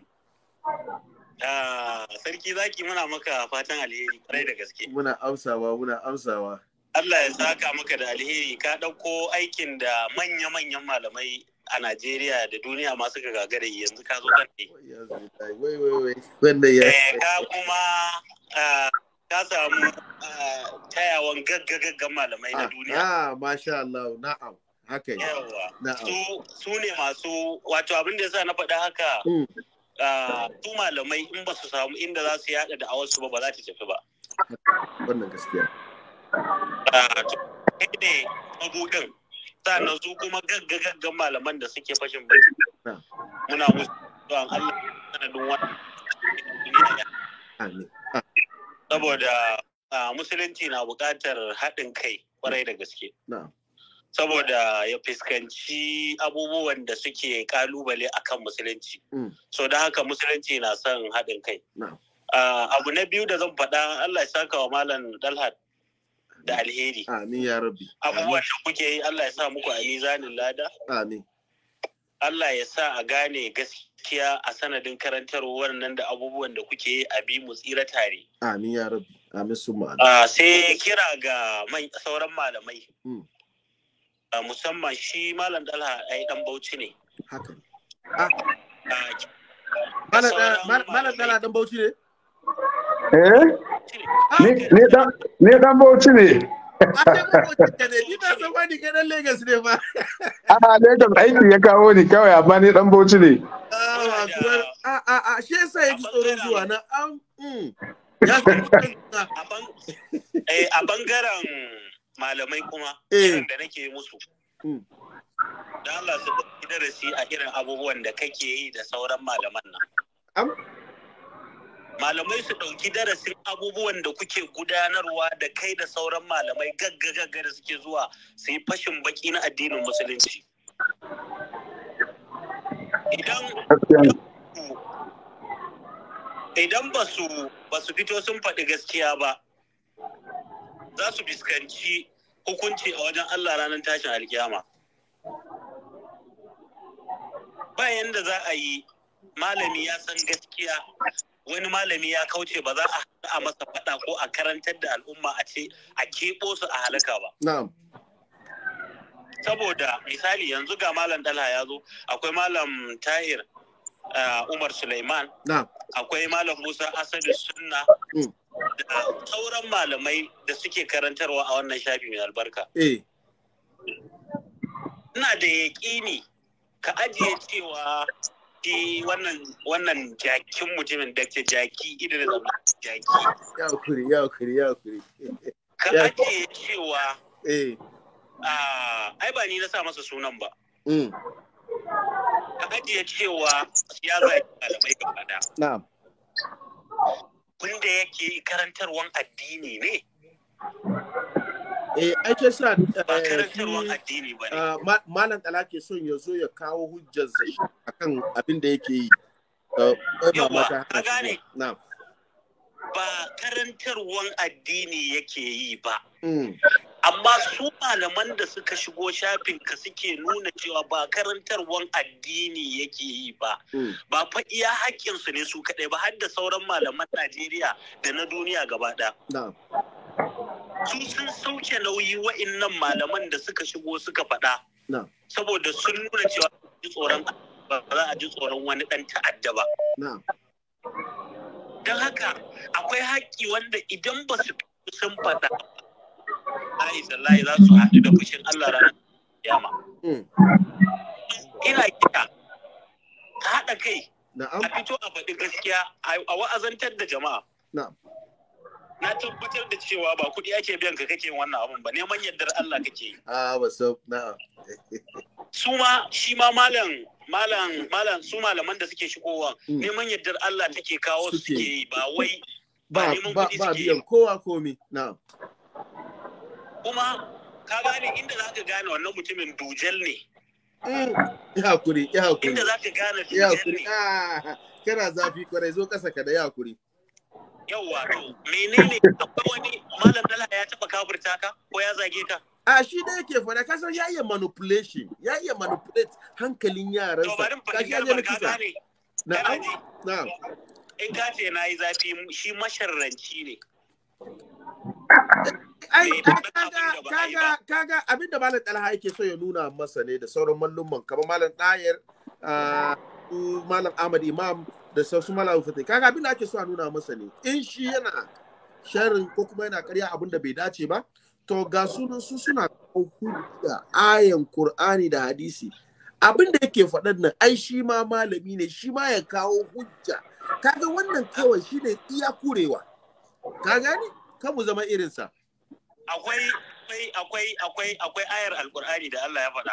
Sarki zaki muna maka fatan alheri kwarai da gaske. Muna amsawa, muna amsawa. Allah ya saka maka da alheri ka ɗauko aikin da manya-manyan malamai a Najeriya da duniya masu gagagare yanzu ka zo kan ne. Eh, ka kuma ah, ka samu ah, tayawan gaggagaggan malamai na ah, duniya. Ah, masha Allah, na'am. Haka yi. Su ne masu, wato abin da ya sa na faɗa haka, mm. su malamai in ba su samu inda za su yaɗa da awarsu ba ba za ta tafi ba. Wannan gaskiya. kai ne mabudin sannan su kuma gaggagaggan malaman da suke fashin bai muna musu zuwan Allah sanadin wannan saboda musulunci na buƙatar haɗin kai kwarai da gaske saboda ya fuskanci abubuwan da suke a akan musulunci mm. so da haka musulunci na son haɗin kai abu na biyu da zan faɗa Allah ya saka wa malam dalhat da alheri. Amin ya rabbi. Abubuwan da kuke yi Allah ya sa muku a mizanin lada. Amin. Allah ya sa a gane gaskiya a sanadin karantarwar nan da abubuwan da kuke yi a bi mu tsira tare. Amin ya rabbi. Amin su ma'ana. Ah, sai kira ga sauran malamai. Hmm. Ah, musamman shi malam dalha yi dan bauchi ne. Haka. Ah, malam dalha dan bauchi ne? eh ne dan ne dan bauchi ne ah, a ah, aiki ya kawo ni kawai amma ne dan bauchi ne ah, a a shi yasa ya ji mm. tsoron zuwa na eh, a bangaren malamai kuma eh. da nake musu mm. da Allah su darasi a irin abubuwan da kake yi da sauran malaman nan malamai su ɗauki darasin abubuwan da kuke gudanarwa da kai da sauran malamai gagga-gagga da suke zuwa su yi fashin baki na addinin musulunci idan ba su fito sun faɗi gaskiya ba za su fuskanci hukunci a wajen Allah ranar tashin alkiyama bayan da za a yi malami ya san gaskiya wani malami ya kauce ba za a masa faɗa ko a karantar da al'umma a ce a keɓo su a halaka ba. Saboda misali yanzu ga malam Dalha ya zo, akwai malam Tahir uh, Umar Suleiman, akwai malam Musa Asadu Sunna, mm. da sauran malamai da suke karantarwa a wannan shafi mai albarka. Eh. Ina da yaƙini ka ajiye cewa jaki eh, wannan wannan jakin mutumin da ke jaki idan da zama jaki ya kuri ya kuri ya kuri ka ake cewa eh ai ba ni na sa masa sunan ba mm. ka ake cewa ya zai malamai ga da na'am wanda yake karantarwan addini ne Eh, ake sa eh, ah, malam ɗala ke son ya zo ya kawo hujjarsa akan abin da yake yi. Eh, gane. Ba karantarwan addini yake yi ba. Hmm. Amma su malaman da suka shigo shafin ka suke nuna cewa ba karantarwan addini yake yi ba. Hmm. Ba fa iya su ne su kaɗai ba har da sauran malaman Najeriya da na duniya gaba ɗaya. su sun sauke nauyi wa'innan malaman da suka shigo suka faɗa saboda sun nuna cewa ji tsoron ba za a ji tsoron wani ɗan ta'adda ba don haka akwai haƙƙi wanda idan ba su sun faɗa ai sallahi za su haɗu da fushin Allah ranar kiyama hmm. ina kira haɗa kai a fito a faɗi gaskiya a wa'azantar da jama'a na tabbatar da cewa ba kuɗi ake biyan ka kake wannan abun ba neman yardar Allah kake yi Ah, ba so na'am Suma shi ma malam malam malam su malaman da suke shigowa mm. neman yardar Allah take kawo su suke yi ba wai ba neman kuɗi suke yi ba kowa komi na. kuma ka gane inda za ka gane wannan mutumin dujel ne mm. ya hakuri ya hakuri inda za ka gane dujel ne ah, kana zafi kwarai zo kasa ka da ya hakuri Yawwa to menene akwai wani malam dala ya taba kafirta ka ko ya zage ka? A shi da yake fada kasan ya iya manipulation, ya iya manipulate hankalin yaransa. To bari fadi kalmar ka gane. Na'am. na. In ka ce na yi zafi shi masharranci ne. Ai, kaga kaga abinda malam Talha yake so ya nuna masa ne da sauran mallumman kamar malam Tayar, ah, malam Ahmad Imam, da sausu malawi fatai kaga abin da ake so a nuna masa ne in shi yana sharin ko kuma yana karya abin da bai dace ba to ga sunan su suna da ayan qur'ani da hadisi abin da yake faɗan nan ai shi ma malami ne shi ma ya kawo hujja kaga wannan kawai shi ne iya kurewa ka gani ka mu zama irinsa akwai akwai akwai akwai akwai ayar alqur'ani da Allah ya faɗa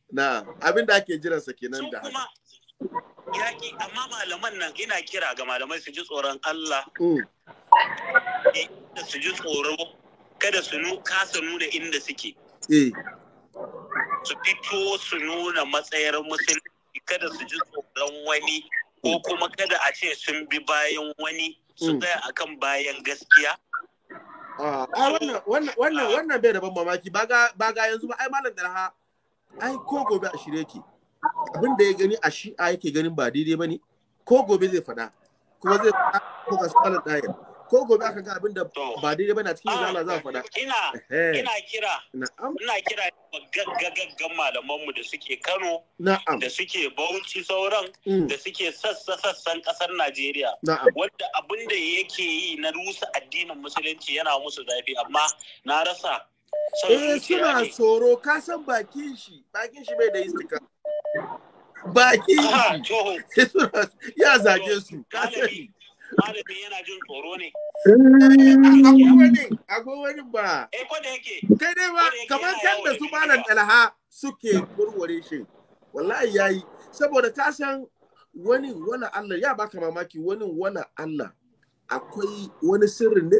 na abin da ake jiransa kenan da haka yaƙi amma malaman nan ina kira ga malamai su ji tsoron Allah mm. eh, su ji tsoro kada su kasa nuna inda suke eh. su fito su nuna matsayar musulmi kada su ji tsoron wani ko mm. kuma kada a ce sun bi bayan wani su mm. tsaya akan bayan gaskiya a ah, ah, wannan wannan ah. wannan bai da ban mamaki ba ga yanzu ba ai malam dalha ai ko gobe a shirye yake abin da ya gani a shi'a yake ganin ba daidai ba ne ko gobe zai faɗa kuma zai faɗa ko ga sukalar ɗayar ko gobe aka ga abin da ba daidai ba na cikin ah, zala za a faɗa. Ina ina kira ina kira gaggaggan malamanmu da suke Kano da suke Bauchi sauran mm. da suke sassa sassan ƙasar Najeriya wanda abin da yake yi na rusa addinin musulunci yana musu zafi amma na rasa Eh suna tsoro ka san bakin shi bakin shi bai da istika. Bakin shi ya zage su. Malami yana jin tsoro ne. Eh, mm. Akwai wani ba. Eh, Kai dai ba kamar kan da su malam Dalha suke gurgure shi. Wallahi yayi saboda ta san wani wani Allah ya baka mamaki wani wani Allah akwai wani sirri ne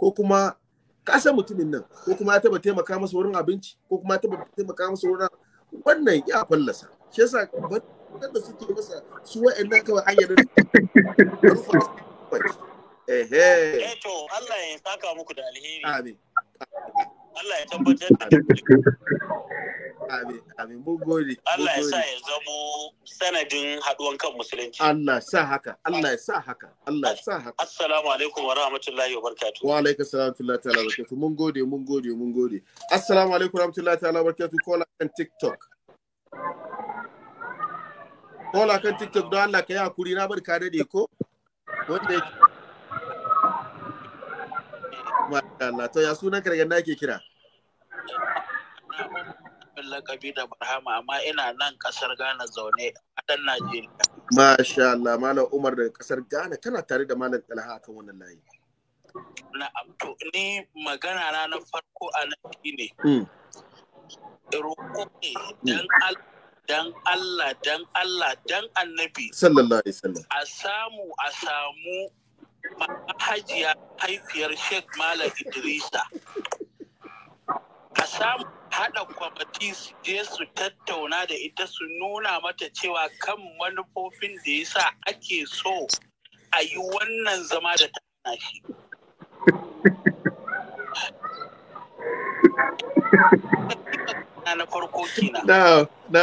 ko kuma ka san mutumin nan ko kuma ya taba taimaka masa wurin abinci ko kuma ya taba taimaka masa wurin wannan ya fallasa shi yasa ban da suke masa su wa'annan kawai hanyar da eh to Allah ya saka muku da alheri amin Allah ya tabbatar da Amin, amin, mun gode. Allah ya sa ya zamo sanadin haɗuwan kan musulunci. Allah ya sa haka, Allah ya sa haka, Allah ya sa haka. Assalamu alaikum wa rahmatullahi wa barakatuh. Wa alaikum salam wa ta'ala wa Mun gode, mun gode, mun gode. Assalamu alaikum wa rahmatullahi ta'ala wa barakatuh. Kola kan TikTok. Kola kan TikTok don Allah ka yi hakuri na barka da ko? Wanda ya yake. Masha Allah, to ya sunan kargan da ake kira? lakabi da barhama amma ina nan kasar Ghana zaune a dan Najeriya. Masha Allah Malam Umar daga kasar Ghana kana tare da Malam Talha kan wannan layi. Na to ni magana na na farko a nan shine. Hmm. Roƙo ne hmm. dan Allah dan Allah dan Allah dan Annabi. Sallallahu alaihi wasallam. A samu a samu hajiya haifiyar Sheikh Malam Idrisa. a samu haɗa kwamiti su je su tattauna da ita su nuna mata cewa kan manufofin da ya sa ake so a yi wannan zama da ta shi. na farko kina. No, no.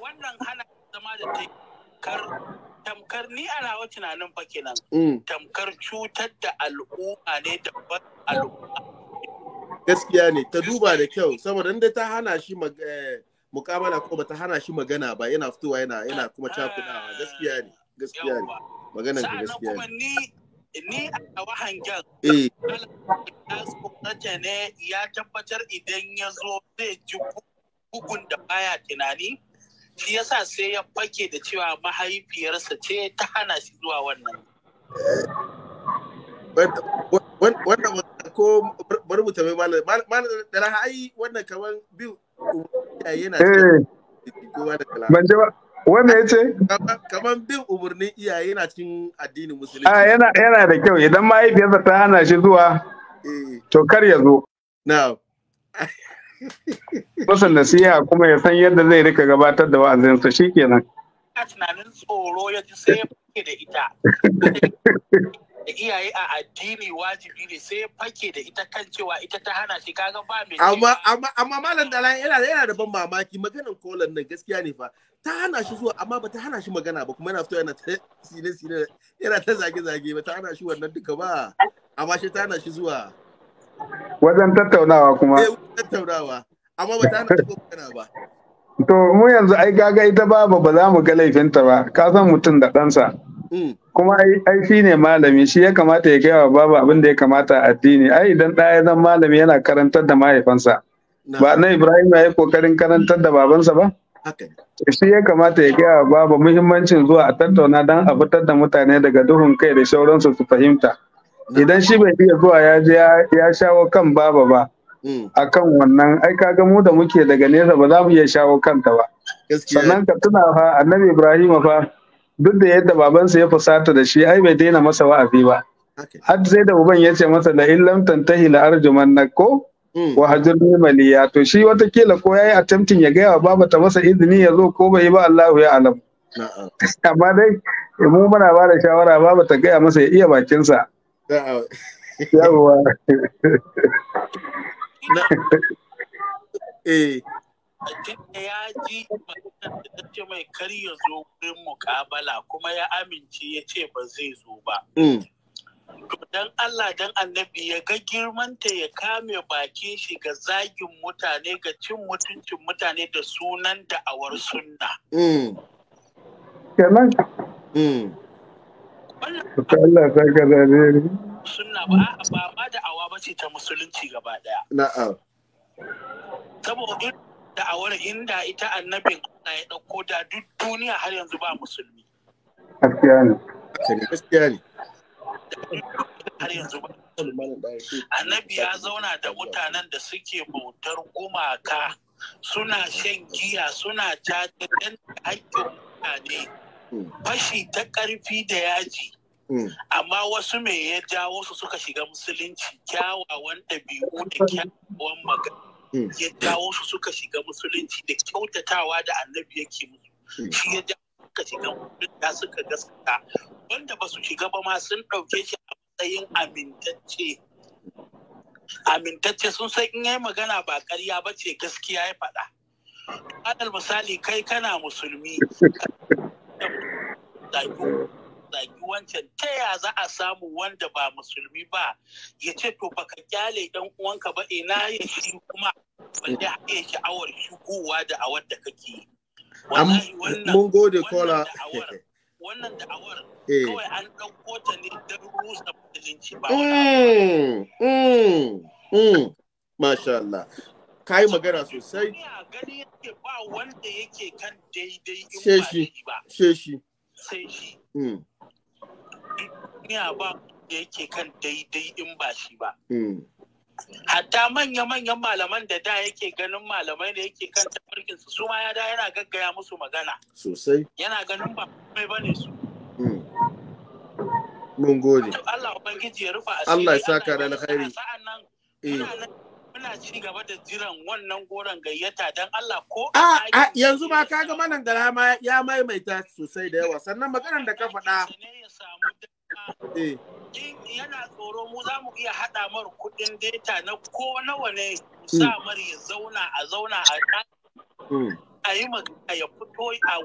Wannan hana zama da ta kar tamkar ni ana wa tunanin fa kenan. Mm. Tamkar cutar da al'umma ne da al'umma. gaskiya ne ta duba da kyau saboda inda ta hana shi eh, mukamala ko ta hana shi magana ba yana fitowa yana yana kuma cakudawa gaskiya ne gaskiya ne maganar ka gaskiya ne ni a wahangar eh. ya ne ya tabbatar idan ya zo zai ji bugun da baya tunani shi yasa sai ya fake da cewa mahaifiyarsa ce ta hana shi zuwa wannan eh. wanda ko bari mu tambayi malam malam da raha ai wannan kaman biyu yana eh. kowa da ban ji wanda ya ce? Kamar bin umarnin iyaye yana cikin addinin musulunci. Ah, yana, yana da kyau idan mahaifiyarsa ta hana shi zuwa, eh. to kar ya zo. Na'am. Masa nasiha kuma ya san yadda zai rika gabatar da wa'azinsa shi kenan. Ina tunanin tsoro ya ji sai ya da ita. da iyaye a addini wajibi ne sai fake da ita kan cewa ita ta hana shi kaga ba mai amma amma amma malam dala yana da yana da ban mamaki maganar kolan nan gaskiya ne fa ta hana shi zuwa amma ba ta hana shi magana ba kuma yana fito yana ta sine sine yana ta zage zage ba ta hana shi wannan duka ba amma shi ta hana shi zuwa wajen tattaunawa kuma eh tattaunawa amma ba ta hana shi magana ba to mu yanzu ai gaga ita ba ba za mu ga laifinta ba ka san mutum da ɗansa. kuma ai shi ne malami shi ya kamata ya gaya wa babu abin da ya kamata a addini ai idan ɗaya zan malami yana karantar da mahaifansa ba na ibrahim ya yi kokarin karantar da babansa ba shi ya kamata ya gaya wa babu muhimmancin zuwa a tattauna don a fitar da mutane daga duhun kai da sauransu su fahimta idan shi bai iya zuwa ya je ya shawo kan baba ba hmm. akan wannan ai ga mu da muke daga nesa ba za mu iya shawo kanta ba sannan ka tuna fa annabi ibrahim fa duk da yadda babansa ya fusata da shi ai bai daina masa wa'azi ba har sai da uban ya ce masa da illam tantahi la arjuman ko hmm. wa hajurni maliya to shi wata kila ko yayi attempting ya gaya wa baba ta masa izini ya zo ko bai ba Allahu ya alam amma dai mu muna ba da shawara baba ta gaya masa ya iya bakinsa yawa eh tunda ya ji magana da ta ce mai kar ya zo wurin mukabala kuma ya amince ya ce ba zai zo ba. Mm. Dan Allah dan annabi ya ga girmanta ya kame bakin shi ga zagin mutane ga cin mutuncin mutane da sunan da'awar sunna. Mm. Kenan? Mm. Allah ta gaza ne. Sunna ba ba ma da'awa ba ce ta musulunci gaba daya. Na'am. Saboda da'awar inda ita annabin Allah ya ɗauko da duk duniya har yanzu ba musulmi. Annabi ya zauna da mutanen da suke bautar gumaka suna shan giya suna tace dan haƙƙin mutane hmm. fashi ta ƙarfi da yaji. Hmm. Amma wasu me ya jawo su suka shiga musulunci kyawawan ɗabi'u da kyawawan magana. Mm. ya wasu su suka shiga musulunci da kyautatawa da annabi yake musu mm. shi ya ja suka shiga da suka gaskata wanda ba su shiga ba ma sun ɗauke shi a matsayin amintacce amintacce sun san in yi magana ba ƙarya ba ce gaskiya ya faɗa alal misali kai kana musulmi zagi wancan ta ya za a samu wanda ba musulmi ba ya ce to ba ka kyale dan uwanka ba ina ya shi kuma wanda ya sha'awar shigowa da awar da kake mun gode kola wannan da'awar eh. kawai an ɗauko ta ne da rusa musulunci ba wani mm, mm, mm. Masha Allah. ka yi magana sosai. gani yake ba wanda yake kan daidai in ba ba. Sai shi. Sai shi. duniya ba da yake kan daidai in ba shi ba. Hmm. Hatta manya-manyan malaman da da yake ganin malamai da yake kan tafarkin su su ma ya da yana gaggaya musu magana. Sosai. Yana ganin ba mai ba ne su. Hmm. Mun gode. Allah Ubangiji ya rufa asiri. Allah ya saka da hairi. Sa'an nan, eh. ana ci gaba da jiran wannan goron gayyata don Allah ko a yanzu ma ka ga manan gara ma ya maimaita sosai da yawa sannan maganar da ka faɗa eh. yana tsoro mu za mu iya haɗa mar kuɗin data na ko nawa ne hmm. sa mar ya zauna a zauna a hmm. a yi magana ya fito a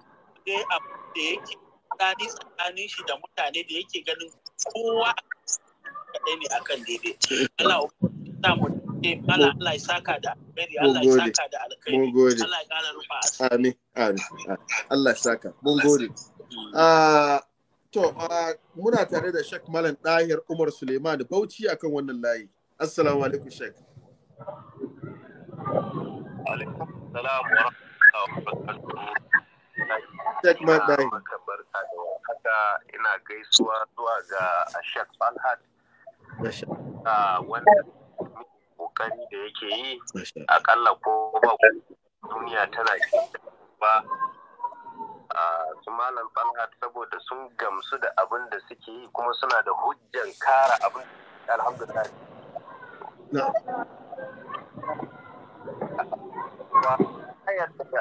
a da yake tsani tsakanin shi da mutane da yake ganin kowa kaɗai ne akan daidai. Hmm. Allah mu Eh, Allah Allah ya saka da alkhairi Allah ya saka da alkhairi Allah ya kara rufa amin amin Allah ya saka mun gode ah to ah, muna tare da Sheikh Malam Dahir Umar Suleiman Bauchi akan wannan layi assalamu alaikum Sheikh alaikum salam wa rahmatullahi wa barakatuh Sheikh Malam Dahir ina gaisuwa zuwa ga Sheikh Falhad Uh, when kokari da yake yi akalla ko ba duniya tana ba su malam Balhat saboda sun gamsu da abin da suke yi kuma suna da hujjan kara abin alhamdulillah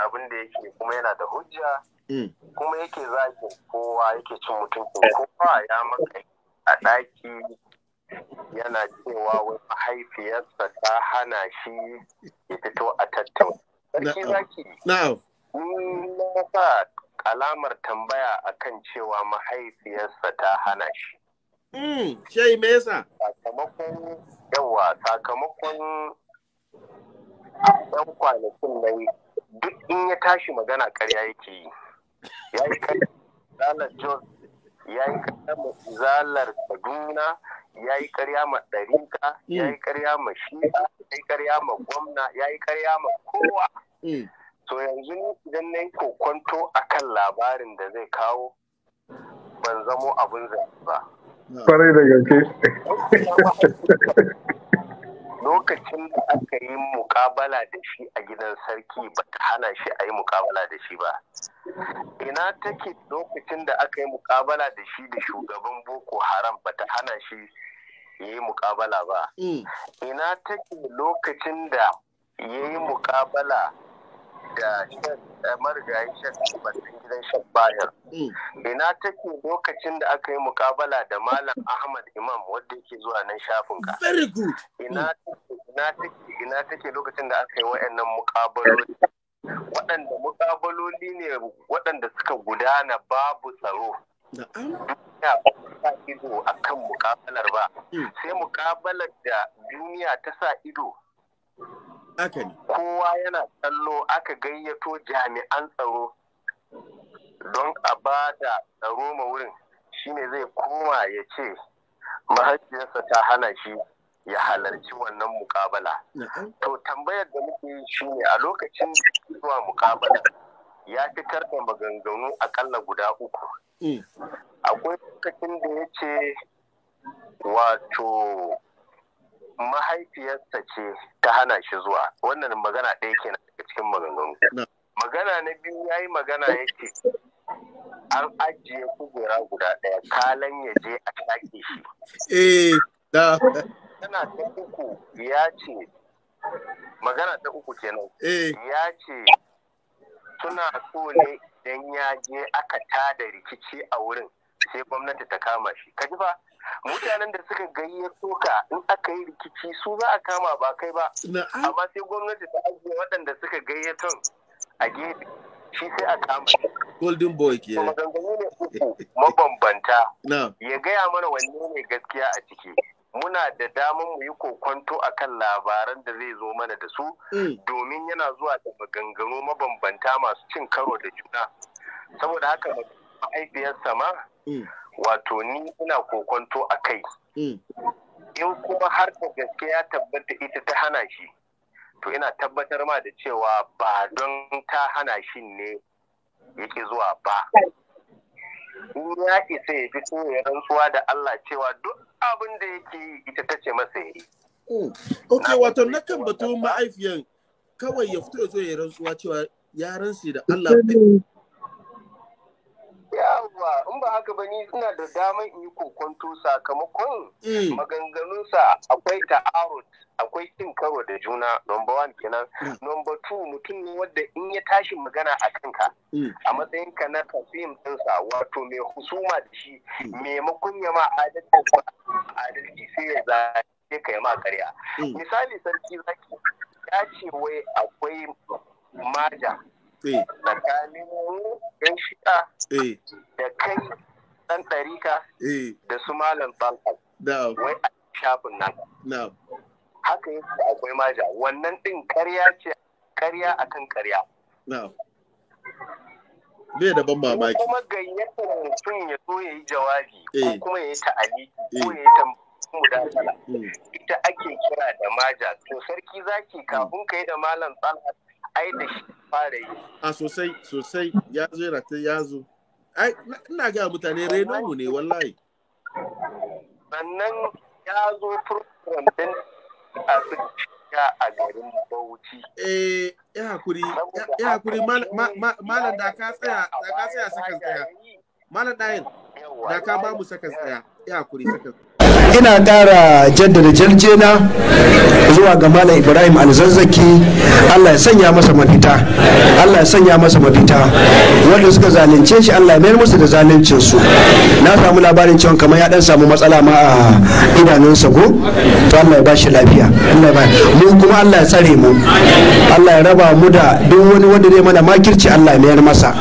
abin da yake kuma yana da hujja hmm. kuma yake zagin kowa yake cin mutum kowa ya maka a ɗaki yana cewa wai mahaifiyarsa ta hana shi ya fito a tattauna. Sarki zaki. Na sa alamar tambaya a kan cewa mahaifiyarsa ta hana shi. Mm, shai me yasa? Sakamakon yawa sakamakon ɗan kwanakin nan duk in ya tashi magana ƙarya yake yi. Ya yi kan zalar Jos, ya yi kan zalar Kaduna, ya yi karya ma ɗarika hmm. ya yi karya ma shi ya yi karya ma gwamna ya yi karya ma kowa hmm. to yanzu idan na yi kokonto a kan labarin da zai kawo ban zamo abin zai ba Farai da gaske lokacin da aka yi mukabala da shi a gidan sarki ba ta hana shi a yi mukabala da shi ba ina take lokacin da aka yi mukabala da shi da shugaban boko haram ba ta hana shi ya yi mukabala ba mm. ina take lokacin da ya yi mukabala da eh, marigayi shakki gidan shabbayar mm. ina take lokacin da aka yi mukabala da malam ahmad imam wadda yake zuwa nan shafin ka mm. ina take lokacin da aka yi wa'annan mukabaloli waɗanda mukabaloli ne waɗanda suka gudana babu tsaro da an sa ido a kan mukabalar ba hmm. sai mukabalar da duniya ta sa ido kowa yana tsallo aka gayyato jami'an tsaro don a ba da tsaro ma wurin shine zai koma ya ce mahaifiyarsa ta hana shi ya halarci wannan mukabala to tambayar da muke yi shine a lokacin zuwa mukabala ya fitar da maganganu akalla guda uku E. akwai lokacin da ya ce wato mahaifiyarsa ce ta hana shi zuwa wannan magana ɗaya kenan daga cikin maganganu magana na biyu ya yi magana ya ce an ajiye kugura guda ɗaya kalan ya je a shaƙe shi e, magana ta uku ya ce magana ta uku kenan e. ya ce suna so ne idan ya je aka tada rikici a wurin sai gwamnati ta kama shi ka ji ba mutanen da suka gayyato ka in aka yi rikici su za a kama ba kai ba amma sai gwamnati ta ajiye waɗanda suka tun a gefe shi sai a kama golden boy ke maganganu ne uku mabambanta ya gaya mana wanne ne gaskiya a ciki muna da damar mu yi kokonto kan labaran da zai zo mana da su mm. domin yana zuwa da maganganu mabambanta masu cin karo da juna saboda haka mahaifiyarsa ma mm. wato ni ina kokonto a kai mm. in kuma har da gaske ya tabbata ita ta hana shi to ina tabbatar ma da cewa ba don ta hana shi ne yake zuwa ba Ni ya isa ya ji sai ya rantsuwa da Allah cewa duk abin da yake yi ita ta ce masa yi. Hmm. Ok, wato na kan batun ma'aifiyan kawai ya fito ya zo ya rantsuwa cewa ya rantsi da Allah ga ba ni da damar in yi kokonto sakamakon mm. maganganunsa akwai ta'arut akwai cin karo da juna number one kenan mm. number two mutum ne wadda in ya tashi magana a kanka mm. a matsayin ka na tafiyim ɗinsa wato mai husuma da shi maimakon ya ma adalci sai ya zaɓe ka ma karya misali sarki zaki ya ce wai akwai maja eh. tsakanin mu ɗan shida eh. da kai dan ɗarika eh. da su malam talha wai a shafin nan haka yake akwai maja wannan ɗin karya ce karya akan karya bai da ban mamaki kuma gayyatar mutum ya zo ya yi jawabi ko eh. kuma ya yi ta'ali eh. ko ya yi mudakala hmm. ita ake kira da maja to sarki zaki hmm. kafin ka yi da malam talha ai da shi fara yi a sosai sosai ya zo ya zo ai ina ga mutane renon mu ne wallahi sannan ya zo program din a ya a garin Bauchi eh ya hakuri ya hakuri malam da ka tsaya da ka tsaya sakan tsaya malam dayin da ka ba mu sakan tsaya ya hakuri sakan tsaya ina ƙara jaddada jarjena zuwa ga malam ibrahim alzazzaki allah ya sanya masa mafita allah ya sanya masa mafita wanda suka zalunce shi allah ya mayar musu da zaluncin su na samu labarin cewa kamar ya dan samu matsala ma a idanunsa ko to allah ya ba lafiya allah ya mu kuma allah ya tsare mu allah ya raba mu da duk wani wanda zai mana makirci allah ya mayar masa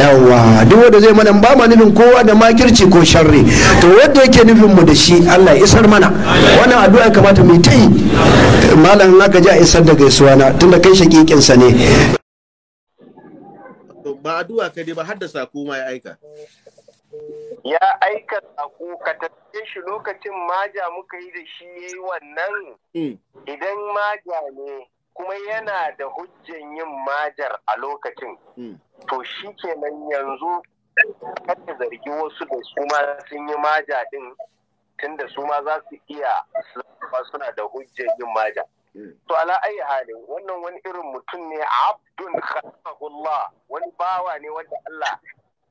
yawa duk wanda zai mana ba ma nufin kowa da makirci ko sharri to wanda yake nufin mu da shi Allah ya isar mana wannan addu'a ya kamata mu yi malam na ka haka ji a isar da gaisuwa na tunda kai shakikin sa ne ba addu'a kai dai ba har da sako ma ya aika ya aika sako ka tafiye shi lokacin maja muka yi da shi yayi wannan hmm. idan maja ne kuma yana da hujjan yin majar a lokacin hmm. to shi kenan yanzu kada zargi wasu da su ma sun yi maja din tunda su ma za su iya ba suna da hujjar yin maja hmm. to ala ayi halin wannan wani irin mutum ne abdun khalaqahullah wani bawa ne wanda Allah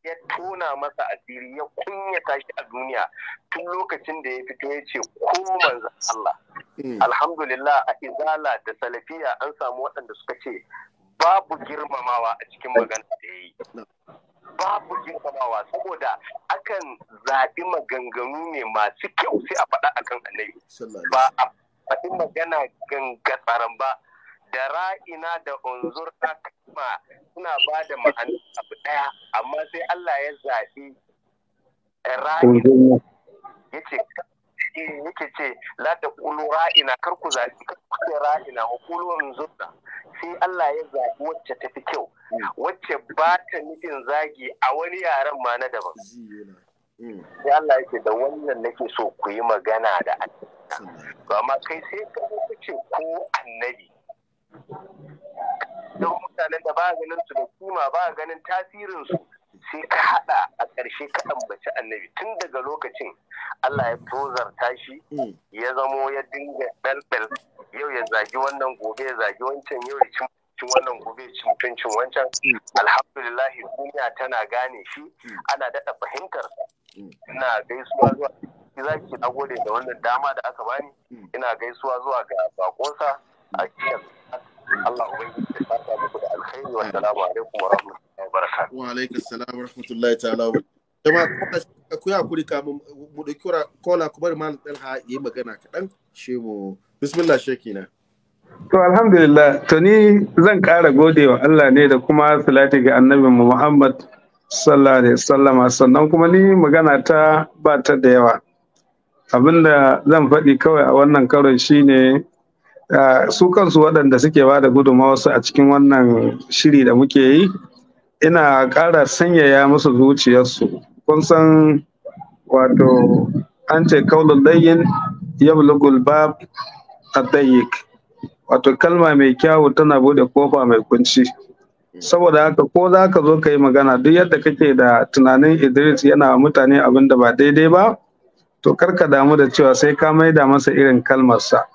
ya tona masa asiri ya kunyata shi a duniya tun lokacin da ya fito ya ce ko manzan Allah hmm. alhamdulillah a izala da salafiya an samu waɗanda suka ce babu girmamawa a cikin magana da ya yi babu girmamawa saboda akan zaɓi maganganu ne masu kyau sai a faɗa akan annabi ba a faɗi magana gangatsaran ba da ra'ina da unzur na kama suna ba da ma'ana abu ɗaya amma sai Allah ya zaɓi ra'ina ya ce ke yake ce la ta kulu ra'ina kar ku zaɓi kar ku ce ra'ina wa kulu zurna sai Allah ya zaɓi wacce ta fi kyau hmm. wacce ba ta nufin zagi a wani yaren ma na daban hmm. sai Allah yake da wannan nake so ku yi magana da to amma kai sai ka ce ko annabi don mutanen da ba ganin su da kima ba ganin tasirin su sai ka haɗa a ƙarshe ka ambaci annabi tun daga lokacin Allah ya tozarta shi mm. ya zamo ya dinga ɗalɗal yau ya zagi wannan gobe ya zagi wancan yau ya cin wannan gobe ya cin tuncin wancan mm. alhamdulillahi duniya tana gane shi mm. ana daɗa fahimtar ina gaisuwa zuwa za ki gode da wannan dama da aka bani ina gaisuwa zuwa ga bakonsa a cikin Allah ubangiji ya da alkhairi wa alaikum rahmatullahi wa barakatuh wa alaikum rahmatullahi ta'ala wa jama'a ku ya kuri mu da kola ku bari magana shi mu bismillah To alhamdulillah to ni zan kara gode wa Allah ne da kuma salati ga annabi Muhammad sallallahu alaihi sannan kuma ni magana ta ba ta da yawa abinda zan faɗi kawai a wannan karon shine Ah, su kansu waɗanda suke ba da su a cikin wannan shiri da muke yi ina ƙara sanyaya musu zuciyarsu kun san wato an ce kaulul dayin yablugul bab adayyik wato kalma mai kyawu tana bude kofa mai kunci saboda haka ko za ka zo ka yi magana duk yadda kake da tunanin idris yana mutane abin da ba daidai ba to kar ka damu da cewa sai ka maida masa irin kalmarsa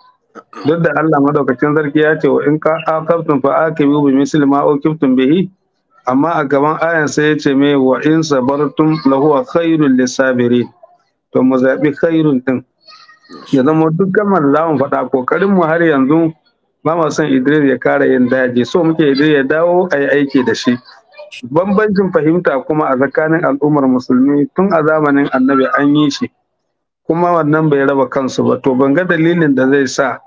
duk da Allah madaukakin sarki ya ce wa in ka aqabtum fa akibu bi misli ma uqibtum bihi amma a gaban ayan sai ya ce me wa in sabartum lahu khairul lisabirin to mu zabi khairun din ya zama duk kamar lawan faɗa kokarin mu har yanzu ba ma son Idris ya kare yin daji so muke Idris ya dawo a yi aiki da shi bambancin fahimta kuma a tsakanin al'ummar musulmi tun a zamanin annabi an yi shi kuma wannan bai raba kansu ba to ban dalilin da zai sa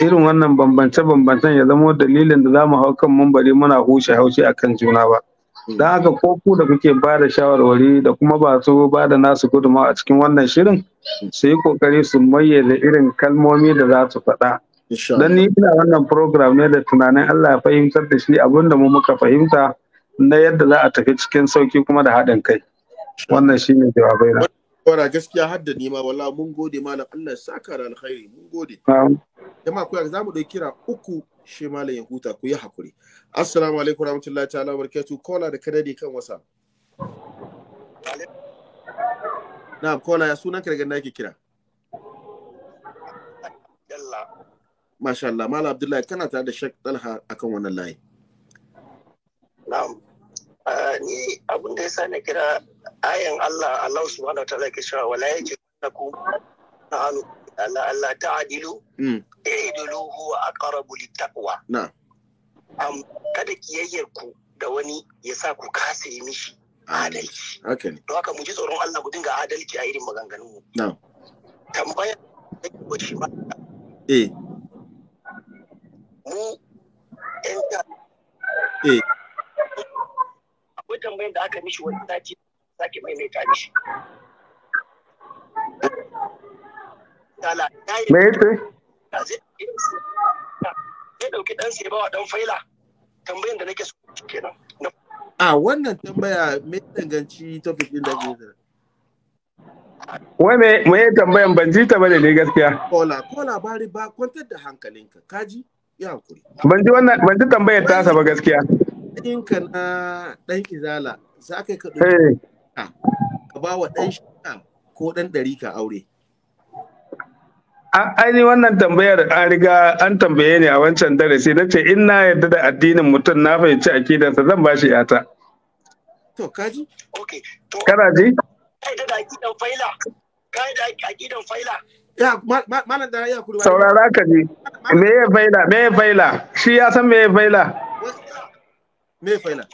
irin wannan bambance-bambancen ya zama dalilin da za mu hau kan mambari muna hushe haushi a kan juna ba don haka ko ku da kuke ba da shawarwari da kuma ba su ba da nasu guduma a cikin wannan shirin su yi kokari su mayyana irin kalmomi da za su faɗa don ni ina wannan program ne da tunanin Allah ya fahimtar da shi abinda da mu muka fahimta na yadda za a tafi cikin sauki kuma da haɗin kai wannan shine jawabai na Kwara gaskiya hadda da nima wala mun gode mala Allah ya saka da alkhairi mun gode. Jama'a ku za mu ɗauki kira uku shi mala ya huta ku yi hakuri. Assalamu alaikum warahmatullahi ta'ala barkatu kola da kadade kan wasa. Na kola ya sunan ka daga na yake kira. Masha Allah, mala Abdullahi kana tare da shak Talha akan wannan layi. Na'am. Ah, ni abin da ya sa na kira ayan Allah Allah subhanahu wa ta'ala ke shawa wala yake ku ta'alu Allah Allah ta'adilu hmm. idulu huwa aqrabu littaqwa na'am am kada kiyayyar ku da wani ya sa ku kasa yi mishi adalci haka ne to haka mu ji tsoron Allah ku dinga adalci a irin maganganun mu na'am tambaya ko shi ma eh mu ɗan eh akwai tambayar da aka mishi wani sati sake maimaita mishi me yace zai dauki dan sai bawa dan faila tambayin da nake so kenan a wannan tambaya mai danganci topic ɗin da ke zira wai mai me tambayan ban ji ta da ne gaskiya kola kola bari ba kwantar da hankalinka kaji ya hankuri ban ji wannan ban ji tambayar tasa ba gaskiya ɗinka na ɗan izala za ka yi ka ɗauki. Eh. ka ka ba wa ɗan shekara ko ɗan ɗari ka aure? aini wannan tambayar an riga an tambaye ni a wancan darasi na ce in na yarda da addinin mutum na fahimci akidansa zan ba shi yata. To kaji? Kana ji? Saurara ka ji. Me ya faila? Me ya faila? Shi ya san me ya faila? Me ya faila?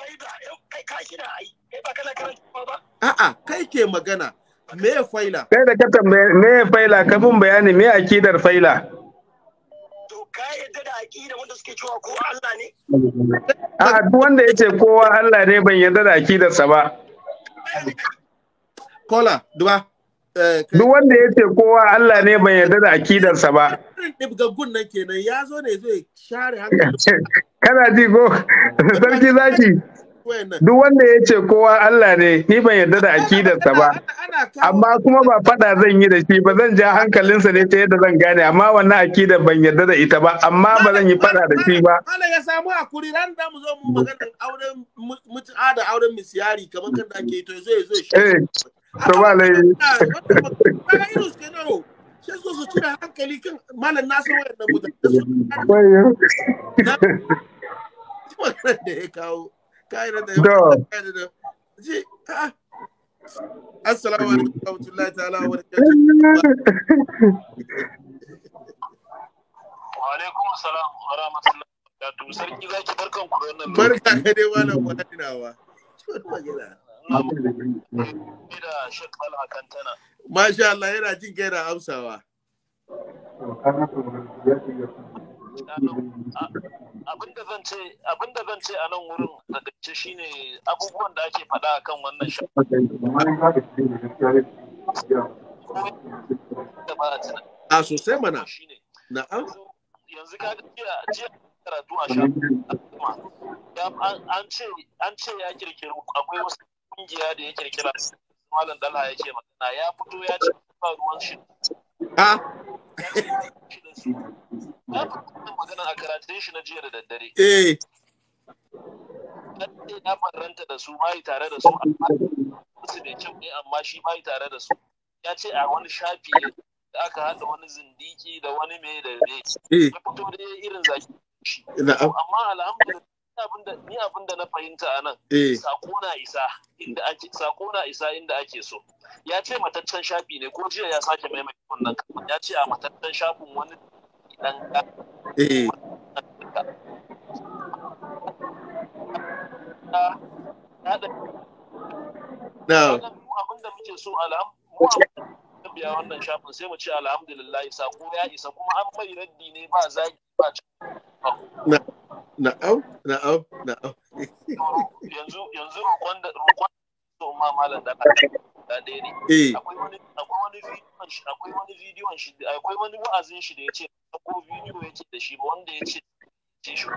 Kai ka shi da ai, kai ba kana karanta ba. A'a, kai ke magana. Me ya faila? Kai da ka tambaye me ya faila, ka bin bayani me akidar faila? To ka yadda da akidar wanda suke cewa kowa Allah ne? A'a, duk wanda ya ce kowa Allah ne ban yadda da akidarsa ba. Kola, duba. Eh, duk wanda ya ce kowa Allah ne ban yadda da akidarsa ba. Gaggun nan kenan ya zo ne zai share hankali. Kana ji ko sarki zaki. duk wanda ya ce kowa Allah ne ni ban yarda da akidarsa ba amma kuma ba fada zan yi da shi ba zan ja hankalinsa ne ta yadda zan gane amma wannan akidar ban yarda da ita ba amma ba zan yi fada da shi ba Allah ya samu hakuri ran da mu zo mu magana auren mutu'a da auren misiyari kamar kan da ake to yazo yazo zo shi to ba lai sai so su cire hankali kan malam na san wayannan mutane da su da ya kawo kayan da ya ji assalamu alaikum warahmatullahi ta'ala wa alaikum salam wa rahmatullahi wa barakatuh sarki zaki barkan ku wannan barka ka dai malam wadinawa da shekal hakan tana masha Allah yana jin gaira hausawa abinda zan ce zan ce a nan wurin da gaske ne abubuwan da ake faɗa kan wannan a ah, sosai mana na'am yanzu ka jiya karatu a shafin an ce ya kirkiru akwai wasu kungiya da ya kirkira malam dalha yake magana ya fito ya ce ba ruwan shi a na fi magana a karatun shi na jiya da daddare eh na faranta da su bai tare da su amma su bai kyau ne amma shi bai tare da su ya ce a wani shafi da aka haɗa wani zindiki da wani mai da mai ya fito da irin zaki amma alhamdulillah ni abin da na fahimta a nan eh. sako na isa inda ake so ya ce mataccen shafi ne ko jiya ya sake maimaki wannan kamar ya ce a mataccen shafin wani dan ka eh abin da muke so alhamdulillah biya wannan shafin sai mu ce alhamdulillah sako ya isa kuma an mai raddi ne ba zaki ba Na'am, na'am, na'am. Yanzu yanzu roƙon da roƙon so ma malam da ka da dai ne. Eh. Akwai wani akwai wani bidiyon shi akwai wani bidiyon shi akwai wani wa'azin shi da yace ko bidiyo yace da shi wanda yace ce shi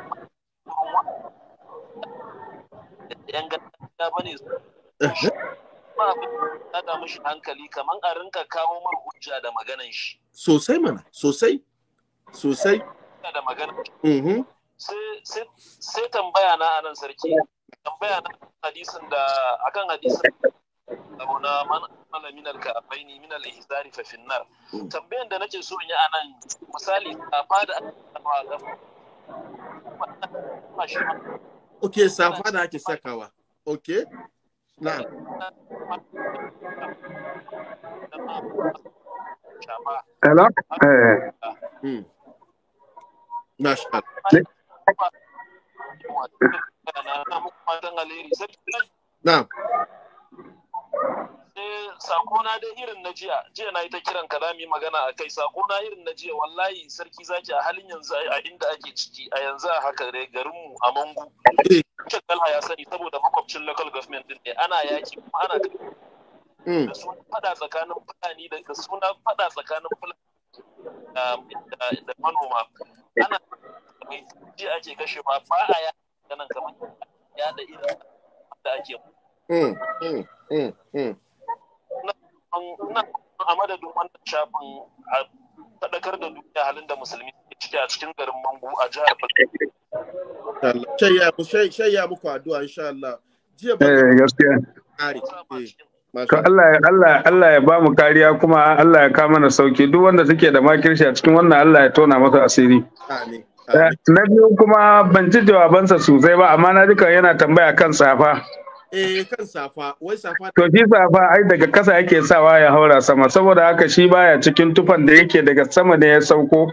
yan gaskiya bane ba abin da ta mishi hankali kaman a rinka kawo mar hujja da maganan shi. Sosai mana, sosai. Sosai. Da maganan. Mhm. sai tambaya na anan sarki tambaya na hadisin da akan hadisin da na mana minal ka baini minal ihzari fa finnar tambayan da nake so in yi anan misali safa da aka Ok, safa da ake sakawa. Ok? na Hello? Eh. Hmm. Na'am. sakona dai irin na jiya jiya na yi ta kiran ka yi magana a kai sakona irin na jiya wallahi sarki zaki a halin yanzu a inda ake ciki a yanzu a haka dai garinmu a mangu cikin eh. kalha ya sani saboda makwabcin local government din ne ana yaki kuma ana hmm. da suna fada tsakanin fulani da suna fada tsakanin fulani da manoma ana ji ake kashe ba ba a ya ganin kamar ya da irin da ake mm, mm, mm, a madadin wannan shafin a sadakar da duniya halin da musulmi ke ciki a cikin garin Mangu a jihar Shayya muku addu'a insha Allah. Jiya eh, gaskiya. Eh, Allah Allah ya ba mu kariya kuma Allah ya kama na sauki duk wanda suke da makirci a cikin wannan Allah ya tona masa asiri. Eh, na biyu kuma ban ci jawabansa sosai ba, amma na duka yana tambaya kan safa. Eh, kan safa, wai safa. To shi safa ai daga kasa yake sawa ya haura sama, saboda haka shi baya cikin tufan da yake daga sama ne ya sauko.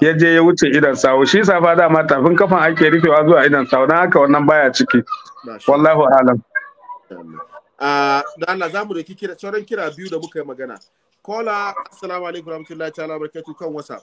Ya je ya wuce idan sawo, shi safa dama tafin kafan ake rufewa zuwa idan sawo, don haka wannan baya ciki. Wallahu alam. Ah, da Allah za mu da kira, sauran kira biyu da muka yi magana. Kola, assalamu alaikum warahmatullahi ta'ala barakatuh kan WhatsApp.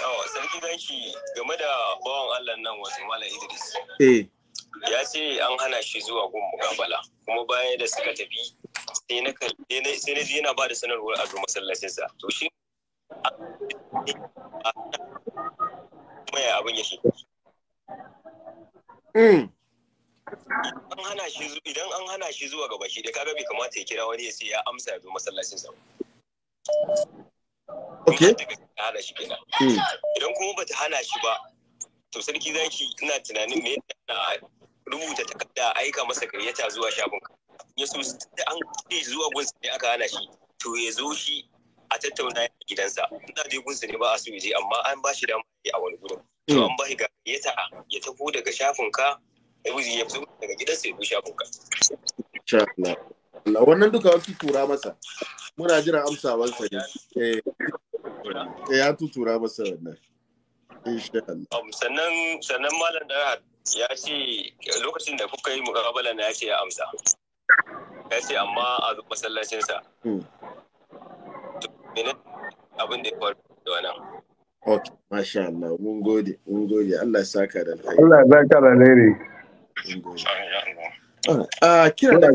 Yawa sarki zaki game da bawan Allah nan wato Malam Idris. Eh. Ya ce an hana shi zuwa gun mukabala kuma bayan da suka tafi sai na sai na yana ba da sanarwar a masallacin sa. To shi mai abin ya yake. Hmm. Idan an hana shi zuwa gaba shi da kaga bai kamata ya kira wani ya ce ya amsa ya zo masallacin sa. Okay. hana shi kenan. Hmm. Idan kuma bata hana shi ba, to sarki zaki ina tunanin me yana rubuta takarda a aika masa karyata zuwa shafin. Ya so an ce zuwa gunsa ne aka hana shi, to ya zo shi a tattauna a gidansa. Ina dai gunsa ne ba a so ya je amma an ba shi dama a wani gudun. To hmm. an ba shi ga ya taho daga shafin ka, ya fi daga gidansa ya fi shafin ka. Allah wannan duka wani tura masa muna jiran amsawarsa ne eh. eh ya tutura masa wannan insha Allah sannan sannan malam da ya ce lokacin da kuka yi mukabala na ya ce ya amsa ya ce amma a masallacin sa hmm. abin da ya faru da wannan Ok, masha Allah, mun gode, mun gode, Allah ya saka da Allah ya saka da alheri. Mun gode. Ah, kira da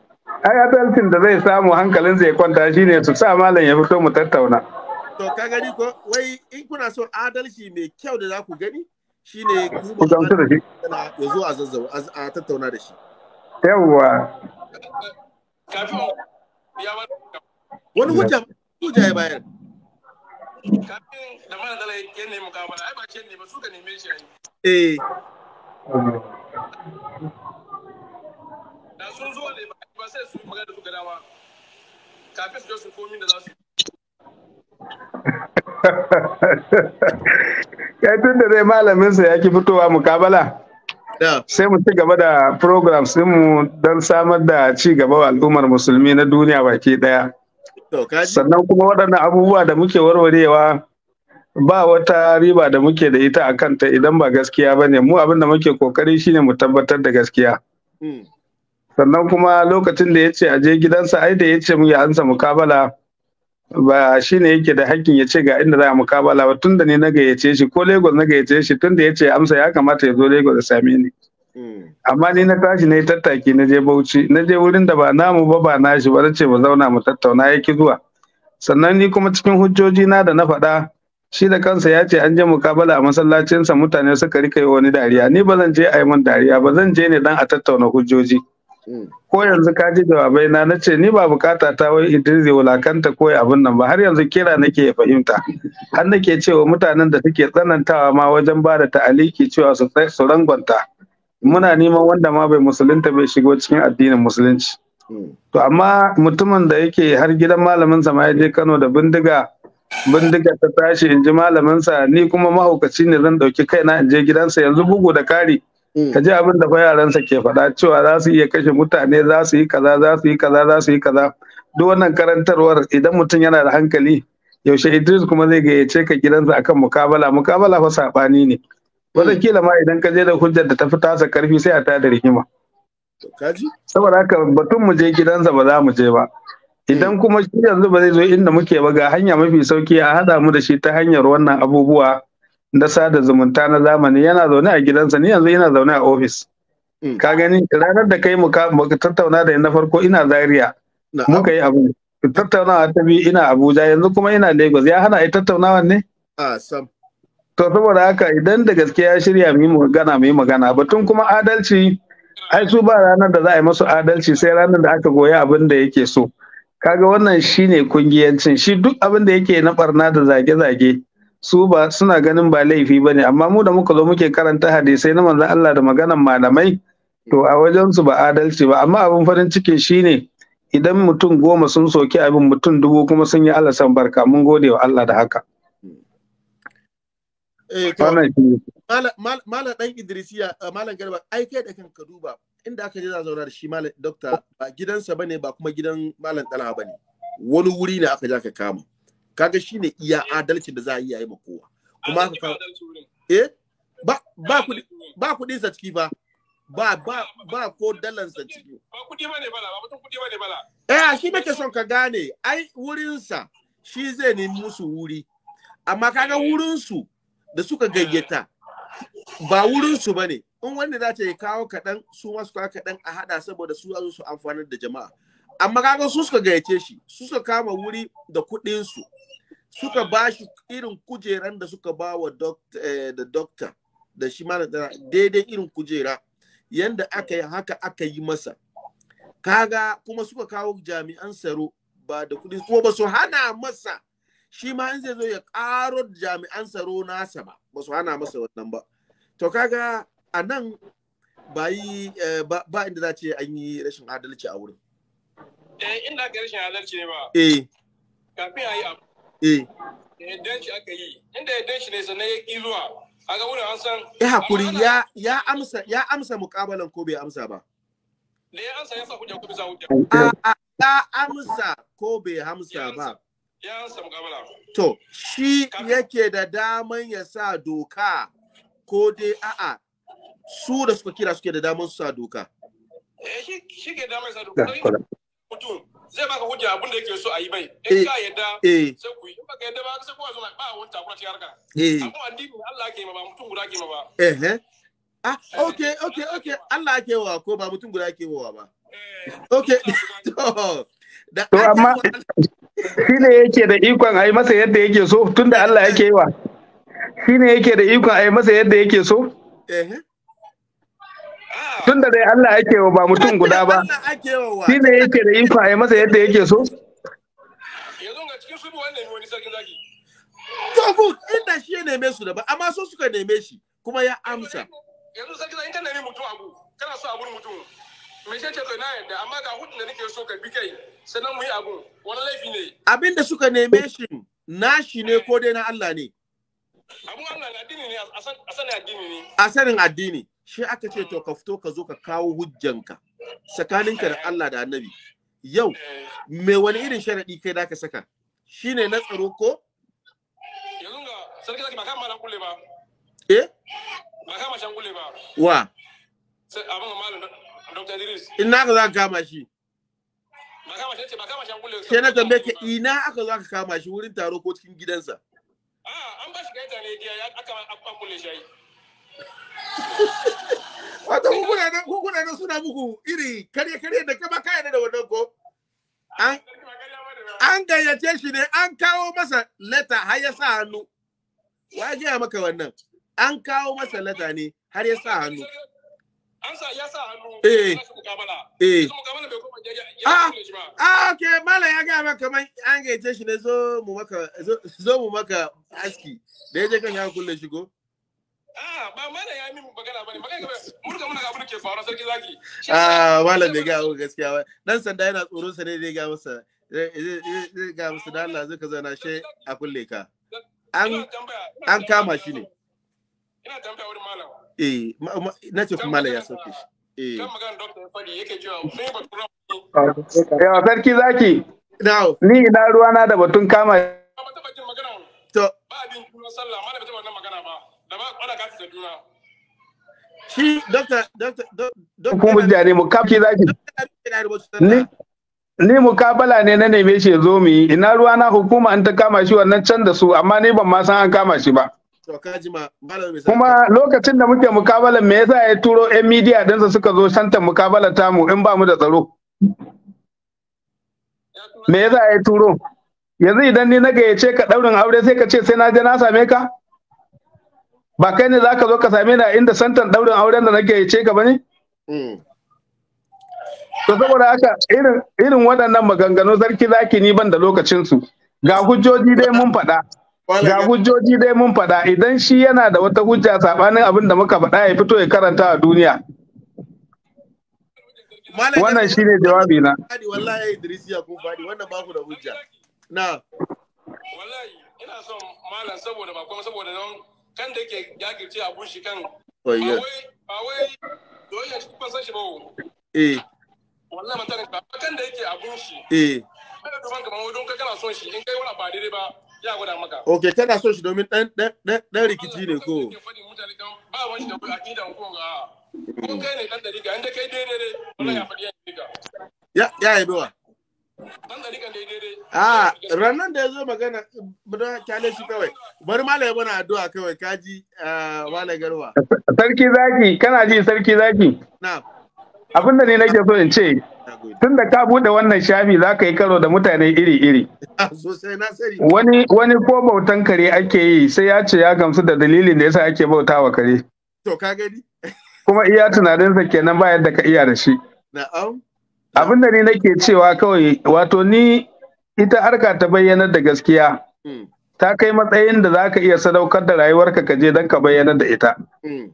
ai adalcin da zai samu hankalinsa ya kwanta shine su sa malam ya fito mu tattauna to ka gani ko wai in kuna son adalci mai kyau da za ku gani shine ku mutum da shi ya zo a zazzau a tattauna da shi yawwa wani hujja hujja ya bayar kafin da mana dala ya nemi kamala ai ba ce ne ba su ka neme shi eh da sun zo ne ba sai da su ga kai tun da zai malaminsa ya ki fitowa mukabala sai mu ci gaba da programs mu don samar da ci gaba wa al'ummar musulmi na duniya baki daya sannan kuma waɗannan abubuwa da muke warwarewa ba wata riba da muke da ita a kanta idan ba gaskiya ba ne mu abin da muke kokari shine mu tabbatar da gaskiya hmm. sannan kuma lokacin da ya ce a je gidansa ai da ya ce mu ya ansa mukabala ba shi ne yake da hakkin ya ce ga inda za a mukabala ba tun da ne na gayyace shi ko lagos na gayyace shi tun da ya ce amsa ya kamata ya zo lagos da same ni hmm. amma ni na tashi na yi tattaki na je bauchi na je wurin da ba namu ba ba nashi ba zace ce ba zauna mu tattauna ya ki zuwa sannan ni kuma cikin hujjoji na da na faɗa shi da kansa ya ce an je mukabala a masallacinsa mutane suka rika yi wani dariya ni ba zan je a yi min dariya ba zan je ne dan a tattauna hujjoji. Mm. ko yanzu ka ji jawabai na na ce ni ba bukata ta wai Idris ya wulakanta ko ya abin nan ba har yanzu kira nake ya fahimta har nake cewa mutanen da suke tsanantawa ma wajen ba da ta'aliki cewa su rangwanta muna neman wanda ma bai musulunta bai shigo cikin addinin musulunci mm. to amma mutumin da yake har gidan malamin sa ma ya je Kano da bindiga bindiga ta tashi in ji malamin sa ni kuma mahaukaci ne zan dauki kaina in je gidansa yanzu bugu da kari Mm. ka ji abin da yaransa ke faɗa cewa za su iya kashe mutane za su yi kaza za su yi kaza za su yi kaza duk wannan karantarwar idan mutum yana da hankali yaushe Idris kuma zai gayyace ka gidansa akan mukabala mukabala fa sabani ne kila ma idan ka je da hujjar da ta fi tasa karfi sai a da rigima saboda haka batun mu je gidansa ba za mu je ba idan mm. kuma shi yanzu ba zai zo inda muke ba ga hanya mafi sauki a haɗa mu da shi ta hanyar wannan abubuwa na sada zumunta na zamani yana zaune a gidansa ni yanzu yana zaune a ofis mm. ka gani ranar da kai mu tattauna da na farko ina zaria muka yi abu tattaunawa ta biyu ina abuja yanzu kuma ina lagos ya hana a yi tattaunawa ne to saboda haka idan da gaske ya shirya mu yi magana mu yi magana batun kuma adalci ai su ba ranar da za a yi masu adalci sai ranar da aka goya abin da yake so kaga wannan shine kungiyancin shi duk abin da yake na barna da zage-zage su ba suna ganin ba laifi ba ne amma mu da muka zo muke karanta hadisai na manzon Allah da maganan malamai to a wajen su ba adalci ba amma abin farin ciki shine idan mutum goma sun soki abin mutum dubu kuma sun yi Allah san barka mun gode wa Allah da haka eh, Malam ɗan Idrisiya, eh, Malam Garba, ai kai da kanka duba inda aka je za zauna da shi Malam Dokta ba gidansa bane ba kuma gidan Malam Ɗala bane. Wani wuri ne aka ja ka kama. kaga shine iya adalcin da za a iya yi ma kowa kuma haka eh ba ba kudi ba kudin sa ciki ba ba ba ba ko dalan sa ciki ba kudi bane bala ba mutum kudi bala eh shi nake son ka gane ai wurin sa shi zai ne musu wuri amma kaga eh. wurin su da suka eh. gayyata ba wurin su bane in wanda za ta yi kawo kaɗan su ma su kawo kaɗan a haɗa saboda su zo su amfanar da jama'a amma kaga su suka gayyace shi su suka kama wuri da kuɗin su suka ba shi irin kujeran da suka ba wa eh, da dokta da shi mana daidai irin kujera yanda aka yi haka aka yi masa kaga kuma suka kawo jami'an tsaro ba da kuɗi kuma ba su hana masa shi ma in zai zo ya ƙaro jami'an tsaro nasa ba ba su hana masa wannan ba to kaga a nan ba yi eh, ba inda za ce an yi rashin adalci a wurin eh inda ga rashin adalci ne ba eh kafin a yi abu eh ya hakuri ya amsa ya amsa mukabalan ko bai amsa ba da ya amsa ya sa hujja ko bai sa hujja a amsa ko bai amsa ba ya amsa mukabala to shi yake da daman ya sa doka ko dai a'a su da suka kira suke da daman su sa doka eh, shi ke daman sa doka mutum zai baka hujja abin da yake so a yi bai in eh, ka yadda eh. sai ku yi in baka yadda ba sai ku zuwa ba wani takura cikin harka eh. amma addini Allah ke ma ba mutum guda ke ma ba ah, eh eh ah okay okay okay Allah ke wa ko ba mutum guda ke wa ba okay to da amma shi ne yake da ikon a yi masa yadda yake so tunda Allah yake yi wa shi ne yake da ikon a yi masa yadda yake so eh tun da dai Allah ake wa ba mutum guda ba shi ne yake da iko a masa yadda yake so yanzu ga cikin shi ya neme su da ba amma so suka neme shi kuma ya amsa yanzu na ga hudu suka neme shi nashi ne ko dai na Allah ne abun Allah ne a sanin addini ne a sanin addini shi aka ce to mm. ka fito ka zo ka kawo hujjanka tsakaninka da Allah da annabi yau me wani irin sharadi kai da ka saka Shi ne na tsaro ko yanzu ga sarki zaki ba kama nan kulle ba eh ba kama shan kulle ba wa sai abin malam Dr. Idris ina ka za ka kama shi ba kama shi ba kama shan kulle sai na tambaye ka ina aka za ka kama shi wurin taro ko cikin gidansa a an ba shi gaita ne ya aka kulle shi Wato kukuna nan kukuna nan suna muku iri kare kare da kama kai da wannan ko. An an gayyace shi ne an kawo masa leta har ya sa hannu. Wa ya maka wannan? An kawo masa leta ne har ya sa hannu. An sa ya sa hannu. Eh. Eh. Ah, ah okay, mala ya ga maka mai, an gayyace shi ne zo mu maka zo mu maka aski. Da yaje kan ya kulle shi ko? Ah, ba mana ya min muna ke sarki ah, ga gaskiya ba. Dan sanda yana tsoron sa ne dai ga masa. Zai ga masa da Allah zai ka shi a kulle ka. An kama shi ne. Ina tambaya wurin malam. Eh, na ce kuma malam sauke shi. Eh. Kan magana yake eh, sarki zaki. Now, ni ina na da batun kama. To. Ba abin kuma sallah, malam ta wannan magana ba. shi dokta dokta dokta mu kafi zaki ni ni mukabala ne na neme shi zo mu yi ina ruwa na hukuma an ta kama shi wannan can da su amma ni ban ma san an kama shi ba kuma lokacin da muke mukabalan me yasa ya turo yan midiya dinsa suka zo santan mukabala tamu in ba mu da tsaro me yasa ya turo yanzu idan ni na gayyace ka daurin aure sai ka ce sai na je na same ka ba kai ne za ka zo ka same ni a inda santan ɗaurin auren da nake ce ka ba mm. To saboda haka irin waɗannan maganganu sarki zaki ni ban da lokacinsu. Ga hujjoji dai mun faɗa. Ga hujjoji dai mun faɗa idan shi yana da wata hujja sabanin abin da muka faɗa ya fito ya karanta a duniya. Wannan shi ne jawabi na. Wallahi Idris ya kun fadi wannan ba ku da hujja. Na. Wallahi ina son malam saboda ba kuma saboda don kan da yake ya girce a shi kan ba wai ba wai doyayya shi kuma san shi ba eh wallahi mantarin ka kan da yake a shi eh kada duban kamar wai don ka kana son shi in kai wani ba daidai ba ya gwada maka okay kana son shi domin dan dan dan rikici ne ko ba wani da akidan ko ga ko kai ne dan dariga inda kai daidai ne wallahi ya faɗi ya dariga ya ya yabewa A ah, ranar da ya zo magana bada kyale shi kawai bari malam ya bana addu'a kawai kaji ah, malam garwa. Sarki zaki kana ji sarki zaki. Abin da ne nake so in ce tun da ka bude wannan shafi za ka yi karo da mutane iri-iri. Ah, wani wani ko bautan kare ake yi sai ya ce ya gamsu da dalilin da yasa ake bauta wa kare. To ka gani? Kuma iya tunaninsa kenan ba yadda ka iya da shi. Na'am. abin da ni nake cewa kawai wato ni ita harka ta bayyanar da gaskiya mm. ta kai matsayin da za ka iya sadaukar da rayuwarka ka je don ka bayyanar da ita mm.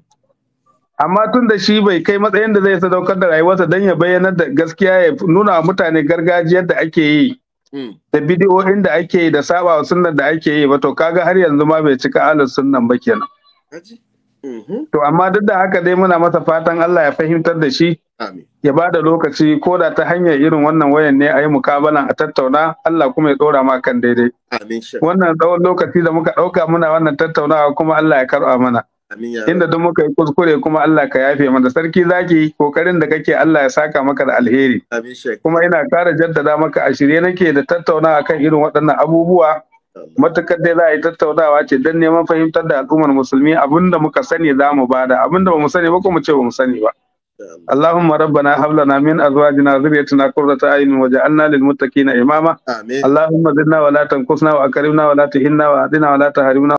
amma tun da shi bai kai matsayin da zai sadaukar da rayuwarsa don ya bayyanar da gaskiya ya nuna wa mutane gargajiyar da ake yi mm. da bidiyoyin da ake yi da sabawa wa sunnan da ake yi ba to kaga har yanzu ma bai cika alin sunnan ba kenan Mm-hmm. To amma duk da haka dai muna masa fatan Allah ya fahimtar da shi ya ba da lokaci ko da ta hanyar irin wannan wayan ne a yi mukabalan a tattauna Allah kuma ya ɗora ma kan daidai. Wannan tsawon lokaci da muka ɗauka muna wannan tattaunawa kuma Allah ya karɓa mana. Inda duk muka yi kuskure kuma Allah ka yafe mana sarki zaki kokarin da kake Allah ya saka maka da alheri. Kuma ina kara jaddada maka a shirye nake da tattaunawa kan irin waɗannan abubuwa. matukar dai za a yi tattaunawa ce don neman fahimtar da al'ummar musulmi abinda muka sani za mu bada abinda ba mu sani ba kuma ce ba mu sani ba اللهم ربنا هب لنا من ازواجنا وذريتنا قرة اعين واجعلنا للمتقين اماما آمين. اللهم زدنا ولا تنقصنا واكرمنا ولا تهنا واعطنا ولا تحرمنا